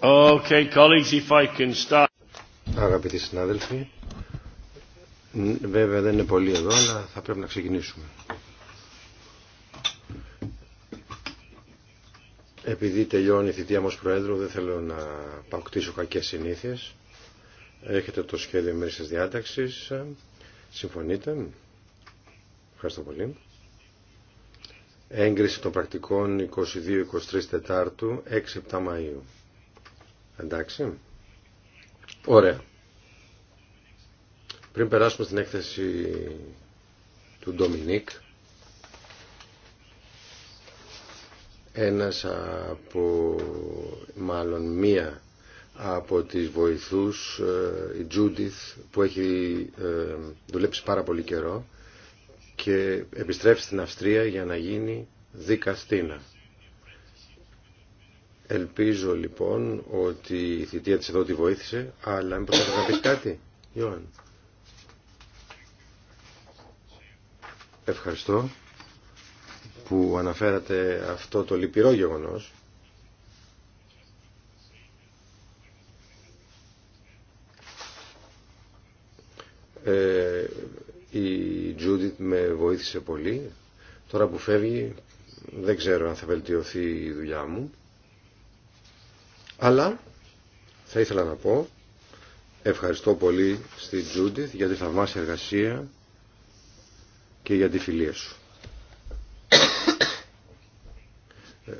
Okay, colleagues, if I can start. Αγαπητοί συνάδελφοι, βέβαια δεν είναι πολύ εδώ, αλλά θα πρέπει να ξεκινήσουμε. Επειδή τελειώνει η θητεία μου Προέδρου, δεν θέλω να πακτήσω κακές συνήθειες. Έχετε το σχέδιο τη διάταξης. Συμφωνείτε. Ευχαριστώ πολύ. Έγκριση των πρακτικών 22-23 Τετάρτου 6-7 Μαΐου. Εντάξει. Ωραία. Πριν περάσουμε στην έκθεση του Ντομινίκ, ένας από μάλλον μία από τις βοηθούς, ε, η Τζούντιθ που έχει ε, δουλέψει πάρα πολύ καιρό και επιστρέφει στην Αυστρία για να γίνει δικαστήνα. Ελπίζω λοιπόν ότι η θητεία της εδώ τη βοήθησε, αλλά μήπως θα πεις κάτι, Ιωάν. Ευχαριστώ που αναφέρατε αυτό το λυπηρό γεγονός Ε, η Τζούντιτ με βοήθησε πολύ. Τώρα που φεύγει δεν ξέρω αν θα βελτιωθεί η δουλειά μου. Αλλά θα ήθελα να πω ευχαριστώ πολύ στη Τζούντιτ για τη θαυμάσια εργασία και για τη φιλία σου. Ε,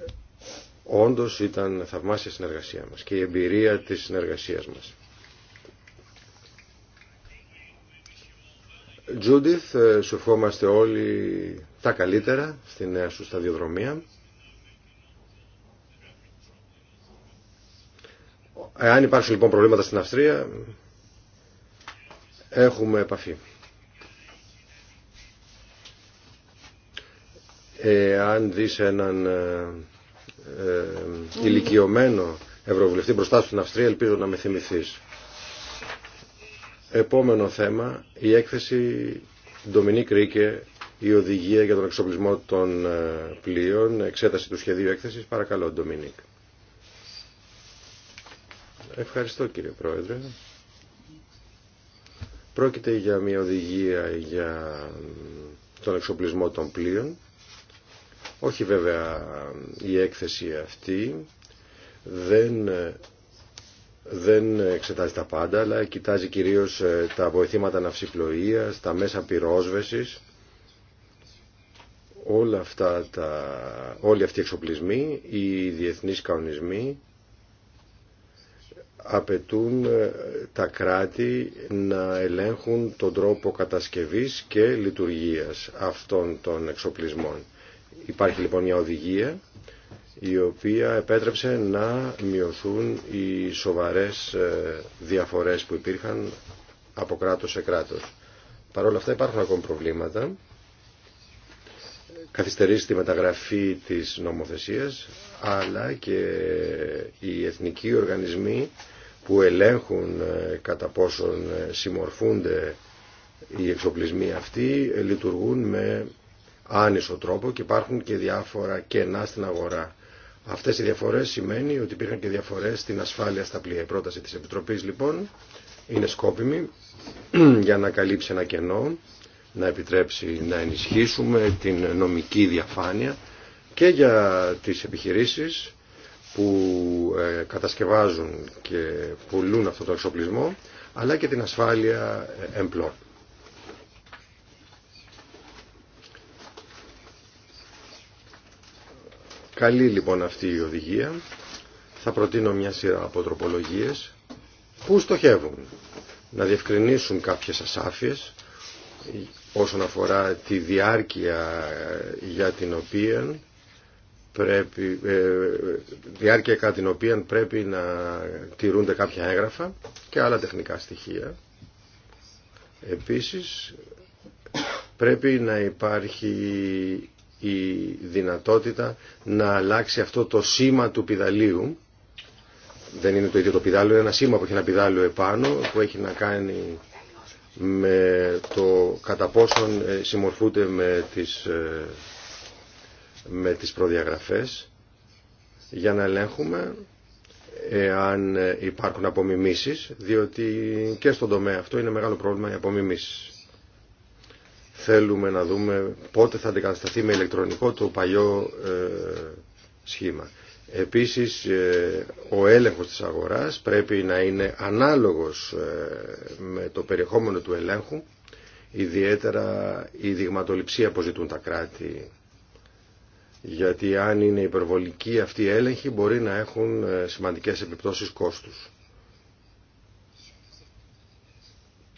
όντως ήταν θαυμάσια συνεργασία μας και η εμπειρία της συνεργασίας μας. Τζούντιθ, ε, σου ευχόμαστε όλοι τα καλύτερα στη νέα σου σταδιοδρομία. Αν υπάρχουν λοιπόν προβλήματα στην Αυστρία, έχουμε επαφή. Εάν αν δεις έναν ε, ε, ηλικιωμένο ευρωβουλευτή μπροστά σου στην Αυστρία, ελπίζω να με θυμηθείς. Επόμενο θέμα, η έκθεση Ντομινίκ Ρίκε, η οδηγία για τον εξοπλισμό των ε, πλοίων, εξέταση του σχεδίου έκθεσης. Παρακαλώ, Ντομινίκ. Ευχαριστώ κύριε Πρόεδρε. Πρόκειται για μια οδηγία για τον εξοπλισμό των πλοίων. Όχι βέβαια η έκθεση αυτή δεν ε, δεν εξετάζει τα πάντα, αλλά κοιτάζει κυρίως ε, τα βοηθήματα ναυσιπλοείας, τα μέσα πυρόσβεσης, όλα αυτά τα, όλοι αυτοί οι εξοπλισμοί, οι διεθνείς κανονισμοί απαιτούν ε, τα κράτη να ελέγχουν τον τρόπο κατασκευής και λειτουργίας αυτών των εξοπλισμών. Υπάρχει λοιπόν μια οδηγία η οποία επέτρεψε να μειωθούν οι σοβαρές ε, διαφορές που υπήρχαν από κράτος σε κράτος. Παρ' όλα αυτά υπάρχουν ακόμη προβλήματα. Καθυστερεί τη μεταγραφή της νομοθεσίας, αλλά και οι εθνικοί οργανισμοί που ελέγχουν ε, κατά πόσον ε, συμμορφούνται οι εξοπλισμοί αυτοί λειτουργούν με άνισο τρόπο και υπάρχουν και διάφορα κενά στην αγορά. Αυτές οι διαφορές σημαίνει ότι υπήρχαν και διαφορές στην ασφάλεια στα πλοία. Η πρόταση της Επιτροπής λοιπόν είναι σκόπιμη για να καλύψει ένα κενό, να επιτρέψει να ενισχύσουμε την νομική διαφάνεια και για τις επιχειρήσεις που ε, κατασκευάζουν και πουλούν αυτό το εξοπλισμό, αλλά και την ασφάλεια ε, εμπλών. Καλή λοιπόν αυτή η οδηγία. Θα προτείνω μια σειρά από τροπολογίες που στοχεύουν να διευκρινίσουν κάποιες ασάφειες όσον αφορά τη διάρκεια για την οποία πρέπει, ε, διάρκεια κατά την οποία πρέπει να τηρούνται κάποια έγγραφα και άλλα τεχνικά στοιχεία. Επίσης πρέπει να υπάρχει η δυνατότητα να αλλάξει αυτό το σήμα του πιδαλίου. Δεν είναι το ίδιο το πιδάλιο, είναι ένα σήμα που έχει ένα πιδάλιο επάνω που έχει να κάνει με το κατά πόσον ε, συμμορφούνται με τις, ε, με τις προδιαγραφές για να ελέγχουμε εάν ε, υπάρχουν απομιμήσεις διότι και στον τομέα αυτό είναι μεγάλο πρόβλημα οι απομιμήσεις θέλουμε να δούμε πότε θα αντικατασταθεί με ηλεκτρονικό το παλιό ε, σχήμα. Επίσης ε, ο έλεγχος της αγοράς πρέπει να είναι ανάλογος ε, με το περιεχόμενο του ελέγχου, ιδιαίτερα η δειγματοληψία που ζητούν τα κράτη. Γιατί αν είναι υπερβολική αυτή η έλεγχη μπορεί να έχουν σημαντικές επιπτώσεις κόστους.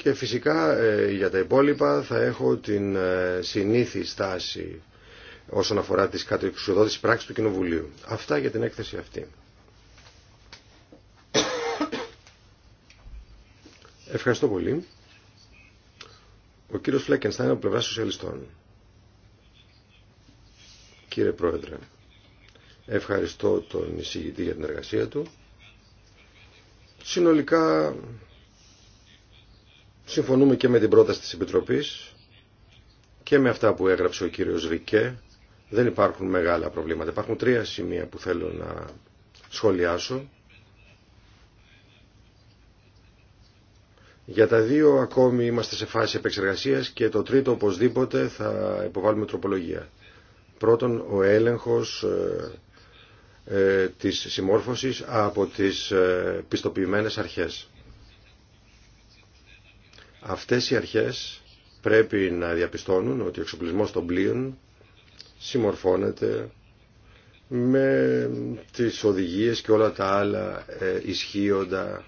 Και φυσικά ε, για τα υπόλοιπα θα έχω την ε, συνήθη στάση όσον αφορά τις κατοικουσιοδότης πράξης του Κοινοβουλίου. Αυτά για την έκθεση αυτή. Ευχαριστώ πολύ. Ο κύριος Φλέκενστάιν από πλευρά σοσιαλιστών. Κύριε Πρόεδρε, ευχαριστώ τον εισηγητή για την εργασία του. Συνολικά Συμφωνούμε και με την πρόταση της Επιτροπής και με αυτά που έγραψε ο κύριος Ρικέ. Δεν υπάρχουν μεγάλα προβλήματα. Υπάρχουν τρία σημεία που θέλω να σχολιάσω. Για τα δύο ακόμη είμαστε σε φάση επεξεργασίας και το τρίτο οπωσδήποτε θα υποβάλουμε τροπολογία. Πρώτον, ο έλεγχος ε, ε της συμμόρφωσης από τις ε, πιστοποιημένες αρχές. Αυτές οι αρχές πρέπει να διαπιστώνουν ότι ο εξοπλισμός των πλοίων συμμορφώνεται με τις οδηγίες και όλα τα άλλα ε, ισχύοντα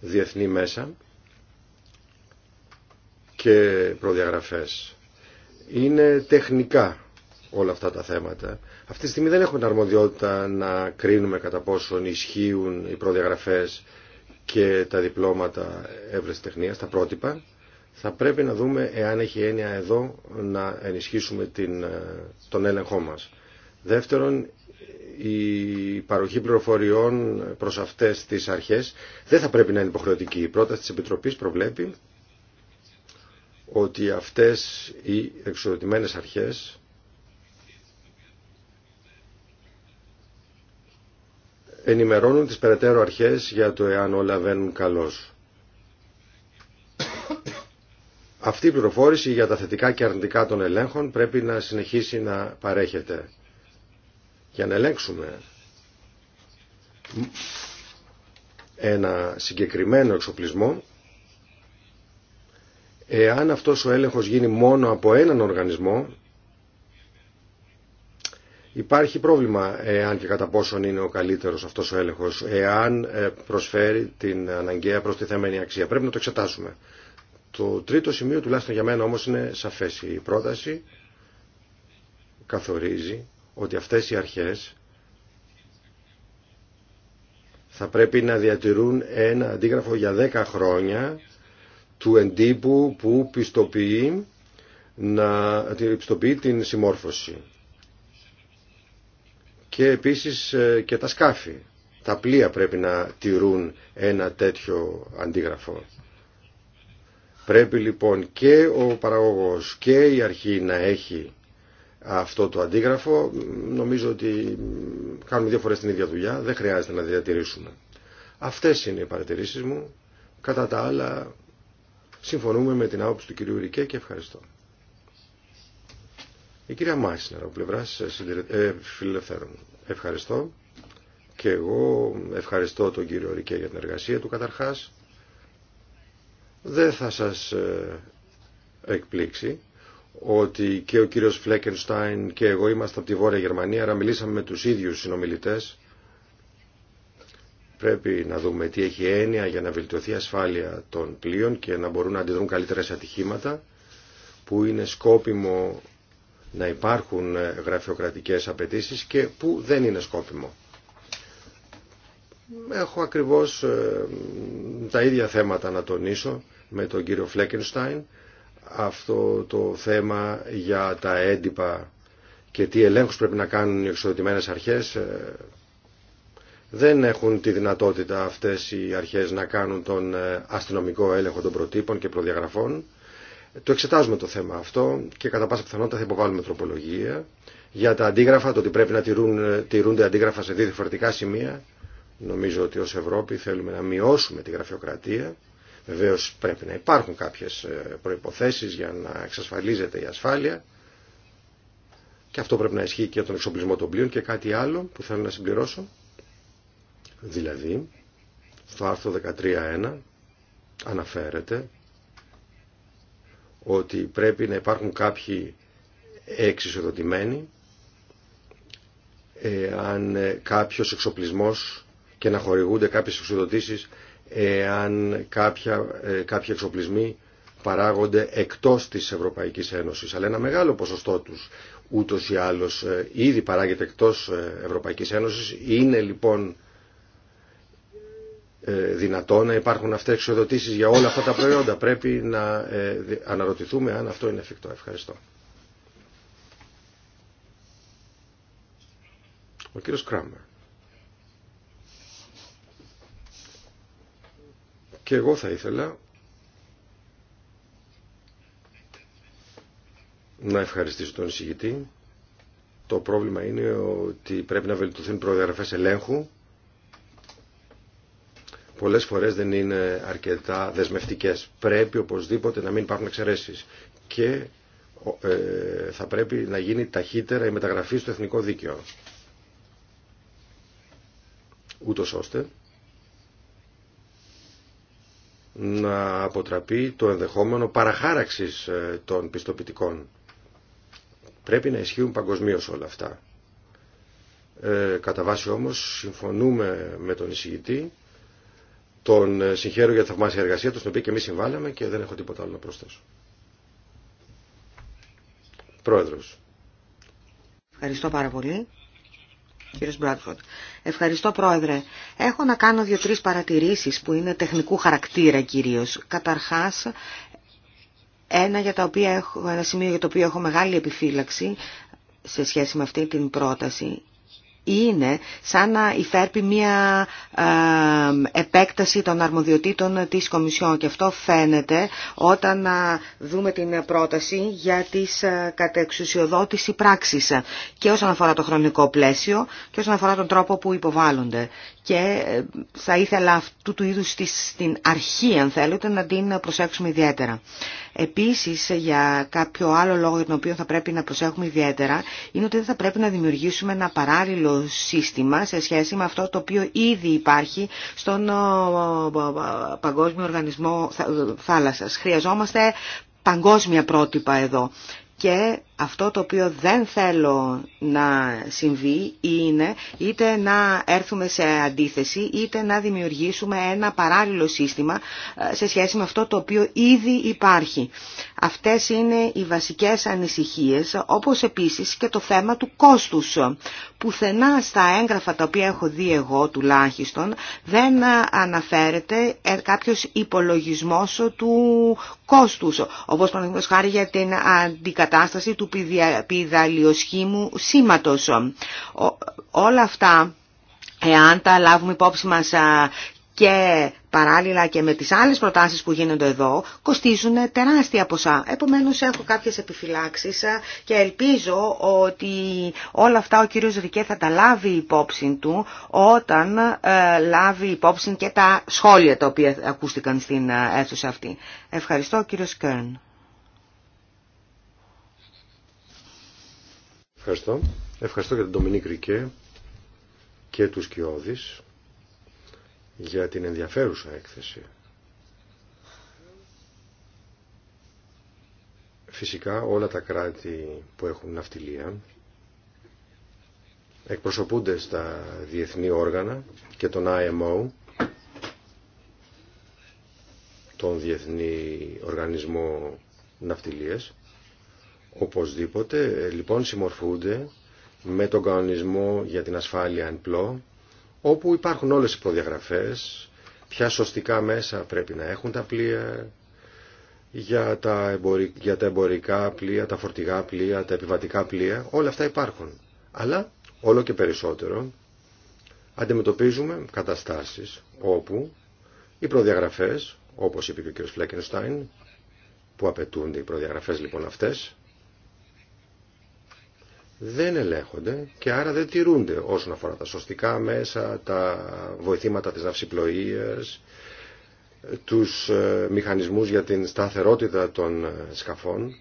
διεθνή μέσα και προδιαγραφές. Είναι τεχνικά όλα αυτά τα θέματα. Αυτή τη στιγμή δεν έχουμε αρμοδιότητα να κρίνουμε κατά πόσον ισχύουν οι προδιαγραφές και τα διπλώματα τεχνίας, τα πρότυπα, θα πρέπει να δούμε εάν έχει έννοια εδώ να ενισχύσουμε την, ε, τον έλεγχό μας. Δεύτερον, η παροχή πληροφοριών προς αυτές τις αρχές δεν θα πρέπει να είναι υποχρεωτική. Η πρόταση της Επιτροπής προβλέπει ότι αυτές οι εξοδοτημένες αρχές ενημερώνουν τις περαιτέρω αρχές για το εάν όλα βαίνουν καλώς. Αυτή η πληροφόρηση για τα θετικά και αρνητικά των ελέγχων πρέπει να συνεχίσει να παρέχεται. Για να ελέγξουμε ένα συγκεκριμένο εξοπλισμό, εάν αυτός ο έλεγχος γίνει μόνο από έναν οργανισμό, Υπάρχει πρόβλημα εάν και κατά πόσον είναι ο καλύτερος αυτός ο έλεγχος, εάν ε, προσφέρει την αναγκαία προστιθέμενη αξία. Πρέπει να το εξετάσουμε. Το τρίτο σημείο, τουλάχιστον για μένα όμως, είναι σαφές. Η πρόταση καθορίζει ότι αυτές οι αρχές θα πρέπει να διατηρούν ένα αντίγραφο για 10 χρόνια του εντύπου που πιστοποιεί, να, πιστοποιεί την συμμόρφωση και επίσης ε, και τα σκάφη. Τα πλοία πρέπει να τηρούν ένα τέτοιο αντίγραφο. Πρέπει λοιπόν και ο παραγωγός και η αρχή να έχει αυτό το αντίγραφο. Νομίζω ότι κάνουμε δύο φορές την ίδια δουλειά, δεν χρειάζεται να διατηρήσουμε. Αυτές είναι οι παρατηρήσεις μου. Κατά τα άλλα, συμφωνούμε με την άποψη του κυρίου Ρικέ και ευχαριστώ. Η κυρία Μάισνερ, από πλευρά ε, ε, φιλελευθέρων. Ευχαριστώ. Και εγώ ευχαριστώ τον κύριο Ρικέ για την εργασία του καταρχάς. Δεν θα σας ε, εκπλήξει ότι και ο κύριος Φλέκενστάιν και εγώ είμαστε από τη Βόρεια Γερμανία, άρα μιλήσαμε με τους ίδιους συνομιλητές. Πρέπει να δούμε τι έχει έννοια για να βελτιωθεί η ασφάλεια των πλοίων και να μπορούν να αντιδρούν καλύτερα σε ατυχήματα που είναι σκόπιμο να υπάρχουν γραφειοκρατικές απαιτήσεις και που δεν είναι σκόπιμο. Έχω ακριβώς ε, τα ίδια θέματα να τονίσω με τον κύριο Φλέκενστάιν. Αυτό το θέμα για τα έντυπα και τι ελέγχους πρέπει να κάνουν οι εξοδοτημένες αρχές ε, δεν έχουν τη δυνατότητα αυτές οι αρχές να κάνουν τον ε, αστυνομικό έλεγχο των προτύπων και προδιαγραφών το εξετάζουμε το θέμα αυτό και κατά πάσα πιθανότητα θα υποβάλουμε τροπολογία για τα αντίγραφα, το ότι πρέπει να τηρούν, τηρούνται αντίγραφα σε δύο διαφορετικά σημεία. Νομίζω ότι ως Ευρώπη θέλουμε να μειώσουμε τη γραφειοκρατία. Βεβαίως πρέπει να υπάρχουν κάποιες ε, προϋποθέσεις για να εξασφαλίζεται η ασφάλεια. Και αυτό πρέπει να ισχύει και για τον εξοπλισμό των πλοίων και κάτι άλλο που θέλω να συμπληρώσω. Δηλαδή, στο άρθρο 13.1 αναφέρεται ότι πρέπει να υπάρχουν κάποιοι εξισοδοτημένοι ε, αν ε, κάποιος εξοπλισμός και να χορηγούνται κάποιες εξοδοτήσεις ε, αν κάποια, κάποιοι εξοπλισμοί παράγονται εκτός της Ευρωπαϊκής Ένωσης. Αλλά ένα μεγάλο ποσοστό τους ούτως ή άλλως ήδη παράγεται εκτός Ευρωπαϊκής Ένωσης. Είναι λοιπόν ε, δυνατό να υπάρχουν αυτές οι εξοδοτήσεις για όλα αυτά τα προϊόντα. Πρέπει να ε, αναρωτηθούμε αν αυτό είναι εφικτό. Ευχαριστώ. Ο κύριος Κράμερ. Και εγώ θα ήθελα να ευχαριστήσω τον εισηγητή. Το πρόβλημα είναι ότι πρέπει να βελτιωθούν προδιαγραφές ελέγχου πολλές φορές δεν είναι αρκετά δεσμευτικές. Πρέπει οπωσδήποτε να μην υπάρχουν εξαιρέσεις και ε, θα πρέπει να γίνει ταχύτερα η μεταγραφή στο εθνικό δίκαιο. Ούτως ώστε να αποτραπεί το ενδεχόμενο παραχάραξης ε, των πιστοποιητικών. Πρέπει να ισχύουν παγκοσμίω όλα αυτά. Ε, κατά βάση όμως συμφωνούμε με τον εισηγητή τον ε, συγχαίρω για τη θαυμάσια εργασία του, στην οποία και εμεί συμβάλαμε και δεν έχω τίποτα άλλο να προσθέσω. Πρόεδρο. Ευχαριστώ πάρα πολύ. Κύριος Μπράτφορντ. Ευχαριστώ πρόεδρε. Έχω να κάνω δυο-τρει παρατηρήσει που είναι τεχνικού χαρακτήρα κυρίω. Καταρχά ένα, για τα οποία ένα σημείο για το οποίο έχω μεγάλη επιφύλαξη σε σχέση με αυτή την πρόταση είναι σαν να υφέρπει μια επέκταση των αρμοδιοτήτων της Κομισιόν και αυτό φαίνεται όταν δούμε την πρόταση για τις κατεξουσιοδότηση πράξης και όσον αφορά το χρονικό πλαίσιο και όσον αφορά τον τρόπο που υποβάλλονται και ε, θα ήθελα αυτού του είδους στην αρχή, αν θέλετε, να την προσέξουμε ιδιαίτερα. Επίσης, για κάποιο άλλο λόγο για τον οποίο θα πρέπει να προσέχουμε ιδιαίτερα, είναι ότι δεν θα πρέπει να δημιουργήσουμε ένα παράλληλο σύστημα σε σχέση με αυτό το οποίο ήδη υπάρχει στον Παγκόσμιο Οργανισμό Θάλασσας. Χρειαζόμαστε παγκόσμια πρότυπα εδώ και αυτό το οποίο δεν θέλω να συμβεί είναι είτε να έρθουμε σε αντίθεση είτε να δημιουργήσουμε ένα παράλληλο σύστημα ε, σε σχέση με αυτό το οποίο ήδη υπάρχει. Αυτές είναι οι βασικές ανησυχίες όπως επίσης και το θέμα του κόστους. Πουθενά στα έγγραφα τα οποία έχω δει εγώ τουλάχιστον δεν αναφέρεται ε, κάποιος υπολογισμός του κόστους όπως χάρη για την αντικατάσταση του του πιδαλιοσχήμου σήματος. Όλα αυτά, εάν τα λάβουμε υπόψη μας και παράλληλα και με τις άλλες προτάσεις που γίνονται εδώ, κοστίζουν τεράστια ποσά. Επομένως έχω κάποιες επιφυλάξεις και ελπίζω ότι όλα αυτά ο κύριος Ρικέ θα τα λάβει υπόψη του όταν ε, λάβει υπόψη και τα σχόλια τα οποία ακούστηκαν στην ε, αίθουσα αυτή. Ευχαριστώ κύριο Κέρν Ευχαριστώ. Ευχαριστώ για τον Ντομινίκ Ρικέ και τους Κιώδης για την ενδιαφέρουσα έκθεση. Φυσικά όλα τα κράτη που έχουν ναυτιλία εκπροσωπούνται στα διεθνή όργανα και τον IMO, τον Διεθνή Οργανισμό Ναυτιλίας, Οπωσδήποτε ε, λοιπόν συμμορφούνται με τον κανονισμό για την ασφάλεια εν πλώ, όπου υπάρχουν όλες οι προδιαγραφές, ποια σωστικά μέσα πρέπει να έχουν τα πλοία, για τα, εμπορικά, τα εμπορικά πλοία, τα φορτηγά πλοία, τα επιβατικά πλοία, όλα αυτά υπάρχουν. Αλλά όλο και περισσότερο αντιμετωπίζουμε καταστάσεις όπου οι προδιαγραφές, όπως είπε και ο κ. Φλέκενστάιν, που απαιτούνται οι προδιαγραφές λοιπόν αυτές, δεν ελέγχονται και άρα δεν τηρούνται όσον αφορά τα σωστικά μέσα, τα βοηθήματα της ναυσιπλοείας, τους ε, μηχανισμούς για την σταθερότητα των ε, σκαφών.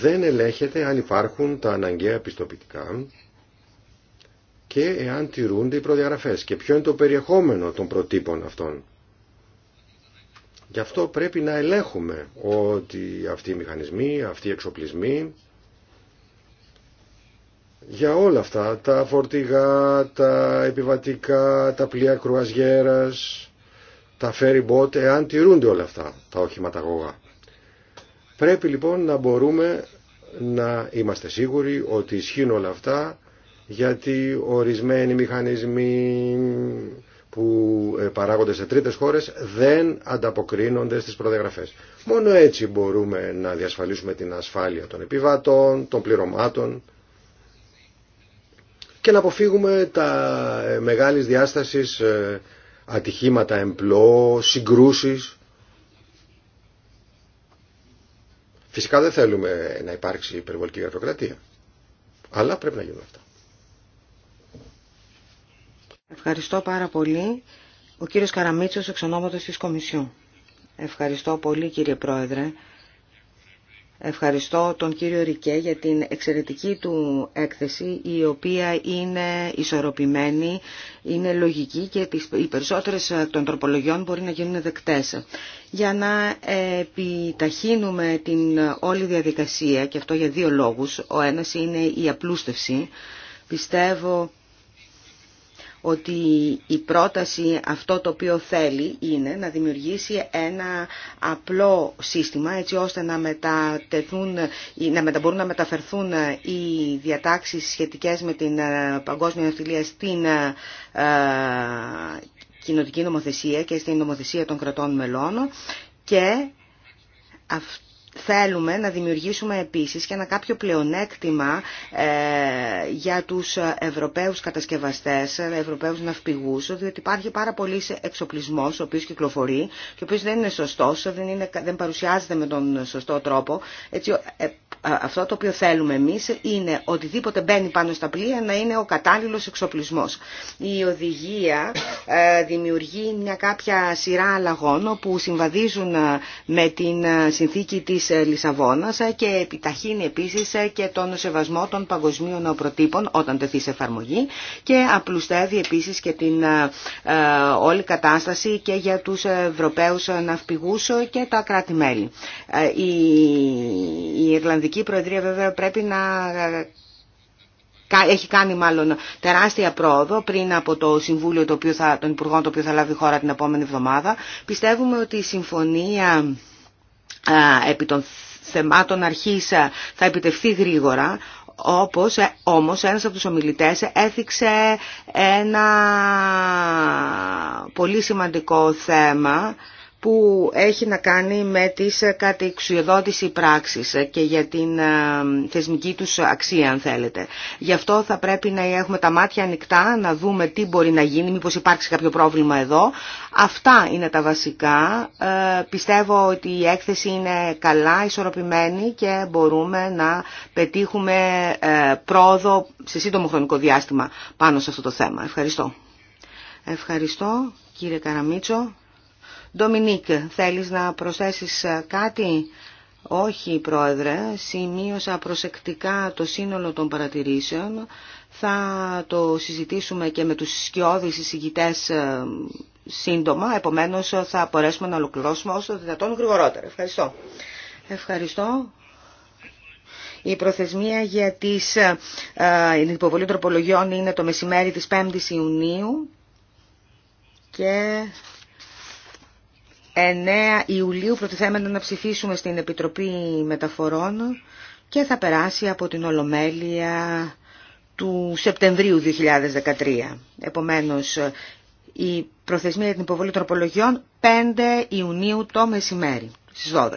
Δεν ελέγχεται αν υπάρχουν τα αναγκαία πιστοποιητικά και εάν τηρούνται οι προδιαγραφές. Και ποιο είναι το περιεχόμενο των προτύπων αυτών. Γι' αυτό πρέπει να ελέγχουμε ότι αυτοί οι μηχανισμοί, αυτοί οι εξοπλισμοί για όλα αυτά, τα φορτηγά, τα επιβατικά, τα πλοία κρουαζιέρας, τα ferry boat, εάν τηρούνται όλα αυτά τα οχηματαγωγά. Πρέπει λοιπόν να μπορούμε να είμαστε σίγουροι ότι ισχύουν όλα αυτά γιατί ορισμένοι μηχανισμοί που ε, παράγονται σε τρίτες χώρες δεν ανταποκρίνονται στις προδιαγραφές. Μόνο έτσι μπορούμε να διασφαλίσουμε την ασφάλεια των επιβατών, των πληρωμάτων και να αποφύγουμε τα ε, μεγάλης διάστασης ε, ατυχήματα εμπλό, συγκρούσεις. Φυσικά δεν θέλουμε να υπάρξει υπερβολική γραφειοκρατία, αλλά πρέπει να γίνουν αυτά. Ευχαριστώ πάρα πολύ. Ο κύριος Καραμίτσος, εξ ονόματος της Κομισιού. Ευχαριστώ πολύ κύριε Πρόεδρε. Ευχαριστώ τον κύριο Ρικέ για την εξαιρετική του έκθεση, η οποία είναι ισορροπημένη, είναι λογική και οι περισσότερες των τροπολογιών μπορεί να γίνουν δεκτές. Για να επιταχύνουμε την όλη διαδικασία, και αυτό για δύο λόγους, ο ένας είναι η απλούστευση, πιστεύω ότι η πρόταση αυτό το οποίο θέλει είναι να δημιουργήσει ένα απλό σύστημα έτσι ώστε να, μετατεθούν, να μπορούν να μεταφερθούν οι διατάξεις σχετικές με την ε, παγκόσμια ναυτιλία στην ε, ε, κοινοτική νομοθεσία και στην νομοθεσία των κρατών μελών και αυτό Θέλουμε να δημιουργήσουμε επίσης και ένα κάποιο πλεονέκτημα ε, για τους Ευρωπαίους κατασκευαστές, Ευρωπαίους ναυπηγούς, διότι υπάρχει πάρα πολύ εξοπλισμός ο οποίος κυκλοφορεί και ο οποίος δεν είναι σωστός, δεν, είναι, δεν παρουσιάζεται με τον σωστό τρόπο. Έτσι, ε, αυτό το οποίο θέλουμε εμείς είναι οτιδήποτε μπαίνει πάνω στα πλοία να είναι ο κατάλληλος εξοπλισμός. Η οδηγία ε, δημιουργεί μια κάποια σειρά αλλαγών που συμβαδίζουν με την συνθήκη της Λισαβόνας και επιταχύνει επίσης και τον σεβασμό των παγκοσμίων προτύπων όταν τεθεί σε εφαρμογή και απλουστεύει επίσης και την ε, ε, όλη κατάσταση και για τους Ευρωπαίους ναυπηγούς και τα κράτη-μέλη. Ε, η Ιρλανδική Προεδρία βέβαια πρέπει να έχει κάνει μάλλον τεράστια πρόοδο πριν από το Συμβούλιο το οποίο θα, των Υπουργών το οποίο θα λάβει η χώρα την επόμενη εβδομάδα. Πιστεύουμε ότι η συμφωνία επί των θεμάτων αρχής θα επιτευχθεί γρήγορα, όπως ε, όμως ένας από τους ομιλητές έθιξε ένα πολύ σημαντικό θέμα που έχει να κάνει με τις κατεξιοδότηση πράξεις και για την ε, θεσμική τους αξία αν θέλετε. Γι' αυτό θα πρέπει να έχουμε τα μάτια ανοιχτά, να δούμε τι μπορεί να γίνει, μήπως υπάρξει κάποιο πρόβλημα εδώ. Αυτά είναι τα βασικά. Ε, πιστεύω ότι η έκθεση είναι καλά, ισορροπημένη και μπορούμε να πετύχουμε ε, πρόοδο σε σύντομο χρονικό διάστημα πάνω σε αυτό το θέμα. Ευχαριστώ. Ευχαριστώ κύριε Καραμίτσο. Ντομινίκ, θέλεις να προσθέσεις ε, κάτι? Όχι, Πρόεδρε, σημείωσα προσεκτικά το σύνολο των παρατηρήσεων. Θα το συζητήσουμε και με τους σκιώδεις εισηγητές ε, σύντομα, επομένως θα μπορέσουμε να ολοκληρώσουμε όσο δυνατόν γρηγορότερα. Ευχαριστώ. Ευχαριστώ. Η προθεσμία για τις, την ε, υποβολή τροπολογιών είναι το μεσημέρι της 5ης Ιουνίου και 9 Ιουλίου προτιθέμενα να ψηφίσουμε στην Επιτροπή Μεταφορών και θα περάσει από την Ολομέλεια του Σεπτεμβρίου 2013. Επομένως, η προθεσμία για την υποβολή τροπολογιών 5 Ιουνίου το μεσημέρι στις 12.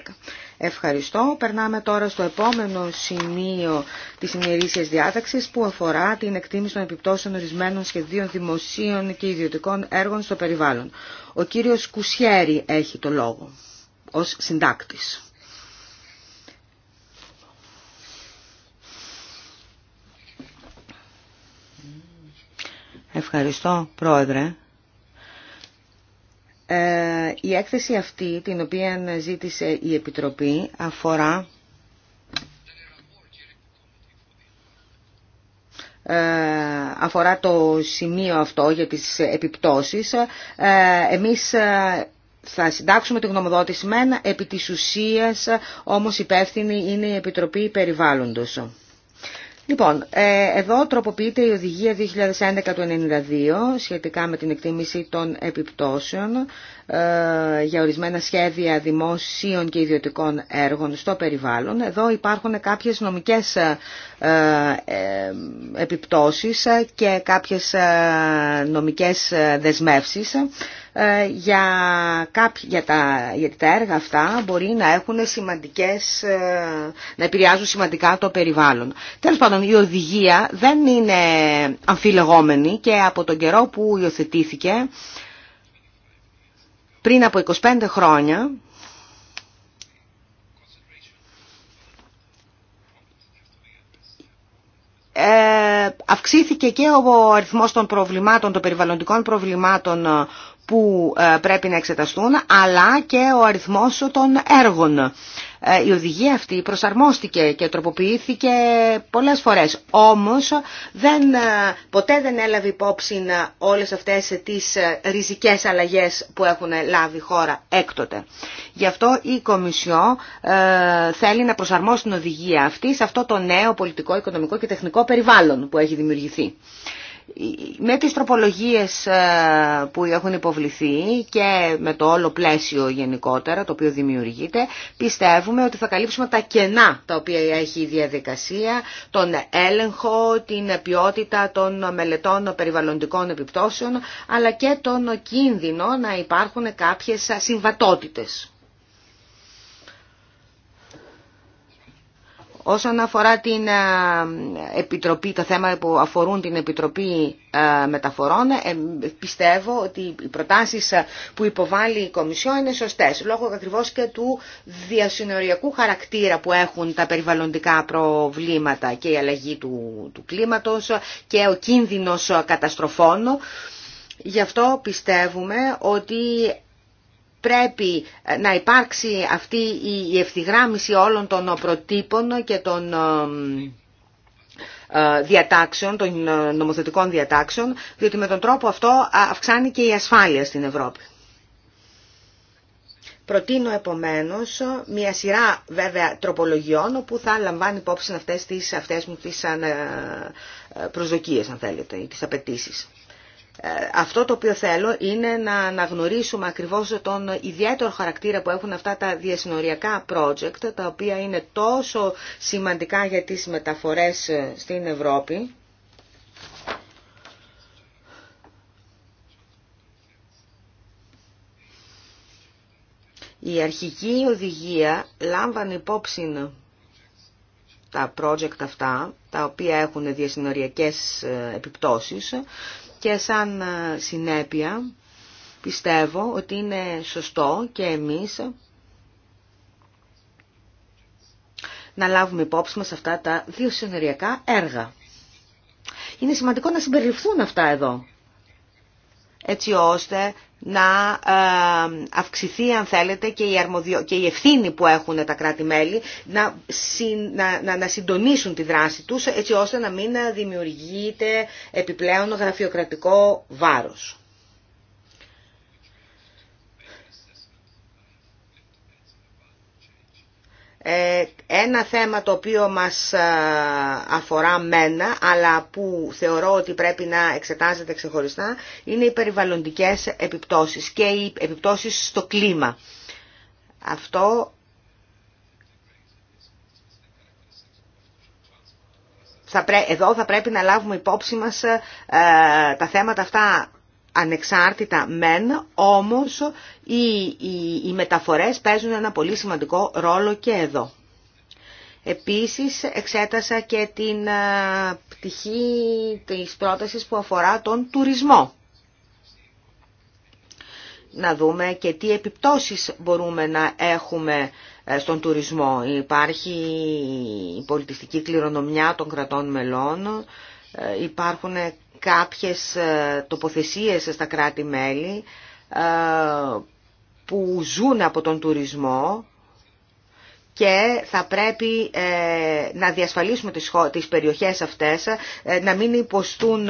Ευχαριστώ. Περνάμε τώρα στο επόμενο σημείο της ημερήσιας διάταξης που αφορά την εκτίμηση των επιπτώσεων ορισμένων σχεδίων δημοσίων και ιδιωτικών έργων στο περιβάλλον. Ο κύριος Κουσιέρη έχει το λόγο ως συντάκτης. Ευχαριστώ, Πρόεδρε. Ε, η έκθεση αυτή την οποία ζήτησε η Επιτροπή αφορά ε, αφορά το σημείο αυτό για τις επιπτώσεις. Ε, εμείς θα συντάξουμε την γνωμοδότηση μεν, επί της ουσίας όμως υπεύθυνη είναι η Επιτροπή Περιβάλλοντος. Λοιπόν, ε, εδώ τροποποιείται η οδηγία 2011 του 92 σχετικά με την εκτίμηση των επιπτώσεων ε, για ορισμένα σχέδια δημόσιων και ιδιωτικών έργων στο περιβάλλον. Εδώ υπάρχουν κάποιες νομικές ε, επιπτώσεις και κάποιες νομικές δεσμεύσεις ε, για, για, τα, γιατί τα έργα αυτά μπορεί να έχουν σημαντικές, ε, να επηρεάζουν σημαντικά το περιβάλλον. Τέλος πάντων, η οδηγία δεν είναι αμφιλεγόμενη και από τον καιρό που υιοθετήθηκε πριν από 25 χρόνια ε, αυξήθηκε και ο αριθμός των προβλημάτων, των περιβαλλοντικών προβλημάτων που ε, πρέπει να εξεταστούν, αλλά και ο αριθμός των έργων. Ε, η οδηγία αυτή προσαρμόστηκε και τροποποιήθηκε πολλές φορές, όμως δεν, ε, ποτέ δεν έλαβε υπόψη όλες αυτές τις ριζικές αλλαγές που έχουν λάβει χώρα έκτοτε. Γι' αυτό η Κομισιό θέλει να προσαρμόσει την οδηγία αυτή σε αυτό το νέο πολιτικό, οικονομικό και τεχνικό περιβάλλον που έχει δημιουργηθεί με τις τροπολογίες ε, που έχουν υποβληθεί και με το όλο πλαίσιο γενικότερα το οποίο δημιουργείται πιστεύουμε ότι θα καλύψουμε τα κενά τα οποία έχει η διαδικασία, τον έλεγχο, την ποιότητα των μελετών περιβαλλοντικών επιπτώσεων αλλά και τον κίνδυνο να υπάρχουν κάποιες συμβατότητες. Όσον αφορά την ε, επιτροπή, τα θέματα που αφορούν την Επιτροπή ε, Μεταφορών, ε, πιστεύω ότι οι προτάσεις που υποβάλλει η Κομισιό είναι σωστές, λόγω ακριβώς και του διασυνοριακού χαρακτήρα που έχουν τα περιβαλλοντικά προβλήματα και η αλλαγή του, του κλίματος και ο κίνδυνος καταστροφών. Γι' αυτό πιστεύουμε ότι πρέπει ε, να υπάρξει αυτή η ευθυγράμμιση όλων των προτύπων και των ε, ε, διατάξεων, των νομοθετικών διατάξεων, διότι με τον τρόπο αυτό αυξάνει και η ασφάλεια στην Ευρώπη. Προτείνω επομένως μια σειρά βέβαια τροπολογιών όπου θα λαμβάνει υπόψη αυτές, τις, αυτές μου τις προσδοκίες αν θέλετε ή τις απαιτήσει. Ε, αυτό το οποίο θέλω είναι να αναγνωρίσουμε ακριβώς τον ιδιαίτερο χαρακτήρα που έχουν αυτά τα διασυνοριακά project, τα οποία είναι τόσο σημαντικά για τις μεταφορές ε, στην Ευρώπη. Η αρχική οδηγία λάμβανε υπόψη τα project αυτά, τα οποία έχουν διασυνοριακές ε, επιπτώσεις και σαν ε, συνέπεια πιστεύω ότι είναι σωστό και εμείς να λάβουμε υπόψη μας αυτά τα δύο συνοριακά έργα. Είναι σημαντικό να συμπεριληφθούν αυτά εδώ έτσι ώστε να ε, αυξηθεί αν θέλετε και η, αρμοδιο... και η ευθύνη που έχουν τα κράτη-μέλη να, να... να συντονίσουν τη δράση τους έτσι ώστε να μην δημιουργείται επιπλέον γραφειοκρατικό βάρος. Ε, ένα θέμα το οποίο μας ε, αφορά μένα, αλλά που θεωρώ ότι πρέπει να εξετάζεται ξεχωριστά, είναι οι περιβαλλοντικές επιπτώσεις και οι επιπτώσεις στο κλίμα. Αυτό εδώ θα πρέπει να λάβουμε υπόψη μας ε, τα θέματα αυτά ανεξάρτητα μεν, όμως οι, οι, μεταφορές παίζουν ένα πολύ σημαντικό ρόλο και εδώ. Επίσης εξέτασα και την πτυχή της πρότασης που αφορά τον τουρισμό. Να δούμε και τι επιπτώσεις μπορούμε να έχουμε ε, στον τουρισμό. Υπάρχει η πολιτιστική κληρονομιά των κρατών μελών, ε, υπάρχουν κάποιες ε, τοποθεσίες στα κράτη-μέλη ε, που ζουν από τον τουρισμό και θα πρέπει ε, να διασφαλίσουμε τις περιοχές αυτές να μην υποστούν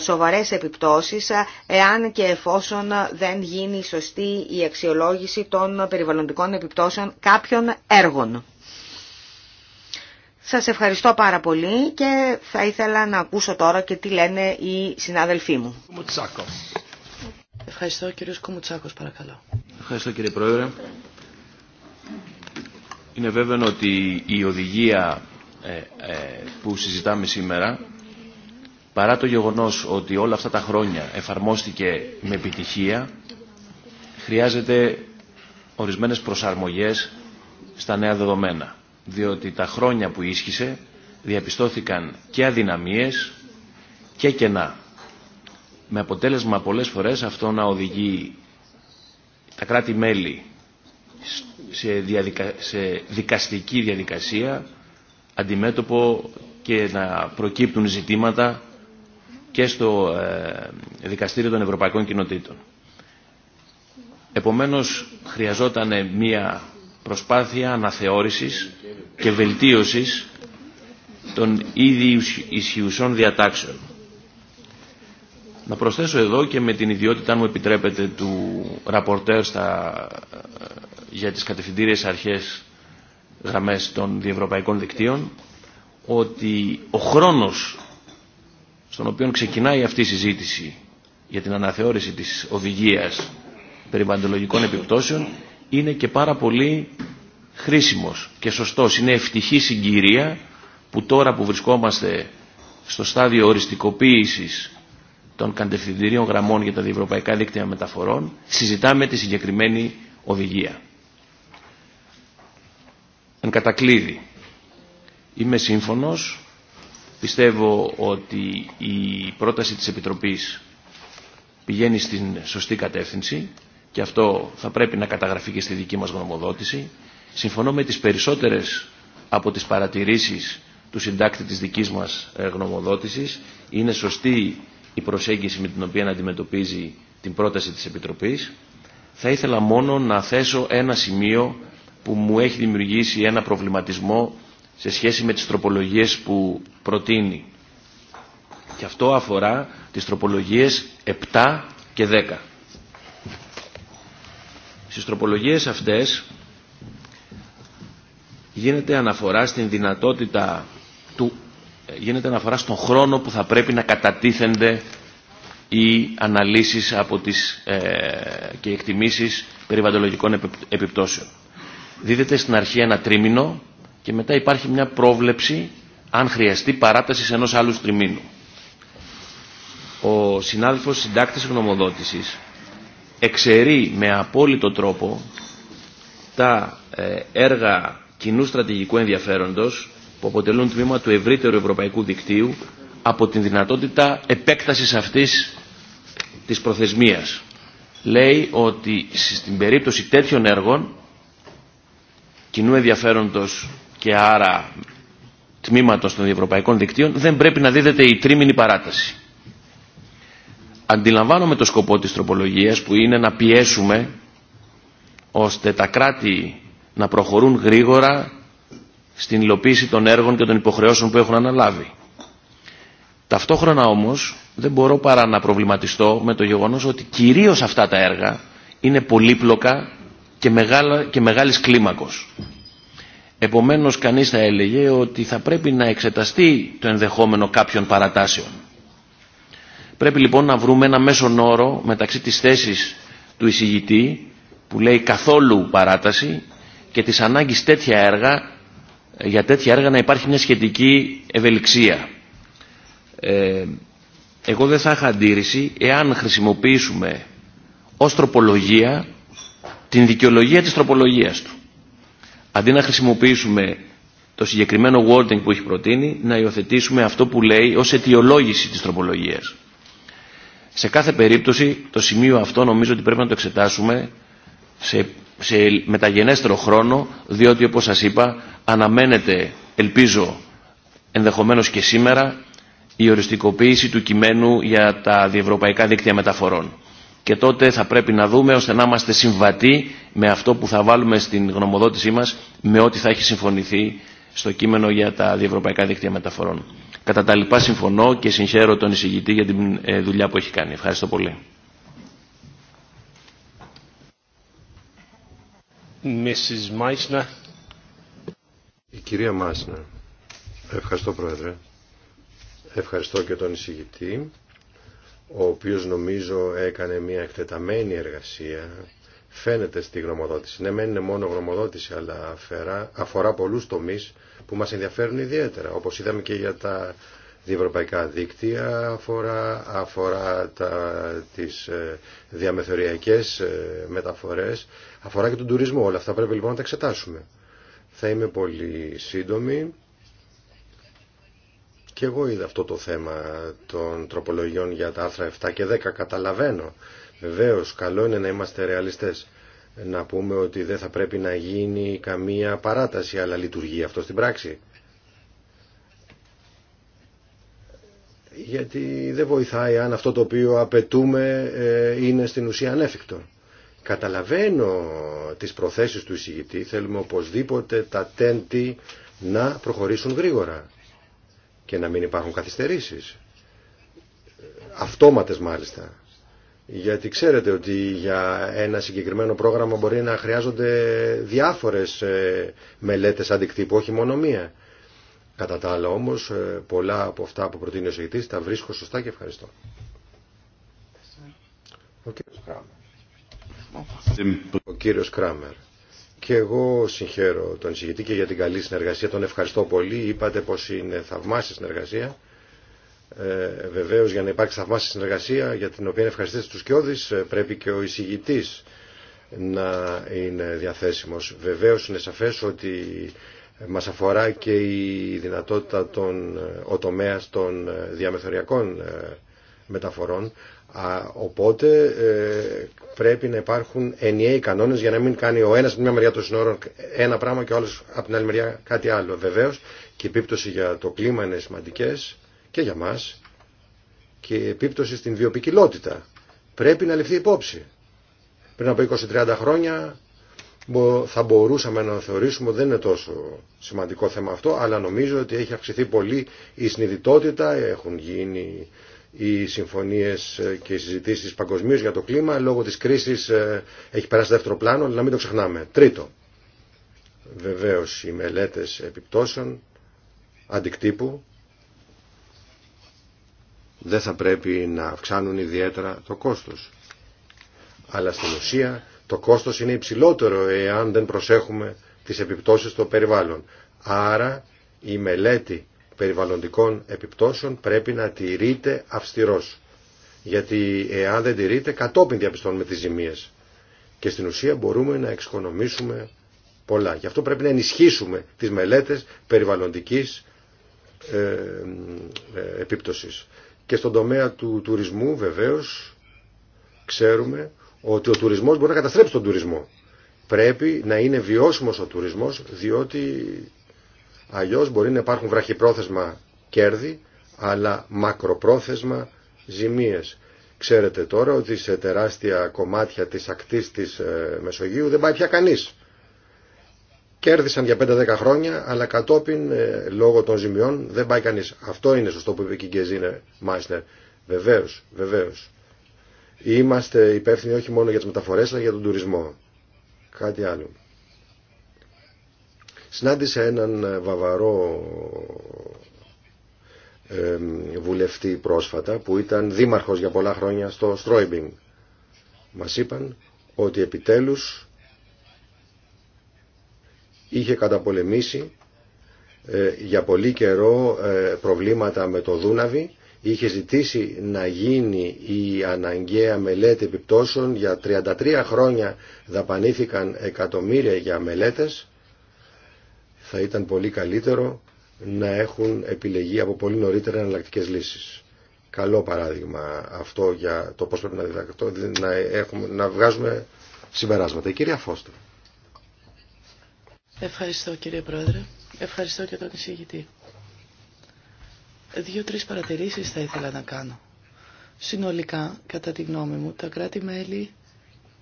σοβαρές επιπτώσεις εάν και εφόσον δεν γίνει σωστή η αξιολόγηση των περιβαλλοντικών επιπτώσεων κάποιων έργων. Σας ευχαριστώ πάρα πολύ και θα ήθελα να ακούσω τώρα και τι λένε οι συνάδελφοί μου. Ευχαριστώ κύριος Κουμουτσάκος παρακαλώ. Ευχαριστώ κύριε Πρόεδρε. Είναι βέβαιο ότι η οδηγία ε, ε, που συζητάμε σήμερα παρά το γεγονός ότι όλα αυτά τα χρόνια εφαρμόστηκε με επιτυχία χρειάζεται ορισμένες προσαρμογές στα νέα δεδομένα διότι τα χρόνια που ίσχυσε διαπιστώθηκαν και αδυναμίες και κενά. Με αποτέλεσμα πολλές φορές αυτό να οδηγεί τα κράτη-μέλη σε, δικαστική διαδικασία αντιμέτωπο και να προκύπτουν ζητήματα και στο ε, Δικαστήριο των Ευρωπαϊκών Κοινοτήτων. Επομένως, χρειαζόταν μία προσπάθεια αναθεώρησης και βελτίωσης των ήδη ισχυουσών διατάξεων. Να προσθέσω εδώ και με την ιδιότητα, αν μου επιτρέπετε, του ραπορτέρ στα, ε, για τις κατευθυντήριες αρχές γραμμές των διευρωπαϊκών δικτύων, ότι ο χρόνος στον οποίο ξεκινάει αυτή η συζήτηση για την αναθεώρηση της οδηγίας περιβαντολογικών επιπτώσεων είναι και πάρα πολύ χρήσιμος και σωστός. Είναι ευτυχή συγκυρία που τώρα που βρισκόμαστε στο στάδιο οριστικοποίησης των κατευθυντηρίων γραμμών για τα διευρωπαϊκά δίκτυα μεταφορών, συζητάμε τη συγκεκριμένη οδηγία. Εν κατακλείδη, είμαι σύμφωνος, πιστεύω ότι η πρόταση της Επιτροπής πηγαίνει στην σωστή κατεύθυνση και αυτό θα πρέπει να καταγραφεί και στη δική μας γνωμοδότηση. Συμφωνώ με τις περισσότερες από τις παρατηρήσεις του συντάκτη της δικής μας ε, γνωμοδότησης. Είναι σωστή η προσέγγιση με την οποία αντιμετωπίζει την πρόταση της Επιτροπής. Θα ήθελα μόνο να θέσω ένα σημείο που μου έχει δημιουργήσει ένα προβληματισμό σε σχέση με τις τροπολογίες που προτείνει. Και αυτό αφορά τις τροπολογίες 7 και 10. Στις τροπολογίες αυτές γίνεται αναφορά στην δυνατότητα του, ε, γίνεται αναφορά στον χρόνο που θα πρέπει να κατατίθενται οι αναλύσεις από τις, ε, και εκτιμήσεις περιβαλλοντολογικών επιπτώσεων. Δίδεται στην αρχή ένα τρίμηνο και μετά υπάρχει μια πρόβλεψη αν χρειαστεί παράταση ενός άλλου τριμήνου. Ο συνάδελφος συντάκτης γνωμοδότησης εξαιρεί με απόλυτο τρόπο τα ε, έργα κοινού στρατηγικού ενδιαφέροντος που αποτελούν τμήμα του ευρύτερου ευρωπαϊκού δικτύου από την δυνατότητα επέκτασης αυτής της προθεσμίας. Λέει ότι στην περίπτωση τέτοιων έργων κοινού ενδιαφέροντος και άρα τμήματος των ευρωπαϊκών δικτύων δεν πρέπει να δίδεται η τρίμηνη παράταση. Αντιλαμβάνομαι το σκοπό της τροπολογίας που είναι να πιέσουμε ώστε τα κράτη να προχωρούν γρήγορα στην υλοποίηση των έργων και των υποχρεώσεων που έχουν αναλάβει. Ταυτόχρονα όμως δεν μπορώ παρά να προβληματιστώ με το γεγονός ότι κυρίως αυτά τα έργα είναι πολύπλοκα και, μεγάλα, και μεγάλης κλίμακος. Επομένως κανείς θα έλεγε ότι θα πρέπει να εξεταστεί το ενδεχόμενο κάποιων παρατάσεων. Πρέπει λοιπόν να βρούμε ένα μέσον όρο μεταξύ της θέσης του εισηγητή που λέει καθόλου παράταση και της ανάγκης τέτοια έργα, ε, για τέτοια έργα να υπάρχει μια σχετική ευελιξία. Ε, εγώ δεν θα είχα αντίρρηση εάν χρησιμοποιήσουμε ως τροπολογία την δικαιολογία της τροπολογίας του. Αντί να χρησιμοποιήσουμε το συγκεκριμένο wording που έχει προτείνει, να υιοθετήσουμε αυτό που λέει ως αιτιολόγηση της τροπολογίας. Σε κάθε περίπτωση το σημείο αυτό νομίζω ότι πρέπει να το εξετάσουμε σε σε μεταγενέστερο χρόνο, διότι όπως σας είπα αναμένεται, ελπίζω, ενδεχομένως και σήμερα, η οριστικοποίηση του κειμένου για τα διευρωπαϊκά δίκτυα μεταφορών. Και τότε θα πρέπει να δούμε ώστε να είμαστε συμβατοί με αυτό που θα βάλουμε στην γνωμοδότησή μας με ό,τι θα έχει συμφωνηθεί στο κείμενο για τα διευρωπαϊκά δίκτυα μεταφορών. Κατά τα λοιπά συμφωνώ και συγχαίρω τον εισηγητή για την ε, δουλειά που έχει κάνει. Ευχαριστώ πολύ. Mrs. Meissner. Η κυρία Μάσνα. Ευχαριστώ Πρόεδρε. Ευχαριστώ και τον εισηγητή, ο οποίος νομίζω έκανε μια εκτεταμένη εργασία. Φαίνεται στη γνωμοδότηση. Ναι, μένει είναι μόνο γνωμοδότηση, αλλά αφορά πολλούς τομείς που μας ενδιαφέρουν ιδιαίτερα. Όπως είδαμε και για τα διευρωπαϊκά δίκτυα, αφορά, αφορά τα, τις ε, διαμεθοριακές ε, μεταφορές Αφορά και τον τουρισμό. Όλα αυτά πρέπει λοιπόν να τα εξετάσουμε. Θα είμαι πολύ σύντομη. Και εγώ είδα αυτό το θέμα των τροπολογιών για τα άρθρα 7 και 10. Καταλαβαίνω. Βεβαίω, καλό είναι να είμαστε ρεαλιστέ. Να πούμε ότι δεν θα πρέπει να γίνει καμία παράταση, αλλά λειτουργεί αυτό στην πράξη. Γιατί δεν βοηθάει αν αυτό το οποίο απαιτούμε ε, είναι στην ουσία ανέφικτο. Καταλαβαίνω τις προθέσεις του εισηγητή, θέλουμε οπωσδήποτε τα τέντη να προχωρήσουν γρήγορα και να μην υπάρχουν καθυστερήσεις. Αυτόματες μάλιστα. Γιατί ξέρετε ότι για ένα συγκεκριμένο πρόγραμμα μπορεί να χρειάζονται διάφορες ε, μελέτες αντικτύπου, όχι μόνο μία. Κατά τα άλλα όμως, ε, πολλά από αυτά που προτείνει ο τα βρίσκω σωστά και ευχαριστώ. Ο κύριος Κράμερ. Και εγώ συγχαίρω τον εισηγητή και για την καλή συνεργασία. Τον ευχαριστώ πολύ. Είπατε πως είναι θαυμάσια συνεργασία. Ε, Βεβαίω για να υπάρξει θαυμάσια συνεργασία για την οποία ευχαριστήσετε τους Κιώδης ε, πρέπει και ο εισηγητή να είναι διαθέσιμος. Βεβαίω είναι σαφές ότι μας αφορά και η δυνατότητα των, ε, ο τομέας των ε, διαμεθοριακών μεταφορών Οπότε ε, πρέπει να υπάρχουν ενιαίοι κανόνε για να μην κάνει ο ένα από μια μεριά των συνόρων ένα πράγμα και ο άλλο από την άλλη μεριά κάτι άλλο. Βεβαίω και η επίπτωση για το κλίμα είναι σημαντικέ και για μα και η επίπτωση στην βιοπικιλότητα πρέπει να ληφθεί υπόψη. Πριν από 20-30 χρόνια θα μπορούσαμε να θεωρήσουμε ότι δεν είναι τόσο σημαντικό θέμα αυτό, αλλά νομίζω ότι έχει αυξηθεί πολύ η συνειδητότητα, έχουν γίνει οι συμφωνίε ε, και οι συζητήσει παγκοσμίω για το κλίμα λόγω τη κρίση ε, έχει περάσει δεύτερο πλάνο, αλλά να μην το ξεχνάμε. Τρίτο, Βεβαίω οι μελέτε επιπτώσεων, αντικτύπου, δεν θα πρέπει να αυξάνουν ιδιαίτερα το κόστος. Αλλά στην ουσία το κόστος είναι υψηλότερο εάν δεν προσέχουμε τις επιπτώσεις στο περιβάλλον. Άρα η μελέτη περιβαλλοντικών επιπτώσεων πρέπει να τηρείται αυστηρός. Γιατί εάν δεν τηρείται κατόπιν διαπιστώνουμε τις ζημίες. Και στην ουσία μπορούμε να εξοικονομήσουμε πολλά. Γι' αυτό πρέπει να ενισχύσουμε τις μελέτες περιβαλλοντικής ε, ε επίπτωσης. Και στον τομέα του τουρισμού βεβαίως ξέρουμε ότι ο τουρισμός μπορεί να καταστρέψει τον τουρισμό. Πρέπει να είναι βιώσιμος ο τουρισμός διότι Αλλιώς μπορεί να υπάρχουν βραχυπρόθεσμα κέρδη, αλλά μακροπρόθεσμα ζημίες. Ξέρετε τώρα ότι σε τεράστια κομμάτια της ακτής της ε, Μεσογείου δεν πάει πια κανείς. Κέρδισαν για 5-10 χρόνια, αλλά κατόπιν ε, λόγω των ζημιών δεν πάει κανείς. Αυτό είναι σωστό που είπε και η Γκεζίνε Μάισνερ. Βεβαίως, βεβαίως. Είμαστε υπεύθυνοι όχι μόνο για τις μεταφορές, αλλά για τον τουρισμό. Κάτι άλλο. Συνάντησα έναν ε, βαβαρό βουλευτή πρόσφατα που ήταν δήμαρχος για πολλά χρόνια στο Στρόιμπινγκ. Μας είπαν ότι επιτέλους είχε καταπολεμήσει ε, για πολύ καιρό ε, προβλήματα με το Δούναβι είχε ζητήσει να γίνει η αναγκαία μελέτη επιπτώσεων για 33 χρόνια δαπανήθηκαν εκατομμύρια για μελέτες θα ήταν πολύ καλύτερο να έχουν επιλεγεί από πολύ νωρίτερα εναλλακτικέ λύσεις. Καλό παράδειγμα αυτό για το πώς πρέπει να διδακτώ, να, να βγάζουμε συμπεράσματα. Η κυρία Φώστα. Ευχαριστώ κύριε Πρόεδρε. Ευχαριστώ και τον εισηγητή. Δύο-τρεις παρατηρήσεις θα ήθελα να κάνω. Συνολικά, κατά τη γνώμη μου, τα κράτη-μέλη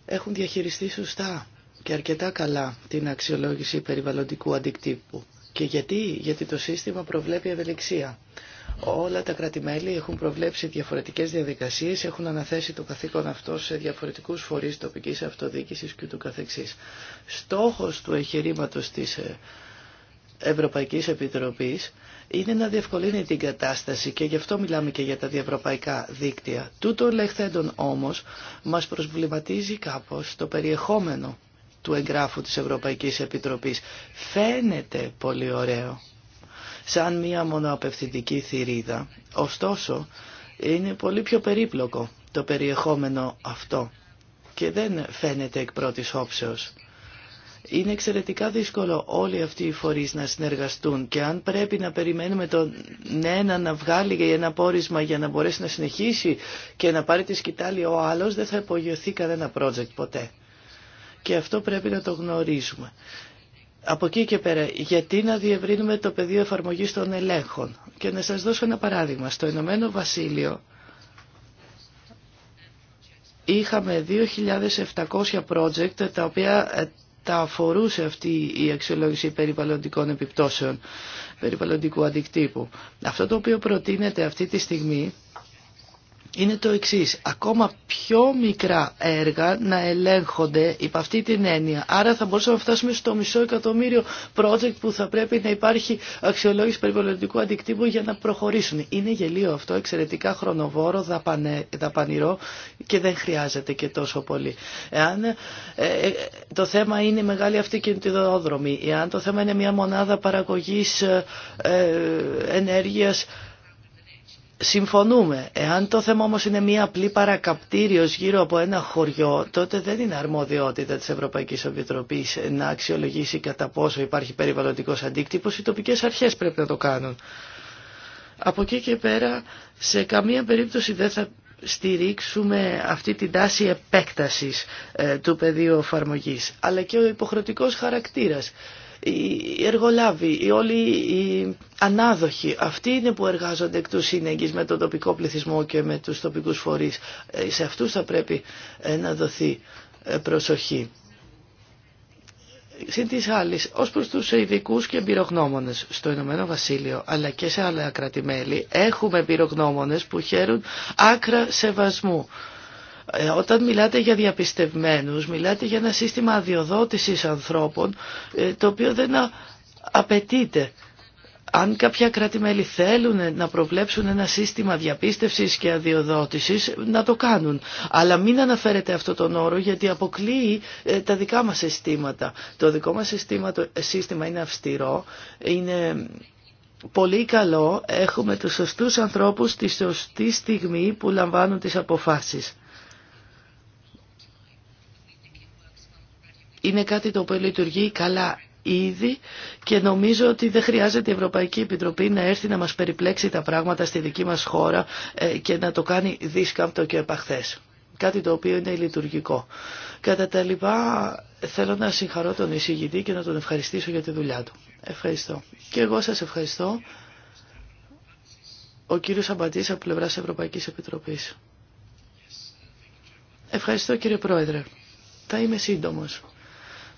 έχουν διαχειριστεί σωστά και αρκετά καλά την αξιολόγηση περιβαλλοντικού αντικτύπου. Και γιατί, γιατί το σύστημα προβλέπει ευελιξία. Όλα τα κρατημέλη έχουν προβλέψει διαφορετικές διαδικασίες, έχουν αναθέσει το καθήκον αυτό σε διαφορετικούς φορείς τοπικής αυτοδιοίκησης και του καθεξής. Στόχος του εγχειρήματο της ε, Ευρωπαϊκής Επιτροπής είναι να διευκολύνει την κατάσταση και γι' αυτό μιλάμε και για τα διευρωπαϊκά δίκτυα. Τούτο λεχθέντον όμως μας προσβληματίζει κάπως το περιεχόμενο του εγγράφου της Ευρωπαϊκής Επιτροπής. Φαίνεται πολύ ωραίο, σαν μία μονοαπευθυντική θηρίδα. Ωστόσο, είναι πολύ πιο περίπλοκο το περιεχόμενο αυτό και δεν φαίνεται εκ πρώτης όψεως. Είναι εξαιρετικά δύσκολο όλοι αυτοί οι φορείς να συνεργαστούν και αν πρέπει να περιμένουμε τον ένα να βγάλει ένα πόρισμα για να μπορέσει να συνεχίσει και να πάρει τη σκητάλη ο άλλος δεν θα υπογειωθεί κανένα project ποτέ και αυτό πρέπει να το γνωρίζουμε. Από εκεί και πέρα, γιατί να διευρύνουμε το πεδίο εφαρμογής των ελέγχων. Και να σας δώσω ένα παράδειγμα. Στο Ηνωμένο Βασίλειο είχαμε 2.700 project τα οποία ε, τα αφορούσε αυτή η αξιολόγηση περιβαλλοντικών επιπτώσεων, περιβαλλοντικού αντικτύπου. Αυτό το οποίο προτείνεται αυτή τη στιγμή είναι το εξής. Ακόμα πιο μικρά έργα να ελέγχονται υπ' αυτή την έννοια. Άρα θα μπορούσαμε να φτάσουμε στο μισό εκατομμύριο project που θα πρέπει να υπάρχει αξιολόγηση περιβαλλοντικού αντικτύπου για να προχωρήσουν. Είναι γελίο αυτό, εξαιρετικά χρονοβόρο, δαπανε, δαπανηρό και δεν χρειάζεται και τόσο πολύ. Εάν ε, ε, το θέμα είναι μεγάλη αυτή κινητοδρόμη, εάν το θέμα είναι μια μονάδα παραγωγής ε, ε ενέργειας συμφωνούμε. Εάν το θέμα όμως είναι μία απλή παρακαπτήριος γύρω από ένα χωριό, τότε δεν είναι αρμοδιότητα της Ευρωπαϊκής Επιτροπής να αξιολογήσει κατά πόσο υπάρχει περιβαλλοντικός αντίκτυπος. Οι τοπικές αρχές πρέπει να το κάνουν. Από εκεί και πέρα, σε καμία περίπτωση δεν θα στηρίξουμε αυτή την τάση επέκτασης ε, του πεδίου εφαρμογή, αλλά και ο υποχρεωτικός χαρακτήρας οι εργολάβοι, οι όλοι οι ανάδοχοι, αυτοί είναι που εργάζονται εκ του σύνεγγυς με τον τοπικό πληθυσμό και με τους τοπικούς φορείς. Ε, σε αυτούς θα πρέπει ε, να δοθεί ε, προσοχή. Συν της άλλης, ως προς τους ειδικούς και εμπειρογνώμονες στο Ηνωμένο Βασίλειο, αλλά και σε άλλα μέλη, έχουμε εμπειρογνώμονες που χαίρουν άκρα σεβασμού ε, όταν μιλάτε για διαπιστευμένους, μιλάτε για ένα σύστημα αδειοδότησης ανθρώπων, ε, το οποίο δεν απαιτείται. Αν κάποια θέλουν να προβλέψουν ένα σύστημα διαπίστευσης και αδειοδότησης, να το κάνουν. Αλλά μην αναφέρετε αυτό τον όρο γιατί αποκλείει ε, τα δικά μας συστήματα. Το δικό μας συστήμα, το σύστημα είναι αυστηρό, είναι πολύ καλό, έχουμε τους σωστούς ανθρώπους τη σωστή στιγμή που λαμβάνουν τις αποφάσεις. είναι κάτι το οποίο λειτουργεί καλά ήδη και νομίζω ότι δεν χρειάζεται η Ευρωπαϊκή Επιτροπή να έρθει να μας περιπλέξει τα πράγματα στη δική μας χώρα ε, και να το κάνει δίσκαμπτο και επαχθές. Κάτι το οποίο είναι λειτουργικό. Κατά τα λοιπά θέλω να συγχαρώ τον εισηγητή και να τον ευχαριστήσω για τη δουλειά του. Ευχαριστώ. Και εγώ σας ευχαριστώ. Ο κύριος Αμπατής από πλευράς Ευρωπαϊκής Επιτροπής. Ευχαριστώ κύριε Πρόεδρε. Θα είμαι σύντομος.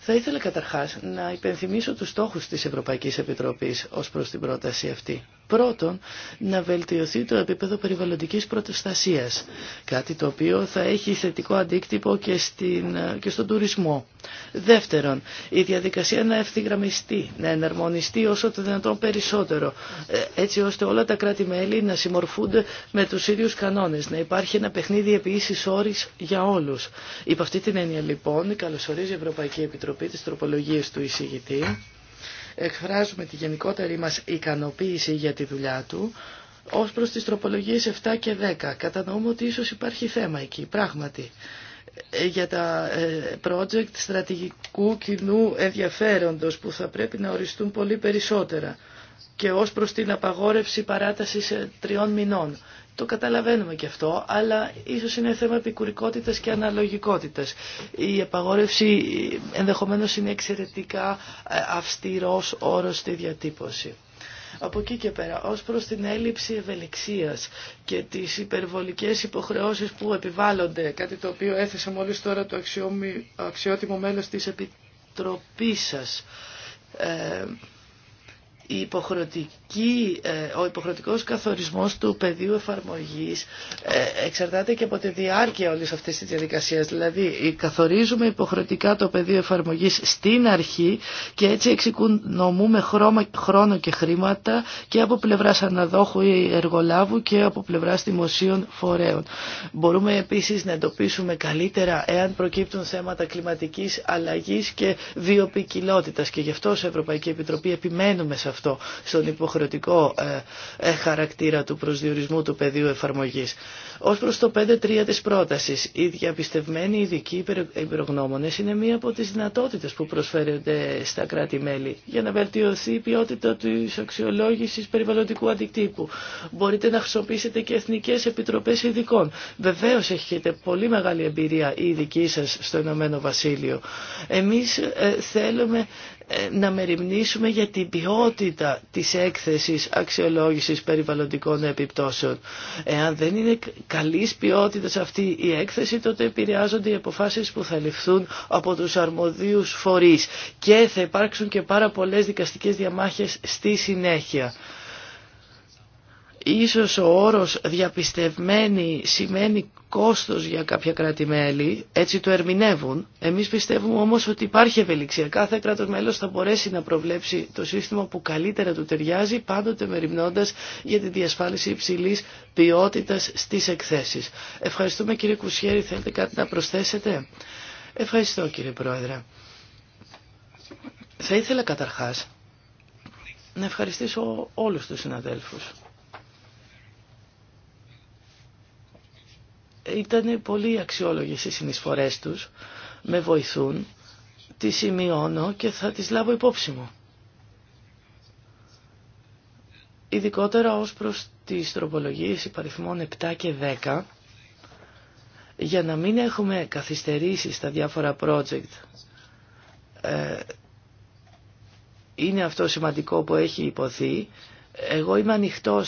Θα ήθελα καταρχάς να υπενθυμίσω τους στόχους της Ευρωπαϊκής Επιτροπής ως προς την πρόταση αυτή. Πρώτον, να βελτιωθεί το επίπεδο περιβαλλοντικής προστασίας, κάτι το οποίο θα έχει θετικό αντίκτυπο και, στην, και στον τουρισμό. Δεύτερον, η διαδικασία να ευθυγραμμιστεί, να εναρμονιστεί όσο το δυνατόν περισσότερο, ε, έτσι ώστε όλα τα κράτη-μέλη να συμμορφούνται με τους ίδιους κανόνες, να υπάρχει ένα παιχνίδι επίσης όρης για όλους. Υπ' αυτή την έννοια λοιπόν καλωσορίζει η Ευρωπαϊκή Επιτροπή της τροπολογίας του εισηγητή εκφράζουμε τη γενικότερη μας ικανοποίηση για τη δουλειά του, ως προς τις τροπολογίες 7 και 10. Κατανοούμε ότι ίσως υπάρχει θέμα εκεί, πράγματι, ε, για τα ε, project στρατηγικού κοινού ενδιαφέροντος που θα πρέπει να οριστούν πολύ περισσότερα και ως προς την απαγόρευση παράτασης ε, τριών μηνών. Το καταλαβαίνουμε και αυτό, αλλά ίσως είναι θέμα επικουρικότητας και αναλογικότητας. Η απαγόρευση ενδεχομένως είναι εξαιρετικά ε, αυστηρός όρος στη διατύπωση. Από εκεί και πέρα, ως προς την έλλειψη ευελιξίας και τις υπερβολικές υποχρεώσεις που επιβάλλονται, κάτι το οποίο έθεσε μόλις τώρα το αξιότιμο μέλος της Επιτροπής σας, ε, η υποχρεωτική ε, ο υποχρεωτικός καθορισμός του πεδίου εφαρμογής ε, εξαρτάται και από τη διάρκεια όλης αυτής της διαδικασίας. Δηλαδή καθορίζουμε υποχρεωτικά το πεδίο εφαρμογής στην αρχή και έτσι εξοικονομούμε χρόνο και χρήματα και από πλευράς αναδόχου ή εργολάβου και από πλευράς δημοσίων φορέων. Μπορούμε επίσης να εντοπίσουμε καλύτερα εάν προκύπτουν θέματα κλιματικής αλλαγής και βιοπικιλότητας και γι' αυτό σε Ευρωπαϊκή Επιτροπή επιμένουμε σε αυτό στον υποχρεωτικό διαφορετικό ε, ε, χαρακτήρα του προσδιορισμού του πεδίου εφαρμογής. Ως προς το 5.3 της πρότασης, οι διαπιστευμένοι ειδικοί υπηρογνώμονες είναι μία από τις δυνατότητες που προσφέρονται στα κράτη-μέλη για να βελτιωθεί η ποιότητα της αξιολόγησης περιβαλλοντικού αντικτύπου. Μπορείτε να χρησιμοποιήσετε και εθνικές επιτροπές ειδικών. Βεβαίως έχετε πολύ μεγάλη εμπειρία η δική σας στο Ηνωμένο Βασίλειο. Εμείς ε, θέλουμε ε, να μεριμνήσουμε για την ποιότητα της έκθεσης αξιολόγησης περιβαλλοντικών επιπτώσεων. Εάν δεν είναι καλής ποιότητας αυτή η έκθεση, τότε επηρεάζονται οι αποφάσεις που θα ληφθούν από τους αρμοδίους φορείς και θα υπάρξουν και πάρα πολλές δικαστικές διαμάχες στη συνέχεια. Ίσως ο όρος διαπιστευμένη σημαίνει κόστος για κάποια κράτη-μέλη, έτσι το ερμηνεύουν. Εμείς πιστεύουμε όμως ότι υπάρχει ευελιξία. Κάθε κράτος μέλος θα μπορέσει να προβλέψει το σύστημα που καλύτερα του ταιριάζει, πάντοτε μεριμνώντας για τη διασφάλιση υψηλής ποιότητας στις εκθέσεις. Ευχαριστούμε κύριε Κουσιέρη, θέλετε κάτι να προσθέσετε. Ευχαριστώ κύριε Πρόεδρε. Θα ήθελα καταρχάς να ευχαριστήσω όλους τους συναδέλφους ήταν πολύ αξιόλογες οι συνεισφορές τους, με βοηθούν, τις σημειώνω και θα τις λάβω υπόψη μου. Ειδικότερα ως προς τις τροπολογίες υπαριθμών 7 και 10, για να μην έχουμε καθυστερήσει στα διάφορα project, ε, είναι αυτό σημαντικό που έχει υποθεί, εγώ είμαι ανοιχτό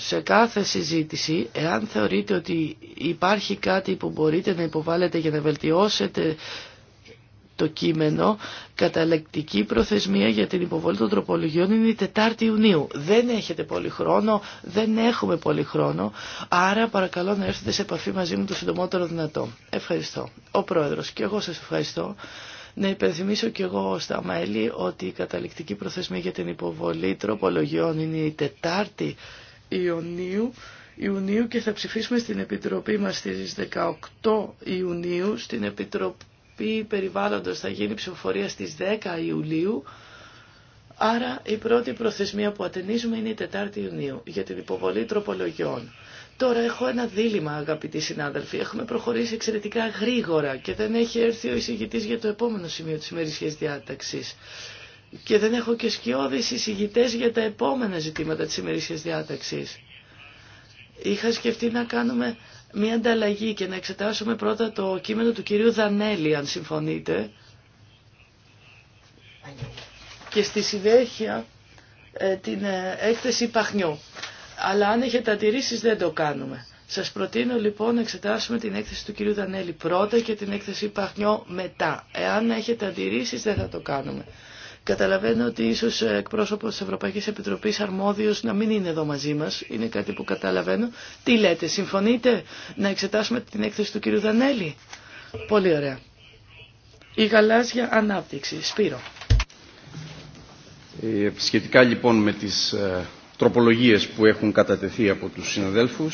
σε κάθε συζήτηση, εάν θεωρείτε ότι υπάρχει κάτι που μπορείτε να υποβάλλετε για να βελτιώσετε το κείμενο, καταλεκτική προθεσμία για την υποβολή των τροπολογιών είναι η Τετάρτη Ιουνίου. Δεν έχετε πολύ χρόνο, δεν έχουμε πολύ χρόνο, άρα παρακαλώ να έρθετε σε επαφή μαζί μου το συντομότερο δυνατό. Ευχαριστώ. Ο Πρόεδρος και εγώ σας ευχαριστώ. Να υπενθυμίσω και εγώ στα μέλη ότι η καταληκτική προθεσμία για την υποβολή τροπολογιών είναι η τετάρτη. Ιουνίου, Ιουνίου και θα ψηφίσουμε στην Επιτροπή μας στις 18 Ιουνίου. Στην Επιτροπή Περιβάλλοντος θα γίνει ψηφοφορία στις 10 Ιουλίου. Άρα η πρώτη προθεσμία που ατενίζουμε είναι η 4η Ιουνίου για την υποβολή τροπολογιών. Τώρα έχω ένα δίλημα αγαπητοί συνάδελφοι. Έχουμε προχωρήσει εξαιρετικά γρήγορα και δεν έχει έρθει ο εισηγητής για το επόμενο σημείο της ημερησίας διάταξης και δεν έχω και σκιώδεις εισηγητές για τα επόμενα ζητήματα της ημερήσιας διάταξης. Είχα σκεφτεί να κάνουμε μια ανταλλαγή και να εξετάσουμε πρώτα το κείμενο του κυρίου Δανέλη, αν συμφωνείτε. Και στη συνέχεια ε, την ε, έκθεση Παχνιού. Αλλά αν έχετε αντιρρήσει δεν το κάνουμε. Σας προτείνω λοιπόν να εξετάσουμε την έκθεση του κυρίου Δανέλη πρώτα και την έκθεση Παχνιό μετά. Εάν έχετε αντιρρήσει δεν θα το κάνουμε. Καταλαβαίνω ότι ίσως ε, εκπρόσωπος της Ευρωπαϊκής Επιτροπής αρμόδιος να μην είναι εδώ μαζί μας. Είναι κάτι που καταλαβαίνω. Τι λέτε, συμφωνείτε να εξετάσουμε την έκθεση του κύριου Δανέλη. Πολύ ωραία. Η γαλάζια ανάπτυξη. Σπύρο. Ε, σχετικά λοιπόν με τις ε, τροπολογίες που έχουν κατατεθεί από τους συναδέλφου.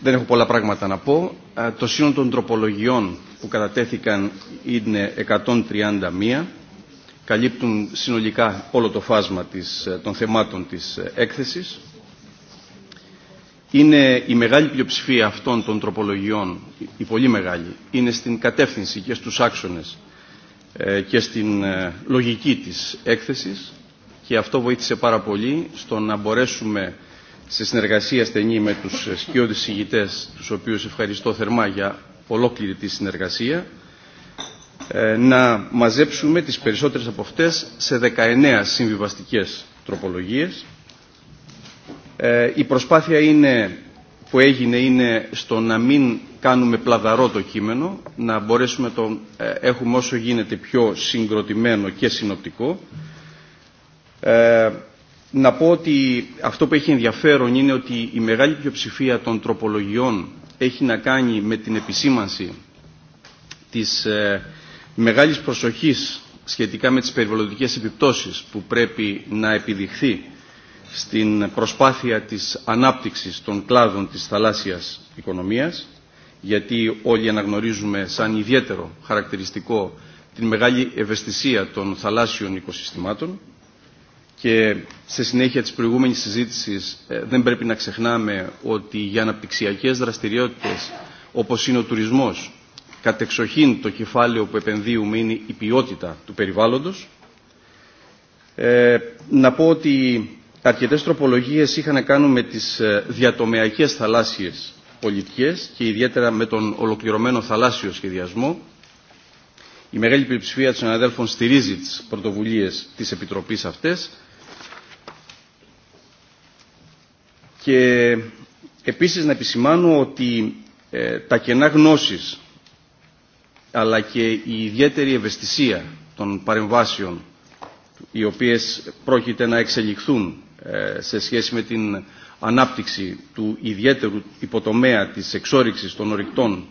δεν έχω πολλά πράγματα να πω. το σύνολο των τροπολογιών που κατατέθηκαν είναι 131 καλύπτουν συνολικά όλο το φάσμα της, ε, των θεμάτων της ε, έκθεσης. Είναι η μεγάλη πλειοψηφία αυτών των τροπολογιών, η πολύ μεγάλη, είναι στην κατεύθυνση και στους άξονες ε, και στην λογική της έκθεσης και αυτό βοήθησε πάρα πολύ στο να μπορέσουμε σε συνεργασία στενή με τους σκιώδεις συγητές, τους οποίους ευχαριστώ θερμά για ολόκληρη τη συνεργασία, ε, να μαζέψουμε τις περισσότερες από αυτές σε 19 συμβιβαστικές τροπολογίες. Ε, η προσπάθεια είναι, που έγινε είναι στο να μην κάνουμε πλαδαρό το κείμενο, να μπορέσουμε να το ε, έχουμε όσο γίνεται πιο συγκροτημένο και συνοπτικό. Να πω ότι αυτό που έχει ενδιαφέρον είναι ότι η μεγάλη πλειοψηφία των τροπολογιών έχει να κάνει με την επισήμανση της μεγάλης προσοχής σχετικά με τις περιβαλλοντικές επιπτώσεις που πρέπει να επιδειχθεί στην προσπάθεια της ανάπτυξης των κλάδων της θαλάσσιας οικονομίας γιατί όλοι αναγνωρίζουμε σαν ιδιαίτερο χαρακτηριστικό την μεγάλη ευαισθησία των θαλάσσιων οικοσυστημάτων και σε συνέχεια της προηγούμενης συζήτησης ε, δεν πρέπει να ξεχνάμε ότι για αναπτυξιακές δραστηριότητες όπως είναι ο τουρισμός κατεξοχήν το κεφάλαιο που επενδύουμε είναι η ποιότητα του περιβάλλοντος. Ε, να πω ότι αρκετές τροπολογίες είχαν να κάνουν με τις ε, διατομεακές θαλάσσιες πολιτικές και ιδιαίτερα με τον ολοκληρωμένο θαλάσσιο σχεδιασμό. Η μεγάλη πλειοψηφία των αδέλφων στηρίζει τις πρωτοβουλίες της Επιτροπής αυτές. Και επίσης να επισημάνω ότι ε, τα κενά γνώσης αλλά και η ιδιαίτερη ευαισθησία των παρεμβάσεων οι οποίες πρόκειται να εξελιχθούν ε, σε σχέση με την ανάπτυξη του ιδιαίτερου υποτομέα της εξόριξης των ορυκτών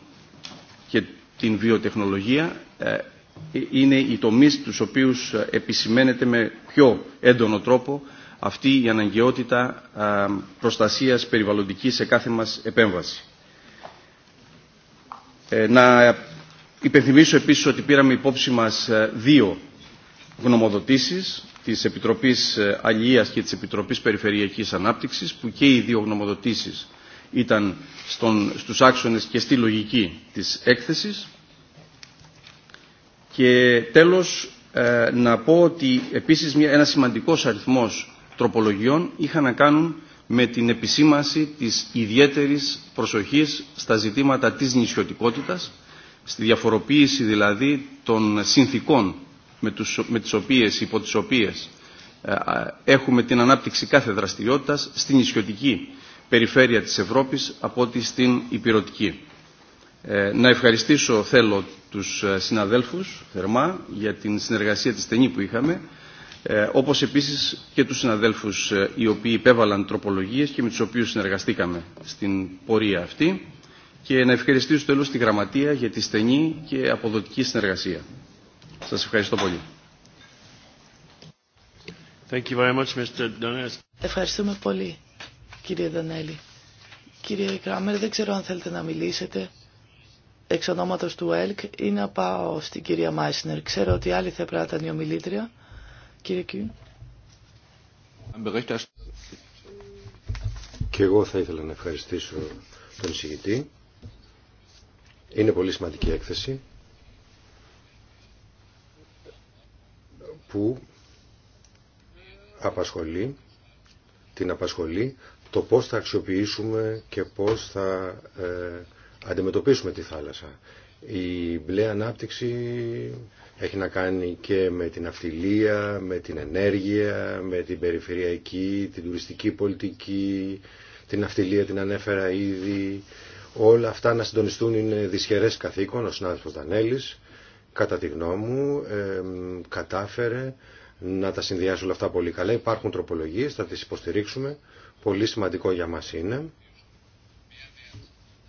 και την βιοτεχνολογία ε, είναι οι τομείς τους οποίους ε, επισημαίνεται με πιο έντονο τρόπο αυτή η αναγκαιότητα προστασίας περιβαλλοντικής σε κάθε μας επέμβαση. Να Υπενθυμίσω επίσης ότι πήραμε υπόψη μας ε, δύο γνωμοδοτήσεις της Επιτροπής ε, Αλληλείας και της Επιτροπής Περιφερειακής Ανάπτυξης που και οι δύο γνωμοδοτήσεις ήταν στον, στους άξονες και στη λογική της έκθεσης. Και τέλος ε, να πω ότι επίσης μια, ένα σημαντικός αριθμός τροπολογιών είχαν να κάνουν με την επισήμαση της ιδιαίτερης προσοχής στα ζητήματα της νησιωτικότητας στη διαφοροποίηση δηλαδή των συνθήκων με, τους, με τις οποίες, υπό τις οποίες ε, έχουμε την ανάπτυξη κάθε δραστηριότητας στην νησιωτική περιφέρεια της Ευρώπης από ότι στην υπηρετική. Ε, να ευχαριστήσω θέλω τους ε, συναδέλφους θερμά για την συνεργασία της στενή που είχαμε όπως επίσης και τους συναδέλφους οι οποίοι υπέβαλαν τροπολογίες και με τους οποίους συνεργαστήκαμε στην πορεία αυτή και να ευχαριστήσω τέλο τη Γραμματεία για τη στενή και αποδοτική συνεργασία. Σας ευχαριστώ πολύ. Thank you very much, Mr. Ευχαριστούμε πολύ, κύριε Δανέλη. Κύριε Κράμερ, δεν ξέρω αν θέλετε να μιλήσετε εξ του ΕΛΚ ή να πάω στην κυρία Μάισνερ. Ξέρω ότι άλλη θα πρέπει να ήταν η ομιλήτρια. Κύριε Κιού. Και εγώ θα ήθελα να ευχαριστήσω τον συγητή είναι πολύ σημαντική έκθεση που απασχολεί, την απασχολεί το πώς θα αξιοποιήσουμε και πώς θα ε, αντιμετωπίσουμε τη θάλασσα. Η μπλε ανάπτυξη έχει να κάνει και με την αυτιλία, με την ενέργεια, με την περιφερειακή, την τουριστική πολιτική, την αυτιλία την ανέφερα ήδη, όλα αυτά να συντονιστούν είναι δυσχερές καθήκον. Ο συνάδελφος Δανέλης, κατά τη γνώμη μου, κατάφερε να τα συνδυάσει όλα αυτά πολύ καλά. Υπάρχουν τροπολογίες, θα τις υποστηρίξουμε. Πολύ σημαντικό για μας είναι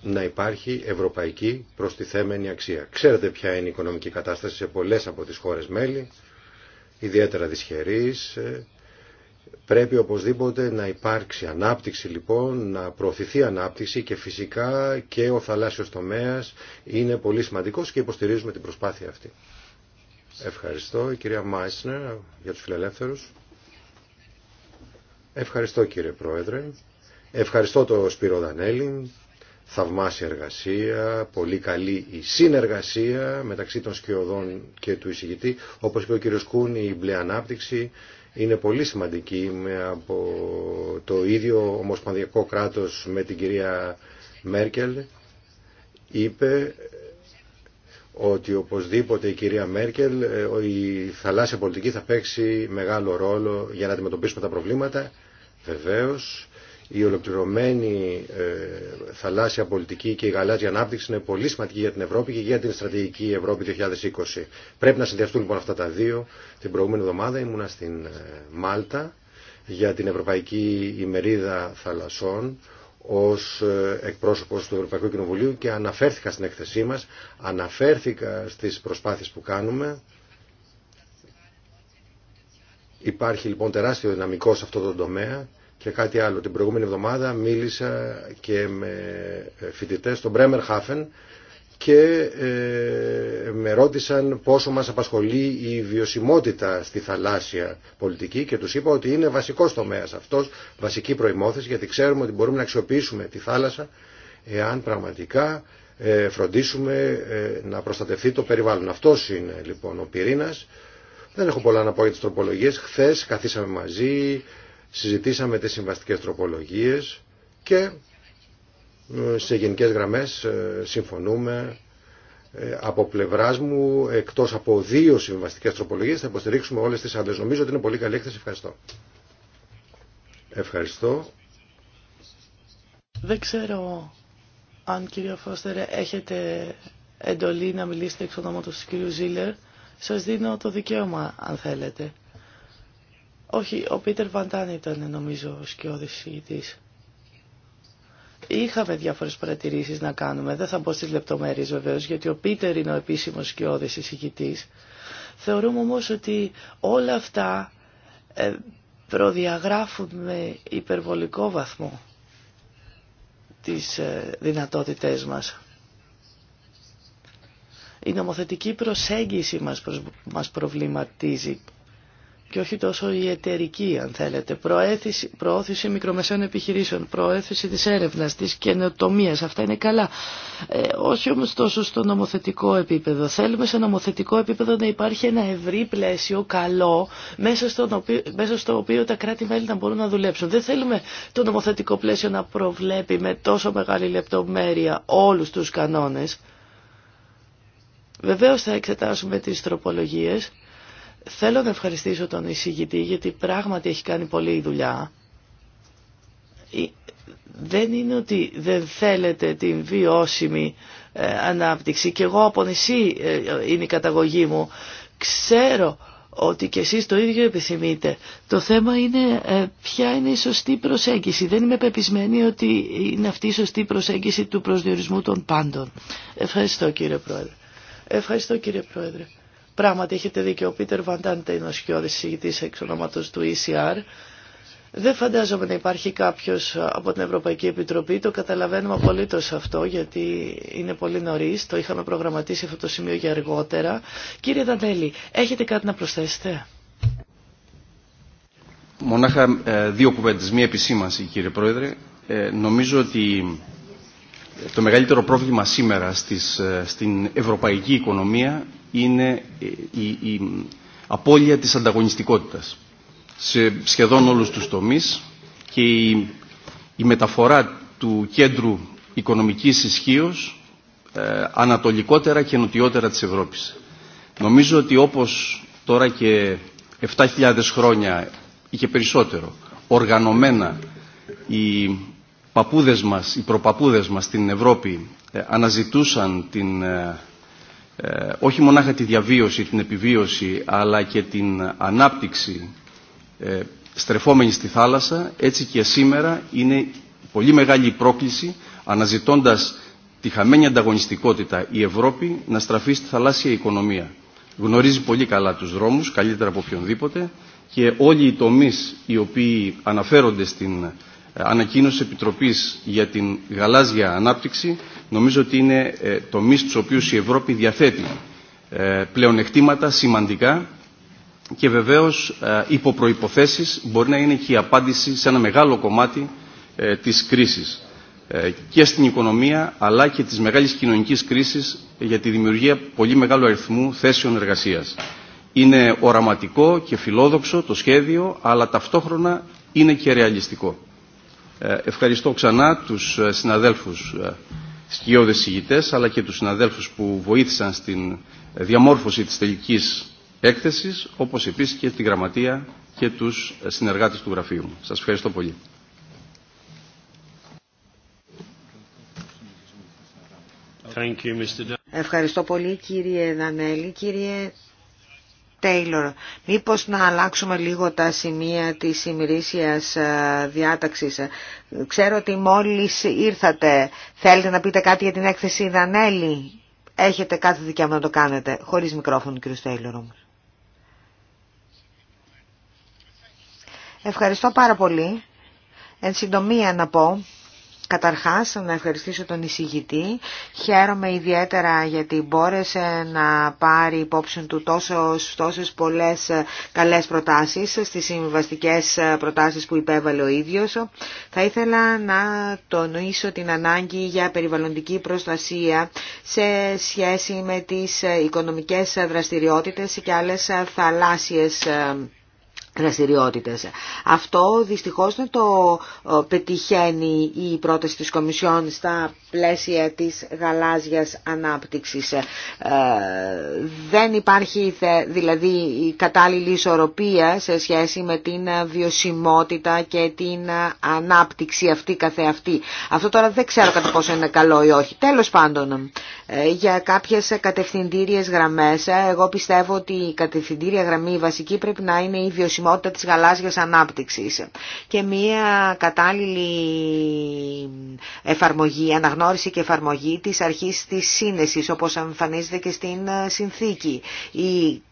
να υπάρχει ευρωπαϊκή προστιθέμενη αξία. Ξέρετε ποια είναι η οικονομική κατάσταση σε πολλές από τις χώρες μέλη, ιδιαίτερα δυσχερείς, ε, Πρέπει οπωσδήποτε να υπάρξει ανάπτυξη λοιπόν, να προωθηθεί ανάπτυξη και φυσικά και ο θαλάσσιος τομέας είναι πολύ σημαντικός και υποστηρίζουμε την προσπάθεια αυτή. Ευχαριστώ η κυρία Μάισνερ για τους φιλελεύθερους. Ευχαριστώ κύριε Πρόεδρε. Ευχαριστώ τον Σπύρο Δανέλη. Θαυμάσια εργασία, πολύ καλή η συνεργασία μεταξύ των σκιωδών και του εισηγητή. Όπως είπε ο κύριος Κούν, η μπλε ανάπτυξη είναι πολύ σημαντική με από το ίδιο ομοσπονδιακό κράτος με την κυρία Μέρκελ είπε ότι οπωσδήποτε η κυρία Μέρκελ ε, η θαλάσσια πολιτική θα παίξει μεγάλο ρόλο για να αντιμετωπίσουμε τα προβλήματα βεβαίως η ολοκληρωμένη ε, θαλάσσια πολιτική και η γαλάζια ανάπτυξη είναι πολύ σημαντική για την Ευρώπη και για την στρατηγική Ευρώπη 2020. Πρέπει να συνδυαστούν λοιπόν αυτά τα δύο. Την προηγούμενη εβδομάδα ήμουνα στην ε, Μάλτα για την Ευρωπαϊκή ημερίδα θαλασσών ως ε, εκπρόσωπος του Ευρωπαϊκού Κοινοβουλίου και αναφέρθηκα στην έκθεσή μας, αναφέρθηκα στις προσπάθειες που κάνουμε. Υπάρχει λοιπόν τεράστιο δυναμικό σε αυτό το τομέα και κάτι άλλο. Την προηγούμενη εβδομάδα μίλησα και με ε, φοιτητές στο Bremerhaven και ε, με ρώτησαν πόσο μας απασχολεί η βιωσιμότητα στη θαλάσσια πολιτική και τους είπα ότι είναι βασικός τομέας αυτός, βασική προημόθεση γιατί ξέρουμε ότι μπορούμε να αξιοποιήσουμε τη θάλασσα εάν πραγματικά ε, φροντίσουμε να προστατευτεί το περιβάλλον. Αυτός είναι λοιπόν ο πυρήνας. Δεν έχω πολλά να πω για τις τροπολογίες. Χθες καθίσαμε μαζί, συζητήσαμε τις συμβαστικές τροπολογίες και ε, σε γενικές γραμμές ε, συμφωνούμε ε, από πλευρά μου, εκτό από δύο συμβαστικέ τροπολογίε, θα υποστηρίξουμε όλε τι άλλε. Νομίζω ότι είναι πολύ καλή έκθεση. Ευχαριστώ. Ευχαριστώ. Δεν ξέρω αν κύριε Φώστερ έχετε εντολή να μιλήσετε εξ ονόματος του κύριου Ζήλερ. Σας δίνω το δικαίωμα αν θέλετε. Όχι, ο Πίτερ Βαντάν ήταν νομίζω ο σκιώδης ηγητής. Είχαμε διάφορες παρατηρήσεις να κάνουμε, δεν θα μπω στις λεπτομέρειες βεβαίως, γιατί ο Πίτερ είναι ο επίσημος σκιώδης εισηγητής. Θεωρούμε όμως ότι όλα αυτά ε, προδιαγράφουν με υπερβολικό βαθμό τις ε, δυνατότητές μας. Η νομοθετική προσέγγιση μας, μας προβληματίζει και όχι τόσο η εταιρική, αν θέλετε. προώθηση μικρομεσαίων επιχειρήσεων, προώθηση της έρευνας, της καινοτομίας, αυτά είναι καλά. Ε, όχι όμως τόσο στο νομοθετικό επίπεδο. Θέλουμε σε νομοθετικό επίπεδο να υπάρχει ένα ευρύ πλαίσιο, καλό, μέσα στο οποίο, μέσα στο οποίο τα κράτη-μέλη να μπορούν να δουλέψουν. Δεν θέλουμε το νομοθετικό πλαίσιο να προβλέπει με τόσο μεγάλη λεπτομέρεια όλους τους κανόνες. Βεβαίως θα εξετάσουμε τις τροπολογίες Θέλω να ευχαριστήσω τον εισηγητή γιατί πράγματι έχει κάνει πολλή δουλειά. Δεν είναι ότι δεν θέλετε την βιώσιμη ε, ανάπτυξη. Και εγώ από νησί ε, είναι η καταγωγή μου. Ξέρω ότι και εσείς το ίδιο επιθυμείτε. Το θέμα είναι ε, ποια είναι η σωστή προσέγγιση. Δεν είμαι πεπισμένη ότι είναι αυτή η σωστή προσέγγιση του προσδιορισμού των πάντων. Ευχαριστώ κύριε Πρόεδρε. Ευχαριστώ κύριε Πρόεδρε. Πράγματι, έχετε δίκιο, ο Πίτερ Βαντάντε είναι ο σκιώδης συζητητής εξ ονόματος του ECR. Δεν φαντάζομαι να υπάρχει κάποιος από την Ευρωπαϊκή Επιτροπή, το καταλαβαίνουμε απολύτως αυτό γιατί είναι πολύ νωρίς, το είχαμε προγραμματίσει αυτό το σημείο για αργότερα. Κύριε Δαντέλη, έχετε κάτι να προσθέσετε. Μονάχα ε, δύο κουβέντες, μία επισήμανση κύριε Πρόεδρε. Ε, νομίζω ότι ε, το μεγαλύτερο πρόβλημα σήμερα στις, στην ευρωπαϊκή οικονομία είναι ε, η απώλεια της ανταγωνιστικότητας σε σχεδόν όλους τους τομείς και η μεταφορά του κέντρου οικονομικής ισχύω ε, ανατολικότερα και νοτιότερα της Ευρώπης. Νομίζω ότι όπως τώρα και 7.000 χρόνια ή και περισσότερο οργανωμένα οι παππούδες μας, οι προπαπούδες μας στην Ευρώπη ε, αναζητούσαν την ε, όχι μονάχα τη διαβίωση, την επιβίωση, αλλά και την ανάπτυξη ε, στρεφόμενη στη θάλασσα, έτσι και σήμερα είναι πολύ μεγάλη η πρόκληση, αναζητώντας τη χαμένη ανταγωνιστικότητα η Ευρώπη να στραφεί στη θαλάσσια οικονομία. Γνωρίζει πολύ καλά τους δρόμους, καλύτερα από οποιονδήποτε, και όλοι οι τομείς οι οποίοι αναφέρονται στην ε, ανακοίνωση Επιτροπής για την γαλάζια ανάπτυξη νομίζω ότι είναι ε, τομεί του οποίους η Ευρώπη διαθέτει ε, πλεονεκτήματα σημαντικά και βεβαίως ε, υπό προϋποθέσεις μπορεί να είναι και η απάντηση σε ένα μεγάλο κομμάτι της κρίσης και στην οικονομία αλλά και της μεγάλης κοινωνικής κρίσης για τη δημιουργία πολύ μεγάλου αριθμού θέσεων εργασίας. Είναι οραματικό και φιλόδοξο το σχέδιο αλλά ταυτόχρονα είναι και ρεαλιστικό. Ευχαριστώ ξανά τους συναδέλφους σκιώδες ηγητές αλλά και τους συναδέλφους που βοήθησαν στην διαμόρφωση της τελικής έκθεσης όπως επίσης και τη γραμματεία και τους συνεργάτες του γραφείου μου. Σας ευχαριστώ πολύ. Ευχαριστώ πολύ κύριε Δανέλη. Κύριε Τέιλορ. Μήπως να αλλάξουμε λίγο τα σημεία της ημερήσιας ε, διάταξης. Ξέρω ότι μόλις ήρθατε. Θέλετε να πείτε κάτι για την έκθεση Δανέλη. Έχετε κάθε δικαίωμα να το κάνετε. Χωρίς μικρόφωνο κύριο Τέιλορ όμως. Ευχαριστώ πάρα πολύ. Εν συντομία να πω Καταρχάς να ευχαριστήσω τον εισηγητή. Χαίρομαι ιδιαίτερα γιατί μπόρεσε να πάρει υπόψη του τόσες, τόσες πολλές ε, καλές προτάσεις στις συμβαστικές ε, προτάσεις που υπέβαλε ο ίδιος. Θα ήθελα να τονίσω την ανάγκη για περιβαλλοντική προστασία σε σχέση με τις ε, οικονομικές δραστηριότητες και άλλες θαλάσσιες αυτό δυστυχώς δεν το ε, πετυχαίνει η πρόταση της Κομισιόν στα πλαίσια της γαλάζιας ανάπτυξης. Ε, δεν υπάρχει δηλαδή η κατάλληλη ισορροπία σε σχέση με την βιωσιμότητα και την ανάπτυξη αυτή καθεαυτή. Αυτό τώρα δεν ξέρω κατά πόσο είναι καλό ή όχι. Τέλος πάντων, ε, για κάποιες κατευθυντήριες γραμμές, εγώ πιστεύω ότι η κατευθυντήρια γραμμή η βασική πρέπει να είναι βιωσιμότητα βιωσιμότητα της γαλάζιας ανάπτυξης και μια κατάλληλη εφαρμογή, αναγνώριση και εφαρμογή της αρχής της σύνεσης όπως εμφανίζεται και στην συνθήκη. Η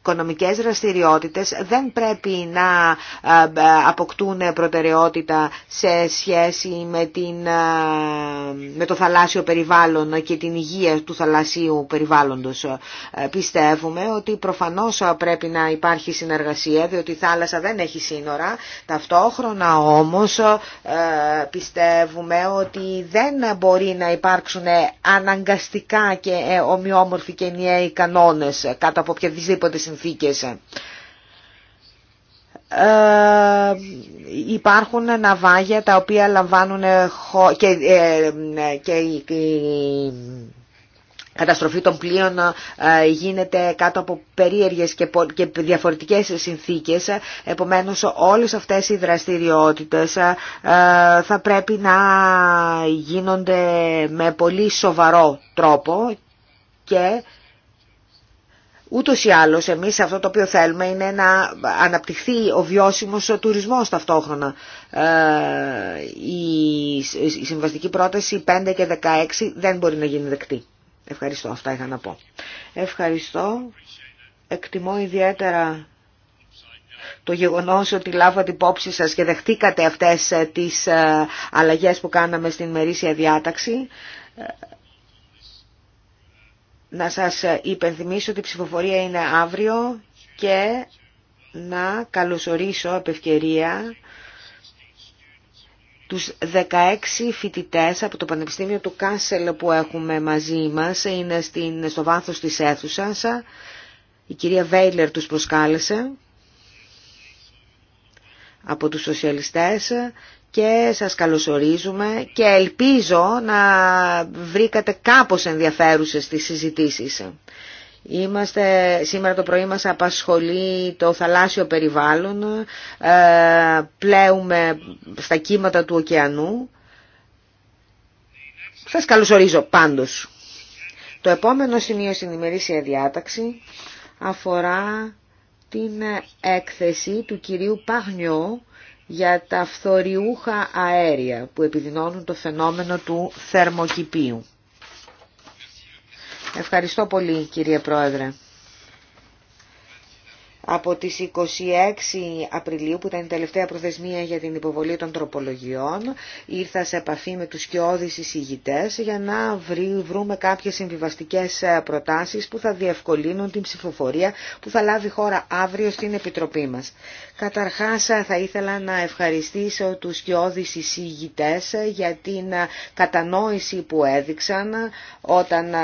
οικονομικές δραστηριότητες δεν πρέπει να ε, ε, αποκτούν προτεραιότητα σε σχέση με, την, ε, με το θαλάσσιο περιβάλλον και την υγεία του θαλασσίου περιβάλλοντος. Πιστεύουμε ότι προφανώς πρέπει να υπάρχει συνεργασία διότι η θάλασσα δεν έχει σύνορα. Ταυτόχρονα όμως πιστεύουμε ότι δεν μπορεί να υπάρξουν αναγκαστικά και ομοιόμορφοι και ενιαίοι κανόνες κάτω από οποιαδήποτε συνεργασία συνθήκες. Ε, υπάρχουν ναυάγια τα οποία λαμβάνουν και, ε, ε, και η, καταστροφή των πλοίων ε, γίνεται κάτω από περίεργες και, και διαφορετικές συνθήκες. Επομένως όλες αυτές οι δραστηριότητες θα πρέπει να γίνονται με πολύ σοβαρό τρόπο και Ούτως ή άλλως εμείς αυτό το οποίο θέλουμε είναι να αναπτυχθεί ο βιώσιμος τουρισμός ταυτόχρονα. Ε, η συμβαστική πρόταση 5 και 16 δεν μπορεί να γίνει δεκτή. Ευχαριστώ, αυτά είχα να πω. Ευχαριστώ. Εκτιμώ ιδιαίτερα το γεγονός ότι λάβατε υπόψη σας και δεχτήκατε αυτές τις ε, αλλαγές που κάναμε στην μερίσια διάταξη. Ε, να σας υπενθυμίσω ότι η ψηφοφορία είναι αύριο και να καλωσορίσω επ' ευκαιρία τους 16 φοιτητές από το Πανεπιστήμιο του Κάσελ που έχουμε μαζί μας, είναι στην, στο βάθος της αίθουσας. Η κυρία Βέιλερ τους προσκάλεσε από τους σοσιαλιστές και σας καλωσορίζουμε και ελπίζω να βρήκατε κάπως ενδιαφέρουσες τις συζητήσεις. Είμαστε, σήμερα το πρωί μας απασχολεί το θαλάσσιο περιβάλλον, ε, πλέουμε στα κύματα του ωκεανού. Σας καλωσορίζω πάντως. Το επόμενο σημείο στην ημερήσια διάταξη αφορά την έκθεση του κυρίου Παγνιό για τα φθοριούχα αέρια που επιδεινώνουν το φαινόμενο του θερμοκηπίου. Ευχαριστώ πολύ κύριε Πρόεδρε από τις 26 Απριλίου που ήταν η τελευταία προθεσμία για την υποβολή των τροπολογιών ήρθα σε επαφή με τους σκιώδεις εισηγητές για να βρούμε κάποιες συμβιβαστικές ε, προτάσεις που θα διευκολύνουν την ψηφοφορία που θα λάβει χώρα αύριο στην Επιτροπή μας. Καταρχάς ε, θα ήθελα να ευχαριστήσω τους σκιώδεις εισηγητές ε, για την κατανόηση που έδειξαν όταν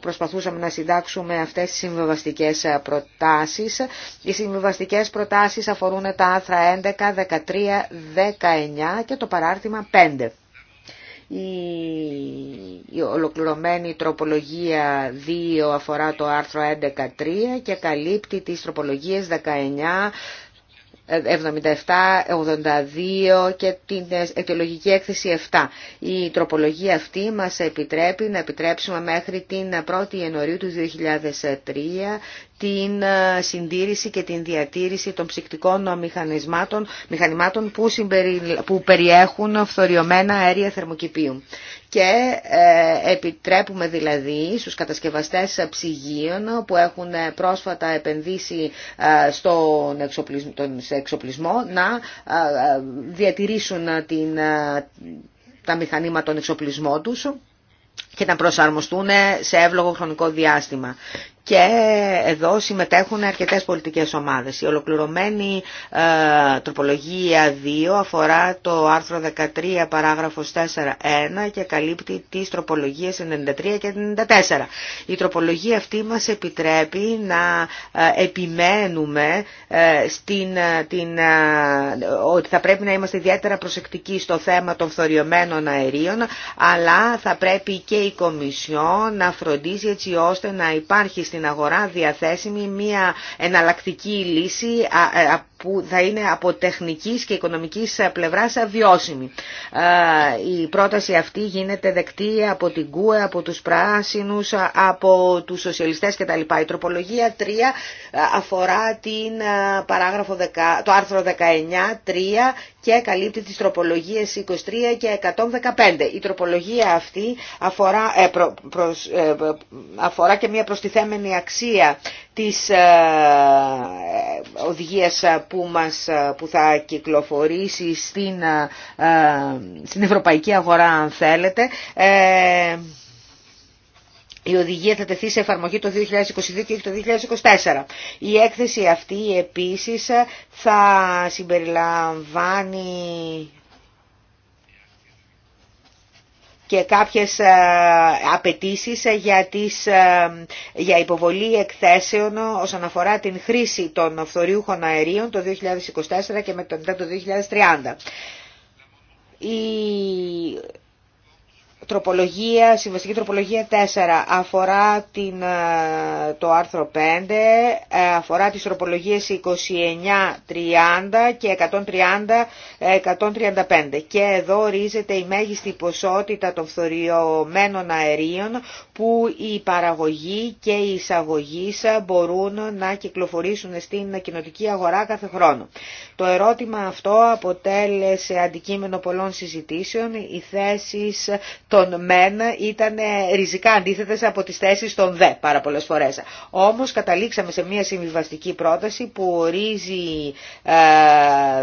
προσπαθούσαμε να συντάξουμε αυτές τις συμβιβαστικές προτάσεις οι συμβιβαστικέ προτάσεις αφορούν τα άρθρα 11, 13, 19 και το παράρτημα 5. Η ολοκληρωμένη τροπολογία 2 αφορά το άρθρο 11.3 και καλύπτει τις τροπολογίες 19, 77, 82 και την αιτιολογική έκθεση 7. Η τροπολογία αυτή μας επιτρέπει να επιτρέψουμε μέχρι την 1η Ιανουαρίου του 2003 την ε, συντήρηση και την διατήρηση των ψυκτικών μηχανισμάτων, μηχανημάτων που, συμπερι, που περιέχουν φθοριωμένα αέρια θερμοκηπίου. Και ε, επιτρέπουμε δηλαδή στους κατασκευαστές ψυγείων που έχουν πρόσφατα επενδύσει ε, στον εξοπλισμό, τον να διατηρήσουν την, τα μηχανήματα των εξοπλισμό τους και να προσαρμοστούν σε εύλογο χρονικό διάστημα και εδώ συμμετέχουν αρκετές πολιτικές ομάδες. Η ολοκληρωμένη ε, τροπολογία 2 αφορά το άρθρο 13 παράγραφος 4.1 και καλύπτει τις τροπολογίες 93 και 94. Η τροπολογία αυτή μας επιτρέπει να ε, επιμένουμε ε, στην, την, ότι θα πρέπει να είμαστε ιδιαίτερα προσεκτικοί στο θέμα των φθοριωμένων αερίων αλλά θα πρέπει και η Κομισιόν να φροντίζει έτσι ώστε να υπάρχει στην αγορά διαθέσιμη μια εναλλακτική λύση ε, που θα είναι από τεχνικής και οικονομικής πλευράς βιώσιμη. Ε, η πρόταση αυτή γίνεται δεκτή από την ΚΟΕ, από τους πράσινους, από τους σοσιαλιστές κτλ. Η τροπολογία 3 ε, αφορά την ε, παράγραφο 10, το άρθρο 19, 3 και καλύπτει τις τροπολογίες 23 και 115. Η τροπολογία αυτή αφορά, προ, αφορά και μια προστιθέμενη αξία της ε, οδηγίας ε, που, μας, ε, που θα κυκλοφορήσει στην, στην ευρωπαϊκή αγορά αν θέλετε. Η οδηγία θα τεθεί σε εφαρμογή το 2022 και το 2024. Η έκθεση αυτή επίσης θα συμπεριλαμβάνει και κάποιες ε, απαιτήσεις για, ε, για υποβολή εκθέσεων όσον αφορά την χρήση των φθοριούχων αερίων το 2024 και μετά το 2030 τροπολογία, συμβαστική τροπολογία 4 αφορά την, ε, το άρθρο 5, ε, αφορά τις τροπολογίες 29, 30 και 130, 135. Ε, και εδώ ορίζεται η μέγιστη ποσότητα των φθοριωμένων αερίων που η παραγωγή και η εισαγωγή μπορούν να κυκλοφορήσουν στην κοινοτική αγορά κάθε χρόνο. Το ερώτημα αυτό αποτέλεσε αντικείμενο πολλών συζητήσεων, οι θέσεις των μεν ήταν ε, ριζικά αντίθετες από τις θέσεις των δε πάρα πολλές φορές. Όμως καταλήξαμε σε μια συμβιβαστική πρόταση που ορίζει ε,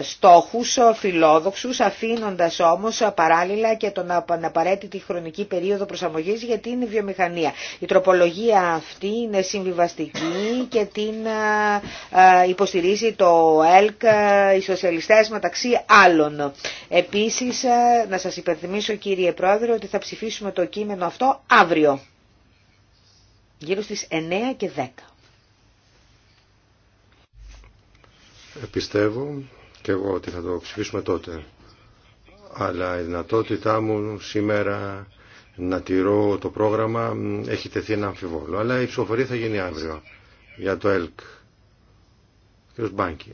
στόχους φιλόδοξους αφήνοντας όμως παράλληλα και τον απαραίτητη χρονική περίοδο προσαρμογής για την βιομηχανία. Η τροπολογία αυτή είναι συμβιβαστική και την ε, ε, υποστηρίζει το ΕΛΚ οι σοσιαλιστές μεταξύ άλλων. Επίσης να σας υπενθυμίσω κύριε Πρόεδρε ότι θα ψηφίσουμε το κείμενο αυτό αύριο, γύρω στις 9 και 10. Ε, πιστεύω και εγώ ότι θα το ψηφίσουμε τότε. Αλλά η δυνατότητά μου σήμερα να τηρώ το πρόγραμμα έχει τεθεί ένα αμφιβόλο. Αλλά η ψηφοφορία θα γίνει αύριο για το ΕΛΚ. Κύριος Μπάνκι.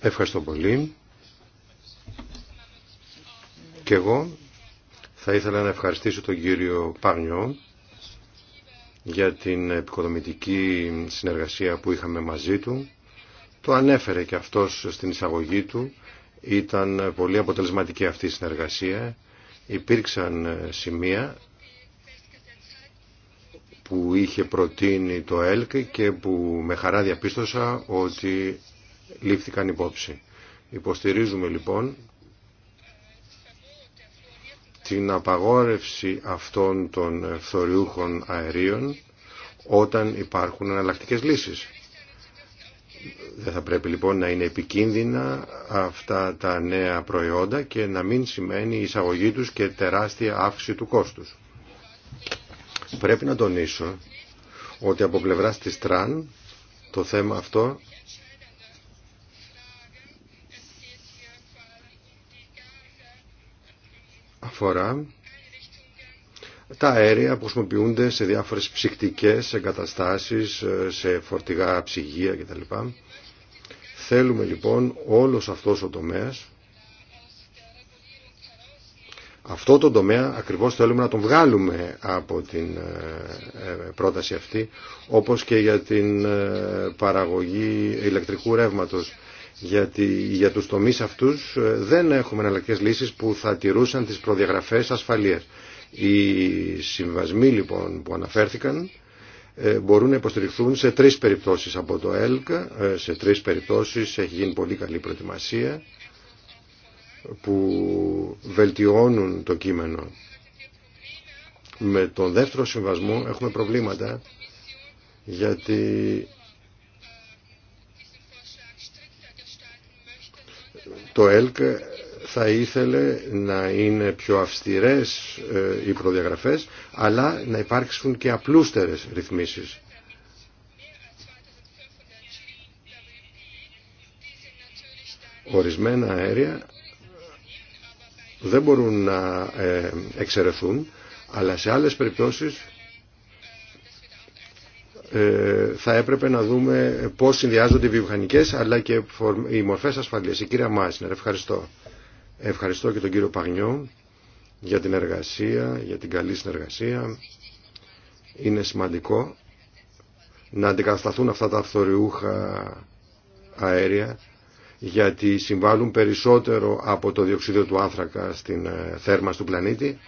Ευχαριστώ πολύ. Και εγώ θα ήθελα να ευχαριστήσω τον κύριο Παγνιό για την επικοδομητική συνεργασία που είχαμε μαζί του. Το ανέφερε και αυτός στην εισαγωγή του. Ήταν πολύ αποτελεσματική αυτή η συνεργασία. Υπήρξαν σημεία που είχε προτείνει το ΕΛΚ και που με χαρά διαπίστωσα ότι λήφθηκαν υπόψη. Υποστηρίζουμε λοιπόν την απαγόρευση αυτών των φθοριούχων αερίων όταν υπάρχουν εναλλακτικέ λύσεις. Δεν θα πρέπει λοιπόν να είναι επικίνδυνα αυτά τα νέα προϊόντα και να μην σημαίνει η εισαγωγή τους και τεράστια αύξηση του κόστους. Πρέπει να τονίσω ότι από πλευράς της Τραν το θέμα αυτό τα αέρια που χρησιμοποιούνται σε διάφορες ψυκτικές εγκαταστάσεις, ε, σε φορτηγά ψυγεία κτλ. Θέλουμε λοιπόν όλος αυτός ο τομέας, αυτό το τομέα ακριβώς θέλουμε να τον βγάλουμε από την ε, ε, πρόταση αυτή, όπως και για την παραγωγή ηλεκτρικού ρεύματος γιατί για τους τομείς αυτούς ε, δεν έχουμε εναλλακτικέ λύσεις που θα τηρούσαν τις προδιαγραφές ασφαλείας. Οι συμβασμοί λοιπόν, που αναφέρθηκαν ε, μπορούν να υποστηριχθούν σε τρεις περιπτώσεις από το ΕΛΚ, ε, σε τρεις περιπτώσεις έχει γίνει πολύ καλή προετοιμασία που βελτιώνουν το κείμενο. Με τον δεύτερο συμβασμό έχουμε προβλήματα γιατί Το ΕΛΚ θα ήθελε να είναι πιο αυστηρές ε, οι προδιαγραφές, αλλά να υπάρξουν και απλούστερες ρυθμίσεις. Ορισμένα αέρια δεν μπορούν να ε, εξαιρεθούν, αλλά σε άλλες περιπτώσεις ε, θα έπρεπε να δούμε πώς συνδυάζονται οι βιομηχανικές αλλά και οι μορφές ασφαλείας. Η κυρία Μάισνερ, ευχαριστώ. Ευχαριστώ και τον κύριο Παγνιό για την εργασία, για την καλή συνεργασία. Είναι σημαντικό να αντικατασταθούν αυτά τα αυθοριούχα αέρια γιατί συμβάλλουν περισσότερο από το διοξίδιο του άνθρακα στην ε, θέρμανση του πλανήτη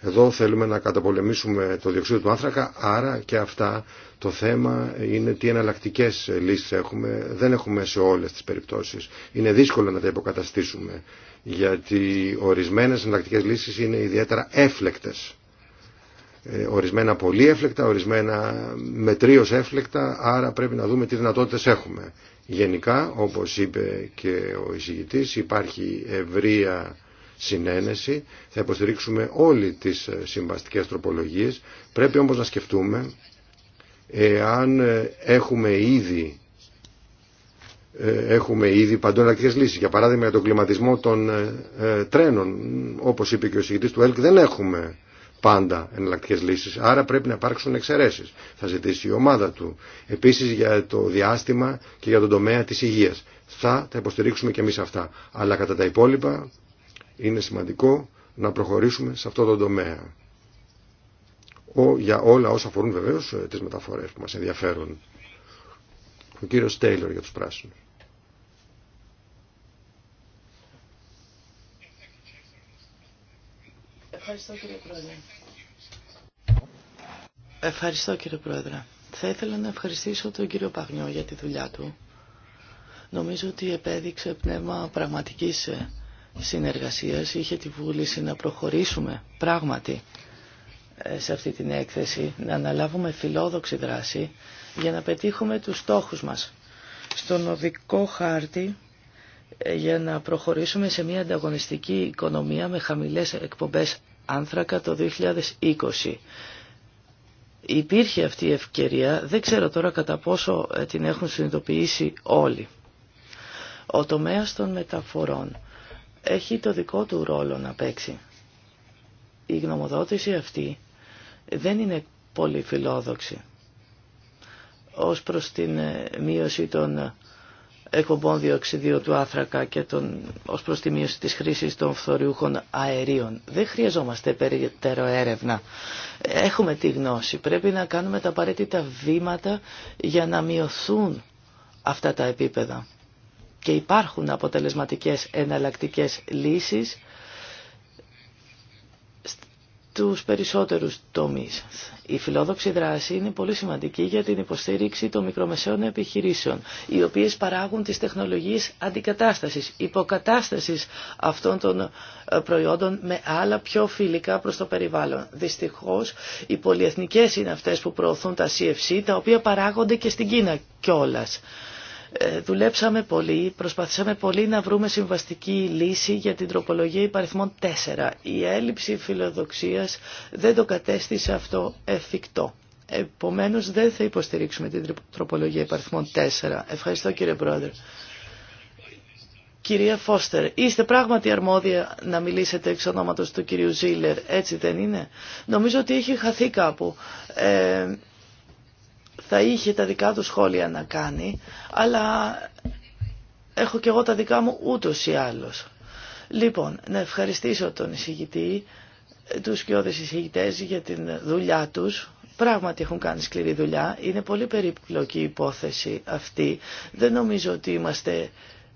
εδώ θέλουμε να καταπολεμήσουμε το διοξείδιο του άνθρακα, άρα και αυτά το θέμα είναι τι εναλλακτικέ λύσεις έχουμε. Δεν έχουμε σε όλες τις περιπτώσεις. Είναι δύσκολο να τα υποκαταστήσουμε, γιατί ορισμένες εναλλακτικέ λύσεις είναι ιδιαίτερα έφλεκτες. Ε, ορισμένα πολύ έφλεκτα, ορισμένα μετρίως έφλεκτα, άρα πρέπει να δούμε τι δυνατότητες έχουμε. Γενικά, όπως είπε και ο εισηγητής, υπάρχει ευρεία συνένεση. Θα υποστηρίξουμε όλοι τις συμβαστικές τροπολογίες. Πρέπει όμως να σκεφτούμε εάν ε, έχουμε ήδη ε, έχουμε ήδη παντού εναλλακτικέ λύσει. Για παράδειγμα, για τον κλιματισμό των ε, τρένων, όπω είπε και ο συγκητή του ΕΛΚ, δεν έχουμε πάντα εναλλακτικέ λύσει. Άρα πρέπει να υπάρξουν εξαιρέσει. Θα ζητήσει η ομάδα του. Επίση για το διάστημα και για τον τομέα τη υγεία. Θα τα υποστηρίξουμε και εμεί αυτά. Αλλά κατά τα υπόλοιπα είναι σημαντικό να προχωρήσουμε σε αυτό το τομέα. Ο, για όλα όσα αφορούν βεβαίω ε, τις μεταφορές που μας ενδιαφέρουν. Ο κύριος Τέιλορ για του πράσινου. Ευχαριστώ κύριε Πρόεδρε. Ευχαριστώ κύριε Πρόεδρε. Θα ήθελα να ευχαριστήσω τον κύριο Παγνιό για τη δουλειά του. Νομίζω ότι επέδειξε πνεύμα πραγματικής ε, συνεργασίας είχε τη βούληση να προχωρήσουμε πράγματι ε, σε αυτή την έκθεση, να αναλάβουμε φιλόδοξη δράση για να πετύχουμε τους στόχους μας. Στον οδικό χάρτη ε, για να προχωρήσουμε σε μια ανταγωνιστική οικονομία με χαμηλές εκπομπές άνθρακα το 2020. Υπήρχε αυτή η ευκαιρία, δεν ξέρω τώρα κατά πόσο ε, την έχουν συνειδητοποιήσει όλοι. Ο τομέας των μεταφορών έχει το δικό του ρόλο να παίξει. Η γνωμοδότηση αυτή δεν είναι πολύ φιλόδοξη ως προς την ε, μείωση των ε, εκπομπών διοξιδίου του άνθρακα και τον, ως προς τη μείωση της χρήσης των φθοριούχων αερίων. Δεν χρειαζόμαστε περιττέρω έρευνα. Έχουμε τη γνώση. Πρέπει να κάνουμε τα απαραίτητα βήματα για να μειωθούν αυτά τα επίπεδα και υπάρχουν αποτελεσματικές εναλλακτικές λύσεις στους περισσότερους τομείς. Η φιλόδοξη δράση είναι πολύ σημαντική για την υποστήριξη των μικρομεσαίων επιχειρήσεων, οι οποίες παράγουν τις τεχνολογίες αντικατάστασης, υποκατάστασης αυτών των ε, προϊόντων με άλλα πιο φιλικά προς το περιβάλλον. Δυστυχώς, οι πολυεθνικές είναι αυτές που προωθούν τα CFC, τα οποία παράγονται και στην Κίνα κιόλας. Ε, δουλέψαμε πολύ, προσπαθήσαμε πολύ να βρούμε συμβαστική λύση για την τροπολογία υπαριθμών 4. Η έλλειψη φιλοδοξίας δεν το κατέστησε αυτό εφικτό. Επομένως δεν θα υποστηρίξουμε την τροπολογία υπαριθμών 4. Ευχαριστώ κύριε Πρόεδρε. Κυρία Φώστερ, είστε πράγματι αρμόδια να μιλήσετε εξ ονόματος του κυρίου Ζήλερ, έτσι δεν είναι. Νομίζω ότι έχει χαθεί κάπου. Ε, θα είχε τα δικά του σχόλια να κάνει, αλλά έχω και εγώ τα δικά μου ούτως ή άλλως. Λοιπόν, να ευχαριστήσω τον εισηγητή, τους κοιόδες εισηγητές για την δουλειά τους. Πράγματι έχουν κάνει σκληρή δουλειά. Είναι πολύ περίπλοκη η υπόθεση αυτή. Δεν νομίζω ότι είμαστε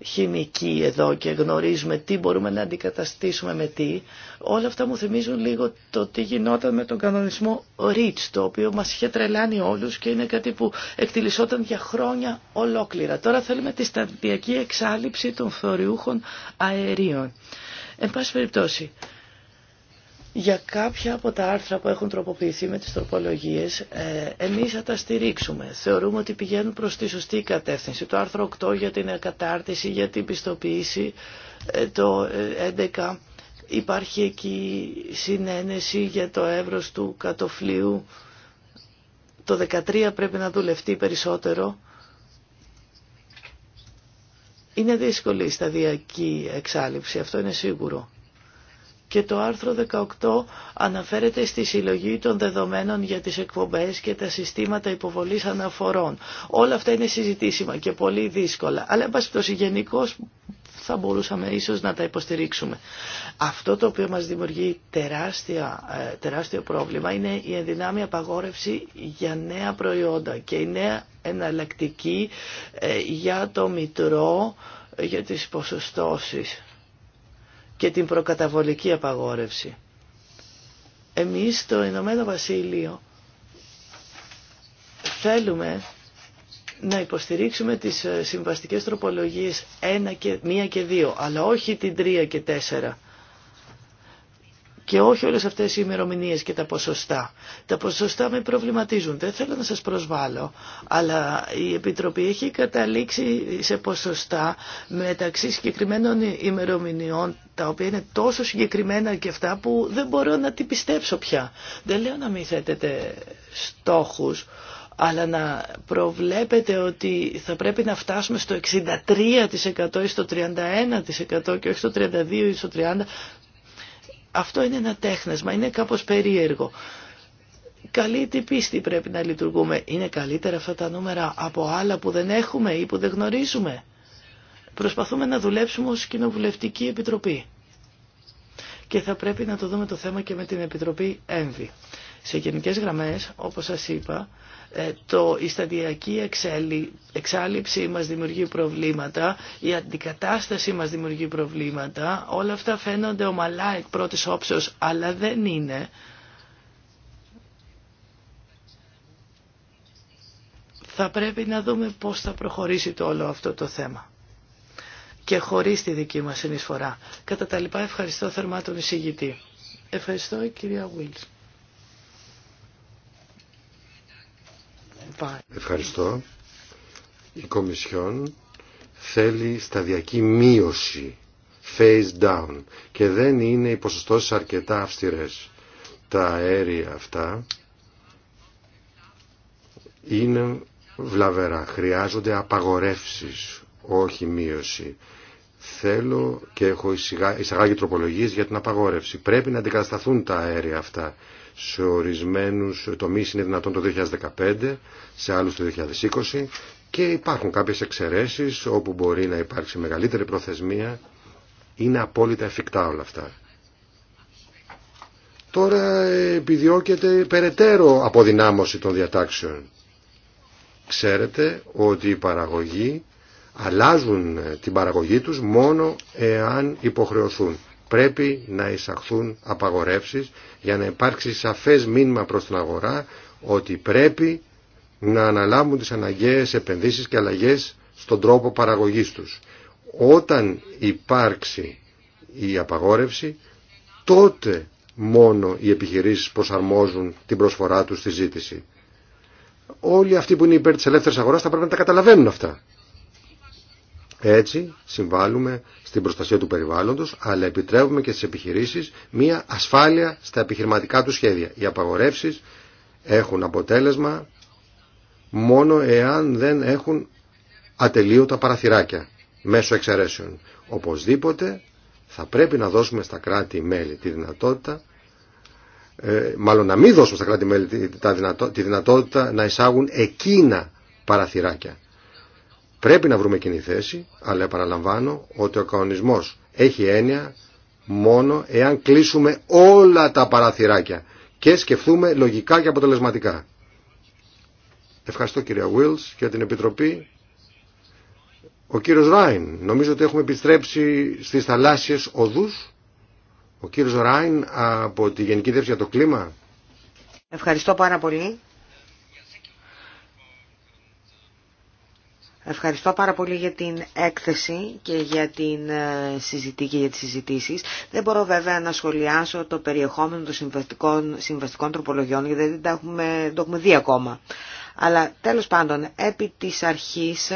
χημική εδώ και γνωρίζουμε τι μπορούμε να αντικαταστήσουμε με τι, όλα αυτά μου θυμίζουν λίγο το τι γινόταν με τον κανονισμό REACH, το οποίο μας είχε τρελάνει όλους και είναι κάτι που εκτιλισόταν για χρόνια ολόκληρα. Τώρα θέλουμε τη σταδιακή εξάλληψη των φθοριούχων αερίων. Εν πάση περιπτώσει, για κάποια από τα άρθρα που έχουν τροποποιηθεί με τις τροπολογίες, ε, εμείς θα τα στηρίξουμε. Θεωρούμε ότι πηγαίνουν προς τη σωστή κατεύθυνση. Το άρθρο 8 για την κατάρτιση, για την πιστοποίηση, ε, το 11 ε, υπάρχει εκεί συνένεση για το έβρος του κατοφλίου. Το 13 πρέπει να δουλευτεί περισσότερο. Είναι δύσκολη η σταδιακή εξάλληψη, αυτό είναι σίγουρο και το άρθρο 18 αναφέρεται στη συλλογή των δεδομένων για τις εκπομπές και τα συστήματα υποβολής αναφορών. Όλα αυτά είναι συζητήσιμα και πολύ δύσκολα, αλλά εν γενικώς θα μπορούσαμε ίσως να τα υποστηρίξουμε. Αυτό το οποίο μας δημιουργεί τεράστια, ε, τεράστιο πρόβλημα είναι η ενδυνάμει απαγόρευση για νέα προϊόντα και η νέα εναλλακτική ε, για το μητρό, ε, για τις ποσοστώσεις και την προκαταβολική απαγόρευση. Εμείς στο Ηνωμένο Βασίλειο θέλουμε να υποστηρίξουμε τις ε, συμβαστικές τροπολογίες 1 και, 1 και 2, αλλά όχι την 3 και 4 και όχι όλες αυτές οι ημερομηνίες και τα ποσοστά. Τα ποσοστά με προβληματίζουν, δεν θέλω να σας προσβάλλω, αλλά η Επιτροπή έχει καταλήξει σε ποσοστά μεταξύ συγκεκριμένων ημερομηνιών, τα οποία είναι τόσο συγκεκριμένα και αυτά που δεν μπορώ να την πιστέψω πια. Δεν λέω να μην θέτετε στόχους, αλλά να προβλέπετε ότι θα πρέπει να φτάσουμε στο 63% ή στο 31% και όχι στο 32% ή στο 30% αυτό είναι ένα τέχνασμα, είναι κάπως περίεργο. Καλή την πίστη πρέπει να λειτουργούμε. Είναι καλύτερα αυτά τα νούμερα από άλλα που δεν έχουμε ή που δεν γνωρίζουμε. Προσπαθούμε να δουλέψουμε ως Κοινοβουλευτική Επιτροπή. Και θα πρέπει να το δούμε το θέμα και με την Επιτροπή ΕΜΒΗ. Σε γενικές γραμμές, όπως σας είπα, ε, το, η σταδιακή εξάλληψή μας δημιουργεί προβλήματα, η αντικατάστασή μας δημιουργεί προβλήματα. Όλα αυτά φαίνονται ομαλά εκ πρώτης όψεως, αλλά δεν είναι. Θα πρέπει να δούμε πώς θα προχωρήσει το όλο αυτό το θέμα και χωρίς τη δική μας συνεισφορά. Κατά τα λοιπά ευχαριστώ θερμά τον εισηγητή. Ευχαριστώ κυρία Βίλς. Ευχαριστώ. Η Κομισιόν θέλει σταδιακή μείωση, face down, και δεν είναι οι ποσοστώσεις αρκετά αυστηρές. Τα αέρια αυτά είναι βλαβερά, χρειάζονται απαγορεύσεις, όχι μείωση. Θέλω και έχω εισαγάγει τροπολογίες για την απαγόρευση. Πρέπει να αντικατασταθούν τα αέρια αυτά σε ορισμένους τομείς είναι δυνατόν το 2015, σε άλλους το 2020 και υπάρχουν κάποιες εξαιρέσεις όπου μπορεί να υπάρξει μεγαλύτερη προθεσμία. Είναι απόλυτα εφικτά όλα αυτά. Τώρα επιδιώκεται περαιτέρω αποδυνάμωση των διατάξεων. Ξέρετε ότι οι παραγωγοί αλλάζουν την παραγωγή τους μόνο εάν υποχρεωθούν πρέπει να εισαχθούν απαγορεύσεις για να υπάρξει σαφές μήνυμα προς την αγορά ότι πρέπει να αναλάβουν τις αναγκαίες επενδύσεις και αλλαγές στον τρόπο παραγωγής τους. Όταν υπάρξει η απαγόρευση, τότε μόνο οι επιχειρήσεις προσαρμόζουν την προσφορά τους στη ζήτηση. Όλοι αυτοί που είναι υπέρ της ελεύθερης αγοράς θα πρέπει να τα καταλαβαίνουν αυτά. Έτσι συμβάλλουμε στην προστασία του περιβάλλοντος, αλλά επιτρέπουμε και στις επιχειρήσεις μία ασφάλεια στα επιχειρηματικά του σχέδια. Οι απαγορεύσεις έχουν αποτέλεσμα μόνο εάν δεν έχουν ατελείωτα παραθυράκια μέσω εξαιρέσεων. Οπωσδήποτε θα πρέπει να δώσουμε στα κράτη-μέλη τη δυνατότητα ε, μάλλον να μην δώσουμε στα κράτη-μέλη τη, τη, δυνατότητα να εισάγουν εκείνα παραθυράκια Πρέπει να βρούμε κοινή θέση, αλλά επαναλαμβάνω ότι ο κανονισμός έχει έννοια μόνο εάν κλείσουμε όλα τα παραθυράκια και σκεφτούμε λογικά και αποτελεσματικά. Ευχαριστώ κυρία Βίλς για την Επιτροπή. Ο κύριος Ράιν, νομίζω ότι έχουμε επιστρέψει στις θαλάσσιες οδούς. Ο κύριος Ράιν από τη Γενική Διεύθυνση για το Κλίμα. Ευχαριστώ πάρα πολύ. Ευχαριστώ πάρα πολύ για την έκθεση και για, την ε, συζητή και για τις συζητήσεις. Δεν μπορώ βέβαια να σχολιάσω το περιεχόμενο των συμβαστικών, τροπολογιών γιατί δεν το έχουμε, το έχουμε δει ακόμα. Αλλά τέλος πάντων, επί της αρχής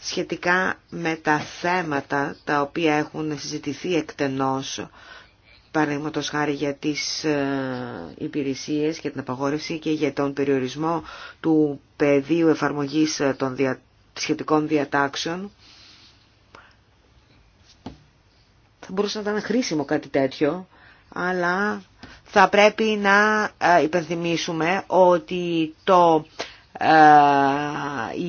σχετικά με τα θέματα τα οποία έχουν συζητηθεί εκτενώς παραδείγματο χάρη για τις ε, υπηρεσίες και την απαγόρευση και για τον περιορισμό του πεδίου εφαρμογής ε, των σχετικών διατάξεων. Θα μπορούσε να ήταν χρήσιμο κάτι τέτοιο, αλλά θα πρέπει να ε, υπενθυμίσουμε ότι το ε,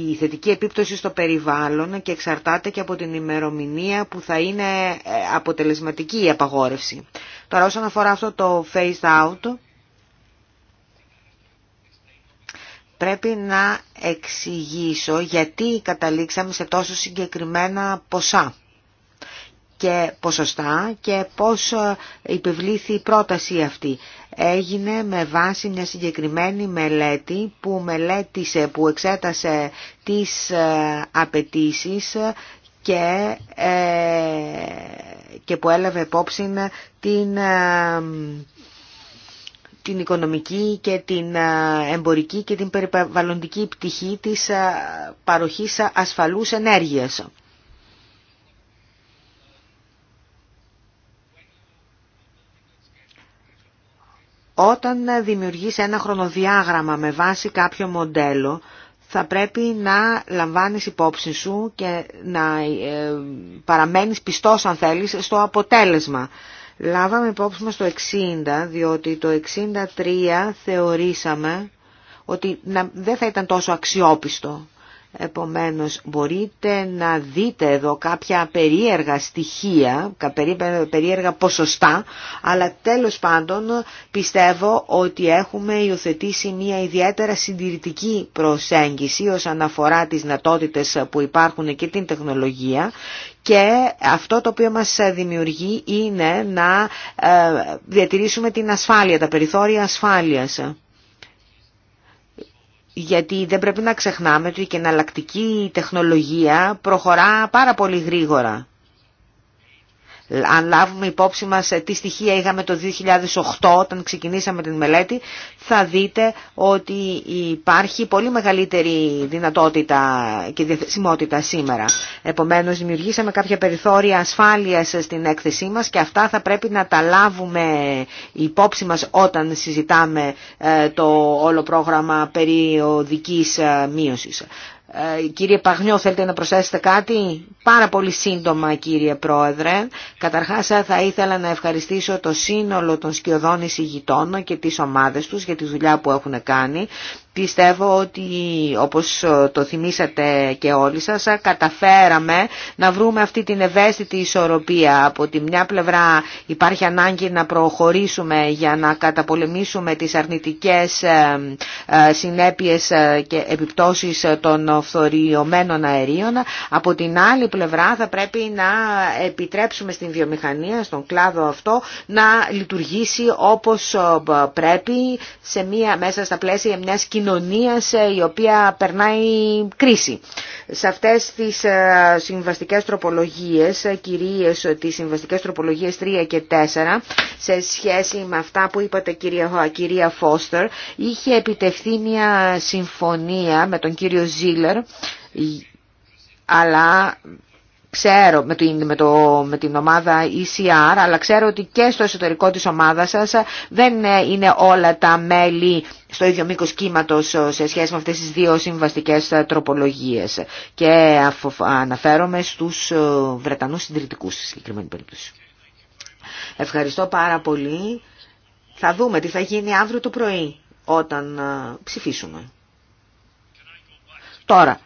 η θετική επίπτωση στο περιβάλλον και εξαρτάται και από την ημερομηνία που θα είναι ε, αποτελεσματική η απαγόρευση. Τώρα όσον αφορά αυτό το phased out, πρέπει να εξηγήσω γιατί καταλήξαμε σε τόσο συγκεκριμένα ποσά και ποσοστά και πώς ε, υπευλήθη η πρόταση αυτή έγινε με βάση μια συγκεκριμένη μελέτη που μελέτησε, που εξέτασε τις ε, απαιτήσει και, ε, και που έλαβε υπόψη την, ε, την οικονομική και την εμπορική και την περιβαλλοντική πτυχή της παροχής ασφαλούς ενέργειας. Όταν δημιουργείς ένα χρονοδιάγραμμα με βάση κάποιο μοντέλο, θα πρέπει να λαμβάνεις υπόψη σου και να ε, παραμένεις πιστός, αν θέλεις, στο αποτέλεσμα. Λάβαμε υπόψη μας το 60, διότι το 63 θεωρήσαμε ότι δεν θα ήταν τόσο αξιόπιστο Επομένως, μπορείτε να δείτε εδώ κάποια περίεργα στοιχεία, περίεργα ποσοστά, αλλά τέλος πάντων πιστεύω ότι έχουμε υιοθετήσει μια ιδιαίτερα συντηρητική προσέγγιση όσον αφορά τις δυνατότητες που υπάρχουν και την τεχνολογία και αυτό το οποίο μας δημιουργεί είναι να ε, διατηρήσουμε την ασφάλεια, τα περιθώρια ασφάλειας γιατί δεν πρέπει να ξεχνάμε ότι η εναλλακτική τεχνολογία προχωρά πάρα πολύ γρήγορα αν λάβουμε υπόψη μας ε, τι στοιχεία είχαμε το 2008 όταν ξεκινήσαμε την μελέτη, θα δείτε ότι υπάρχει πολύ μεγαλύτερη δυνατότητα και διαθεσιμότητα σήμερα. Επομένως, δημιουργήσαμε κάποια περιθώρια ασφάλειας στην έκθεσή μας και αυτά θα πρέπει να τα λάβουμε υπόψη μας όταν συζητάμε ε, το όλο πρόγραμμα περιοδικής ε, μείωσης. Ε, κύριε Παγνιό, θέλετε να προσθέσετε κάτι. Πάρα πολύ σύντομα, κύριε Πρόεδρε. Καταρχάς, θα ήθελα να ευχαριστήσω το σύνολο των σκιωδών εισηγητών και τις ομάδες τους για τη δουλειά που έχουν κάνει Πιστεύω ότι όπως ε, το θυμήσατε και όλοι σας ε, καταφέραμε να βρούμε αυτή την ευαίσθητη ισορροπία. Από τη μια πλευρά υπάρχει ανάγκη να προχωρήσουμε για να καταπολεμήσουμε τις αρνητικές ε, συνέπειες και επιπτώσεις των φθοριωμένων αερίων. Από την άλλη πλευρά θα πρέπει να επιτρέψουμε στην βιομηχανία, στον κλάδο αυτό, να λειτουργήσει όπως πρέπει σε μία, μέσα στα πλαίσια μιας κοινωνίας ε, η οποία περνάει κρίση. Σε αυτές τις ε, συμβαστικές τροπολογίες, ε, κυρίες τις συμβαστικές τροπολογίες 3 και 4, σε σχέση με αυτά που είπατε κυρία, κυρία Φώστερ, είχε επιτευχθεί μια συμφωνία με τον κύριο Ζήλερ, αλλά ξέρω με, την, με, το, με την ομάδα ECR, αλλά ξέρω ότι και στο εσωτερικό της ομάδας σας δεν ε, είναι όλα τα μέλη στο ίδιο μήκο κύματο ε, σε σχέση με αυτές τις δύο συμβαστικές ε, τροπολογίες. Και αναφέρομαι στους Βρετανούς συντηρητικούς στη συγκεκριμένη περίπτωση. Ευχαριστώ πάρα πολύ. Θα δούμε τι θα γίνει αύριο το πρωί όταν ψηφίσουμε. Τώρα,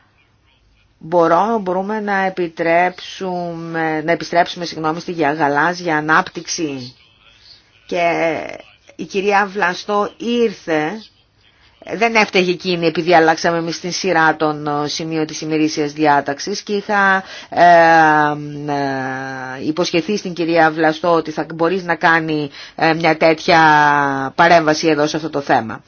μπορώ, μπορούμε να, επιτρέψουμε, να επιστρέψουμε συγγνώμη, στη γαλάζια ανάπτυξη και η κυρία Βλαστό ήρθε δεν έφταιγε εκείνη επειδή αλλάξαμε εμείς την σειρά των ε, σημείων της ημερήσιας διάταξης και είχα ε, ε, υποσχεθεί στην κυρία Βλαστό ότι θα μπορείς να κάνει ε, μια τέτοια παρέμβαση εδώ σε αυτό το θέμα.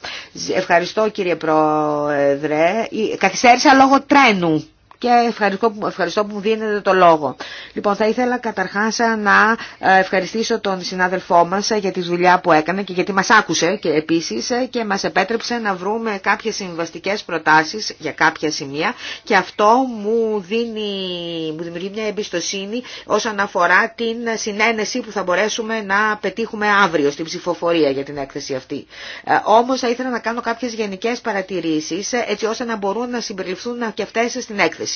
Ευχαριστώ κύριε Πρόεδρε. Καθυστέρησα λόγω τρένου και ευχαριστώ, ευχαριστώ που μου δίνετε το λόγο. Λοιπόν, θα ήθελα καταρχάς να ε, ευχαριστήσω τον συνάδελφό μας ε, για τη δουλειά που έκανε και γιατί μας άκουσε και επίσης ε, και μας επέτρεψε να βρούμε κάποιες συμβαστικές προτάσεις για κάποια σημεία και αυτό μου, δίνει, μου δημιουργεί μια εμπιστοσύνη όσον αφορά την συνένεση που θα μπορέσουμε να πετύχουμε αύριο στην ψηφοφορία για την έκθεση αυτή. Όμως θα ήθελα να κάνω κάποιες γενικές παρατηρήσεις έτσι ώστε να μπορούν να συμπεριληφθούν και αυτές στην έκθεση.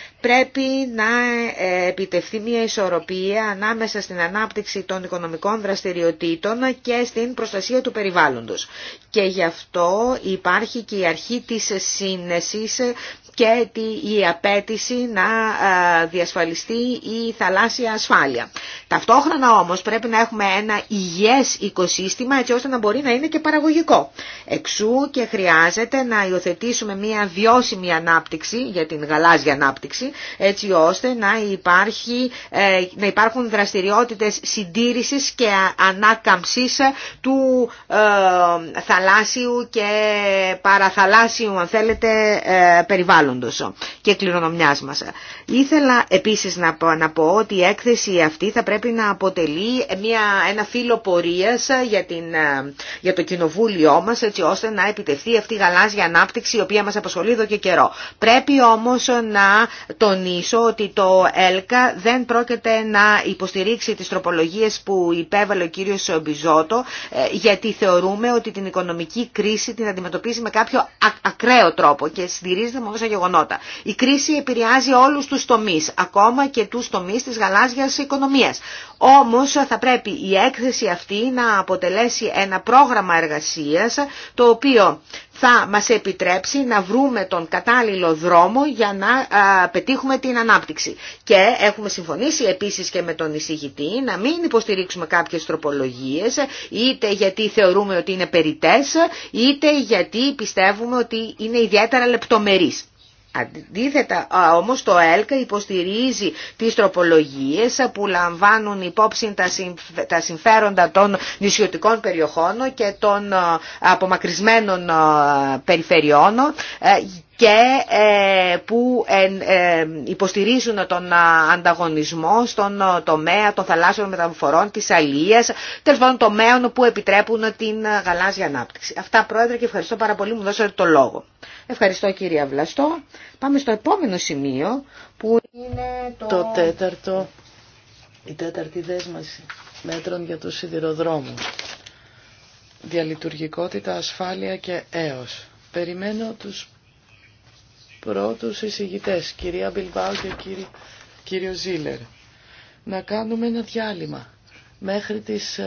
πρέπει να ε, επιτευχθεί μια ισορροπία ανάμεσα στην ανάπτυξη των οικονομικών δραστηριοτήτων και στην προστασία του περιβάλλοντος. Και γι' αυτό υπάρχει και η αρχή της σύνεσης και η απέτηση να ε, διασφαλιστεί η θαλάσσια ασφάλεια. Ταυτόχρονα όμως πρέπει να έχουμε ένα υγιές οικοσύστημα έτσι ώστε να μπορεί να είναι και παραγωγικό. Εξού και χρειάζεται να υιοθετήσουμε μια βιώσιμη ανάπτυξη για την γαλάζια ανάπτυξη έτσι ώστε να, υπάρχει, ε, να υπάρχουν δραστηριότητες συντήρησης και ανάκαμψης του ε, θαλάσσιου και παραθαλάσσιου αν θέλετε ε, περιβάλλοντος και κληρονομιάς μας. Ήθελα επίσης να, να πω ότι η έκθεση αυτή θα πρέπει να αποτελεί μια, ένα φύλλο πορείας για, για το κοινοβούλιο μας έτσι ώστε να επιτευχθεί αυτή η γαλάζια ανάπτυξη η οποία μας απασχολεί εδώ και καιρό. Πρέπει όμως να τονίσω ότι το ΕΛΚΑ δεν πρόκειται να υποστηρίξει τις τροπολογίες που υπέβαλε ο κύριος Μπιζότο ε, γιατί θεωρούμε ότι την οικονομική κρίση την αντιμετωπίζει με κάποιο ακραίο τρόπο και στηρίζεται με όσα γεγονότα. Η κρίση επηρεάζει όλους τους τομείς, ακόμα και τους τομείς της γαλάζιας οικονομίας. Όμως θα πρέπει η έκθεση αυτή να αποτελέσει ένα πρόγραμμα εργασίας το οποίο θα μας επιτρέψει να βρούμε τον κατάλληλο δρόμο για να πετύχουμε την ανάπτυξη. Και έχουμε συμφωνήσει επίσης και με τον εισηγητή να μην υποστηρίξουμε κάποιες τροπολογίες, είτε γιατί θεωρούμε ότι είναι περιτές, είτε γιατί πιστεύουμε ότι είναι ιδιαίτερα λεπτομερείς. Αντίθετα, όμως το ΕΛΚΑ υποστηρίζει τις τροπολογίες που λαμβάνουν υπόψη τα συμφέροντα των νησιωτικών περιοχών και των απομακρυσμένων περιφερειών ε, και ε, που ε, υποστηρίζουν τον ανταγωνισμό στον τομέα των θαλάσσιων μεταφορών, της αλίας, τέλος πάντων τομέων που επιτρέπουν την γαλάζια ανάπτυξη. Αυτά, Πρόεδρε, και ευχαριστώ πάρα πολύ που μου δώσατε το λόγο. Ευχαριστώ κυρία Βλαστό. Πάμε στο επόμενο σημείο που είναι το... το τέταρτο, η τέταρτη δέσμαση μέτρων για τους σιδηροδρόμους. Διαλειτουργικότητα, ασφάλεια και έως. Περιμένω τους πρώτους εισηγητές, κυρία Μπιλμπάου και κύρι, κύριο Ζήλερ, να κάνουμε ένα διάλειμμα μέχρι τις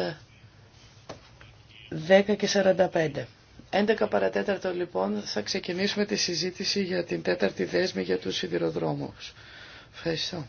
10.45. Ε, 11 παρατέταρτο λοιπόν θα ξεκινήσουμε τη συζήτηση για την τέταρτη δέσμη για τους σιδηροδρόμους. Ευχαριστώ.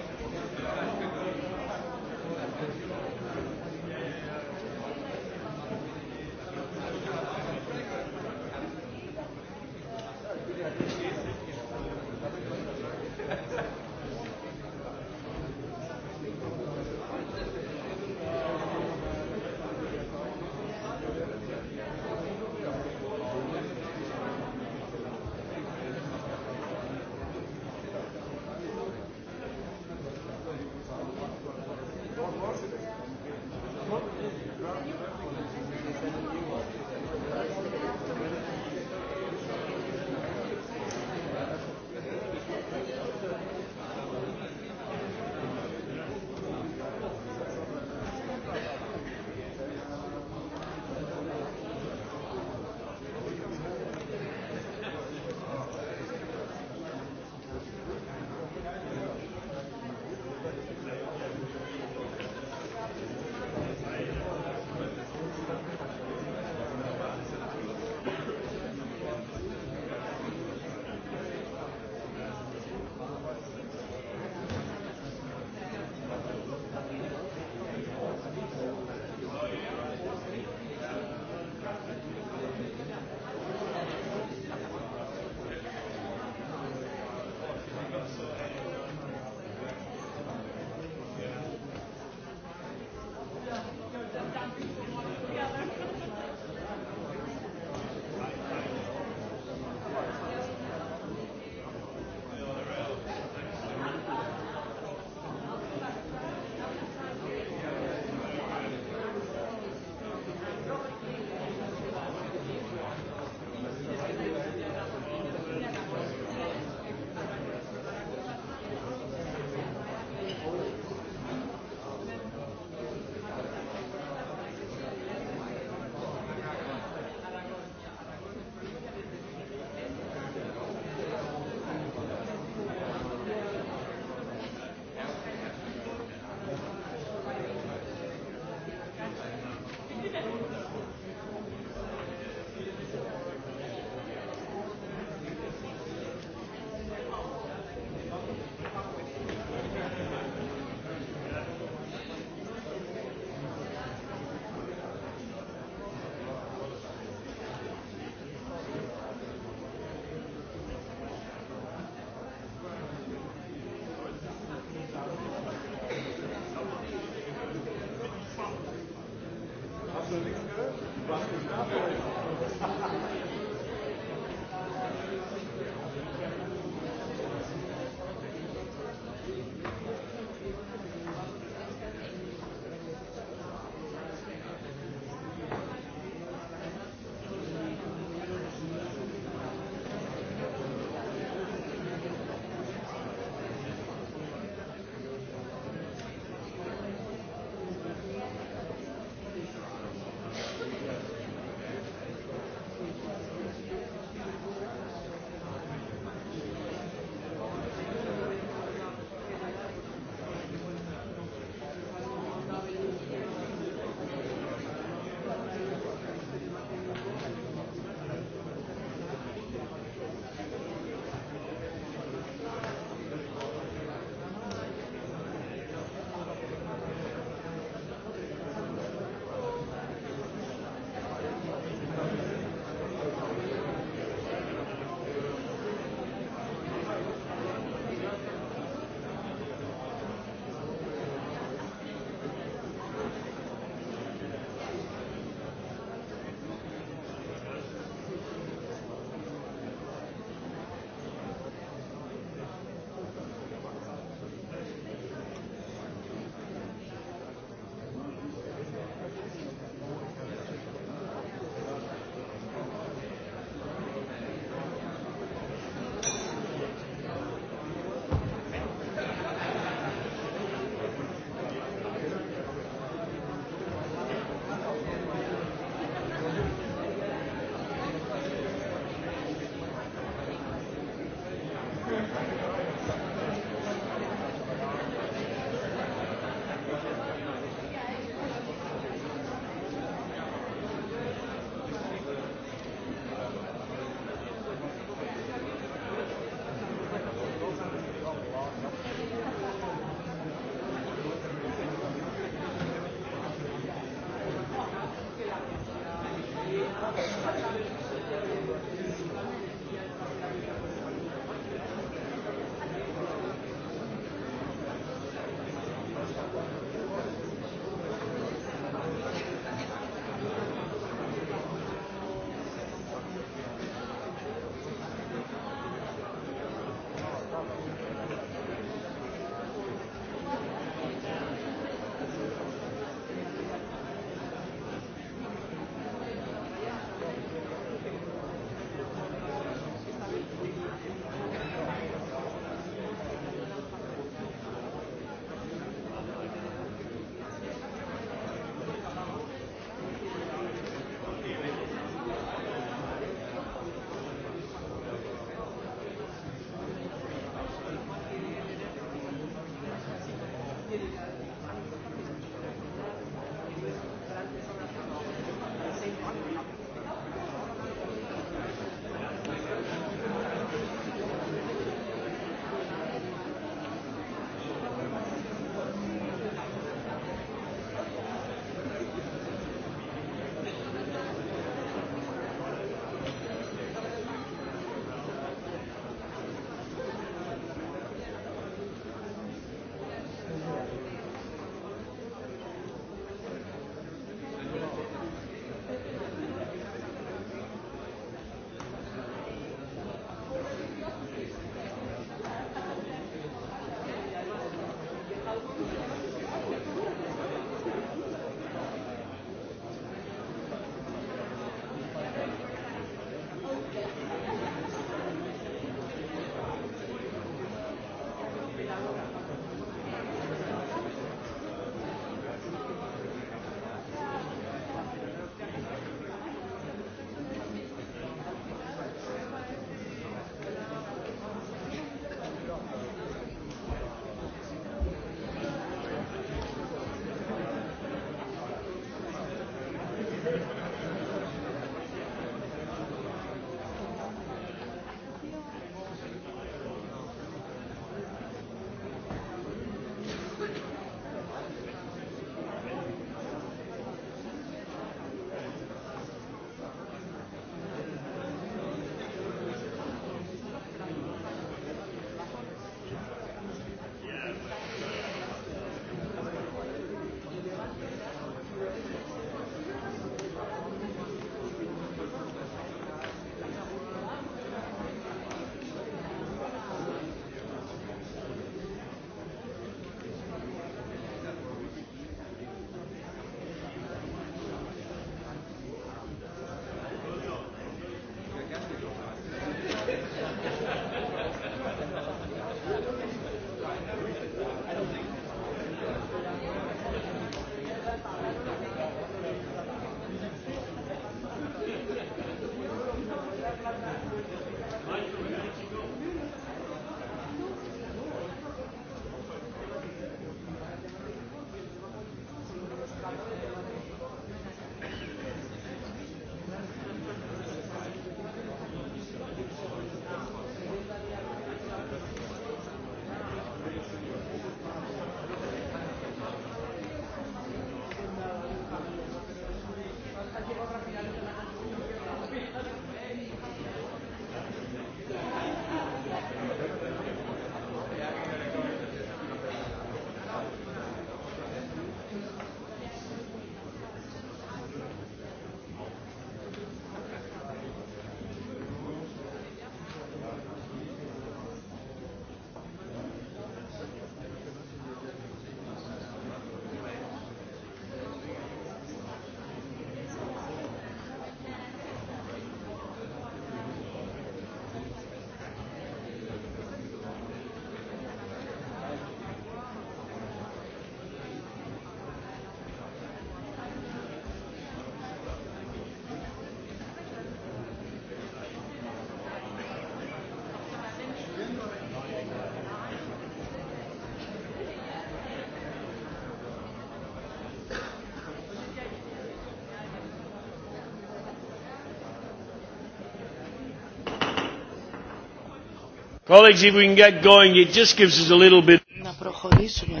Να προχωρήσουμε,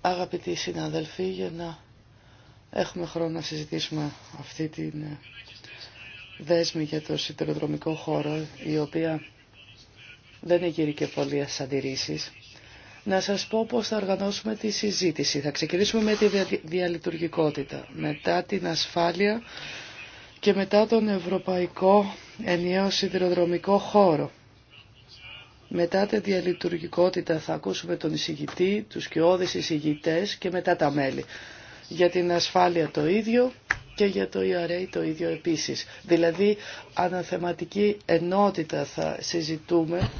αγαπητοί συναδελφοί, για να έχουμε χρόνο να συζητήσουμε αυτή τη ε, δέσμη για το σιδηροδρομικό χώρο, η οποία δεν εγκύρει και πολλές αντιρρήσεις. Να σας πω πώς θα οργανώσουμε τη συζήτηση. Θα ξεκινήσουμε με τη διαλειτουργικότητα, μετά την ασφάλεια και μετά τον ευρωπαϊκό ενιαίο σιδηροδρομικό χώρο. Μετά τη διαλειτουργικότητα θα ακούσουμε τον εισηγητή, τους κοιόδης εισηγητές και μετά τα μέλη. Για την ασφάλεια το ίδιο και για το ERA το ίδιο επίσης. Δηλαδή αναθεματική ενότητα θα συζητούμε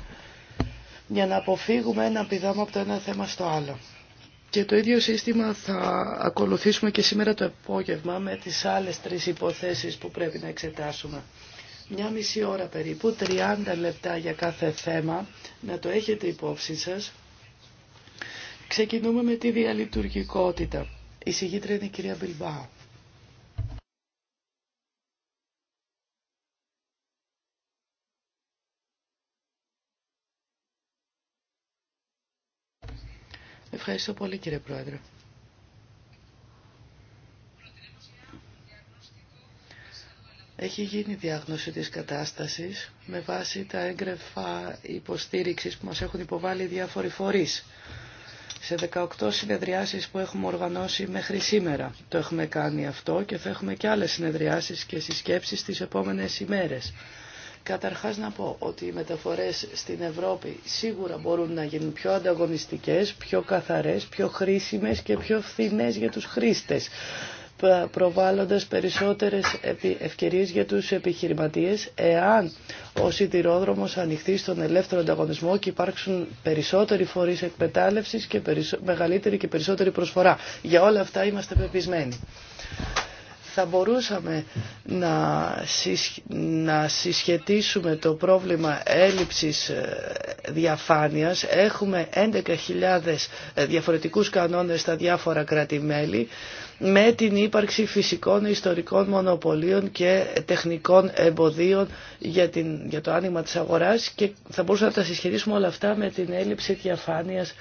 για να αποφύγουμε ένα πηδάμα από το ένα θέμα στο άλλο. Και το ίδιο σύστημα θα ακολουθήσουμε και σήμερα το απόγευμα με τις άλλες τρεις υποθέσεις που πρέπει να εξετάσουμε μια μισή ώρα περίπου, 30 λεπτά για κάθε θέμα, να το έχετε υπόψη σας. Ξεκινούμε με τη διαλειτουργικότητα. Η συγγήτρια είναι η κυρία Μπιλμπάου. Ευχαριστώ πολύ κύριε Πρόεδρε. Έχει γίνει διάγνωση της κατάστασης με βάση τα έγγραφα υποστήριξης που μας έχουν υποβάλει διάφοροι φορείς. Σε 18 συνεδριάσεις που έχουμε οργανώσει μέχρι σήμερα το έχουμε κάνει αυτό και θα έχουμε και άλλες συνεδριάσεις και συσκέψεις τις επόμενες ημέρες. Καταρχάς να πω ότι οι μεταφορές στην Ευρώπη σίγουρα μπορούν να γίνουν πιο ανταγωνιστικές, πιο καθαρές, πιο χρήσιμες και πιο φθηνές για τους χρήστες. Ε, προβάλλοντας περισσότερες ευκαιρίες για τους επιχειρηματίες εάν ο σιδηρόδρομος ανοιχτεί στον ελεύθερο ανταγωνισμό και υπάρξουν περισσότεροι φορείς εκμετάλλευσης και μεγαλύτερη και περισσότερη προσφορά. Για όλα αυτά είμαστε πεπισμένοι θα μπορούσαμε να συσχετίσουμε το πρόβλημα έλλειψης ε, διαφάνειας. Έχουμε 11.000 ε, διαφορετικούς κανόνες στα διάφορα κράτη-μέλη με την ύπαρξη φυσικών ιστορικών μονοπωλίων και τεχνικών εμποδίων για, την, για το άνοιγμα της αγοράς και θα μπορούσαμε να τα συσχετίσουμε όλα αυτά με την έλλειψη διαφάνειας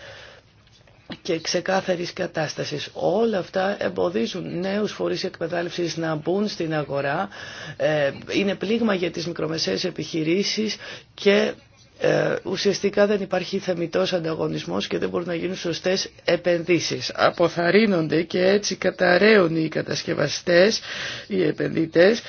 και ξεκάθαρης κατάστασης. Όλα αυτά εμποδίζουν νέους φορείς εκμετάλλευσης να μπουν στην αγορά, ε, είναι πλήγμα για τις μικρομεσαίες επιχειρήσεις και ε, ουσιαστικά δεν υπάρχει θεμητός ανταγωνισμός και δεν μπορούν να γίνουν σωστές επενδύσεις. Αποθαρρύνονται και έτσι καταραίουν οι κατασκευαστές, οι επενδυτές,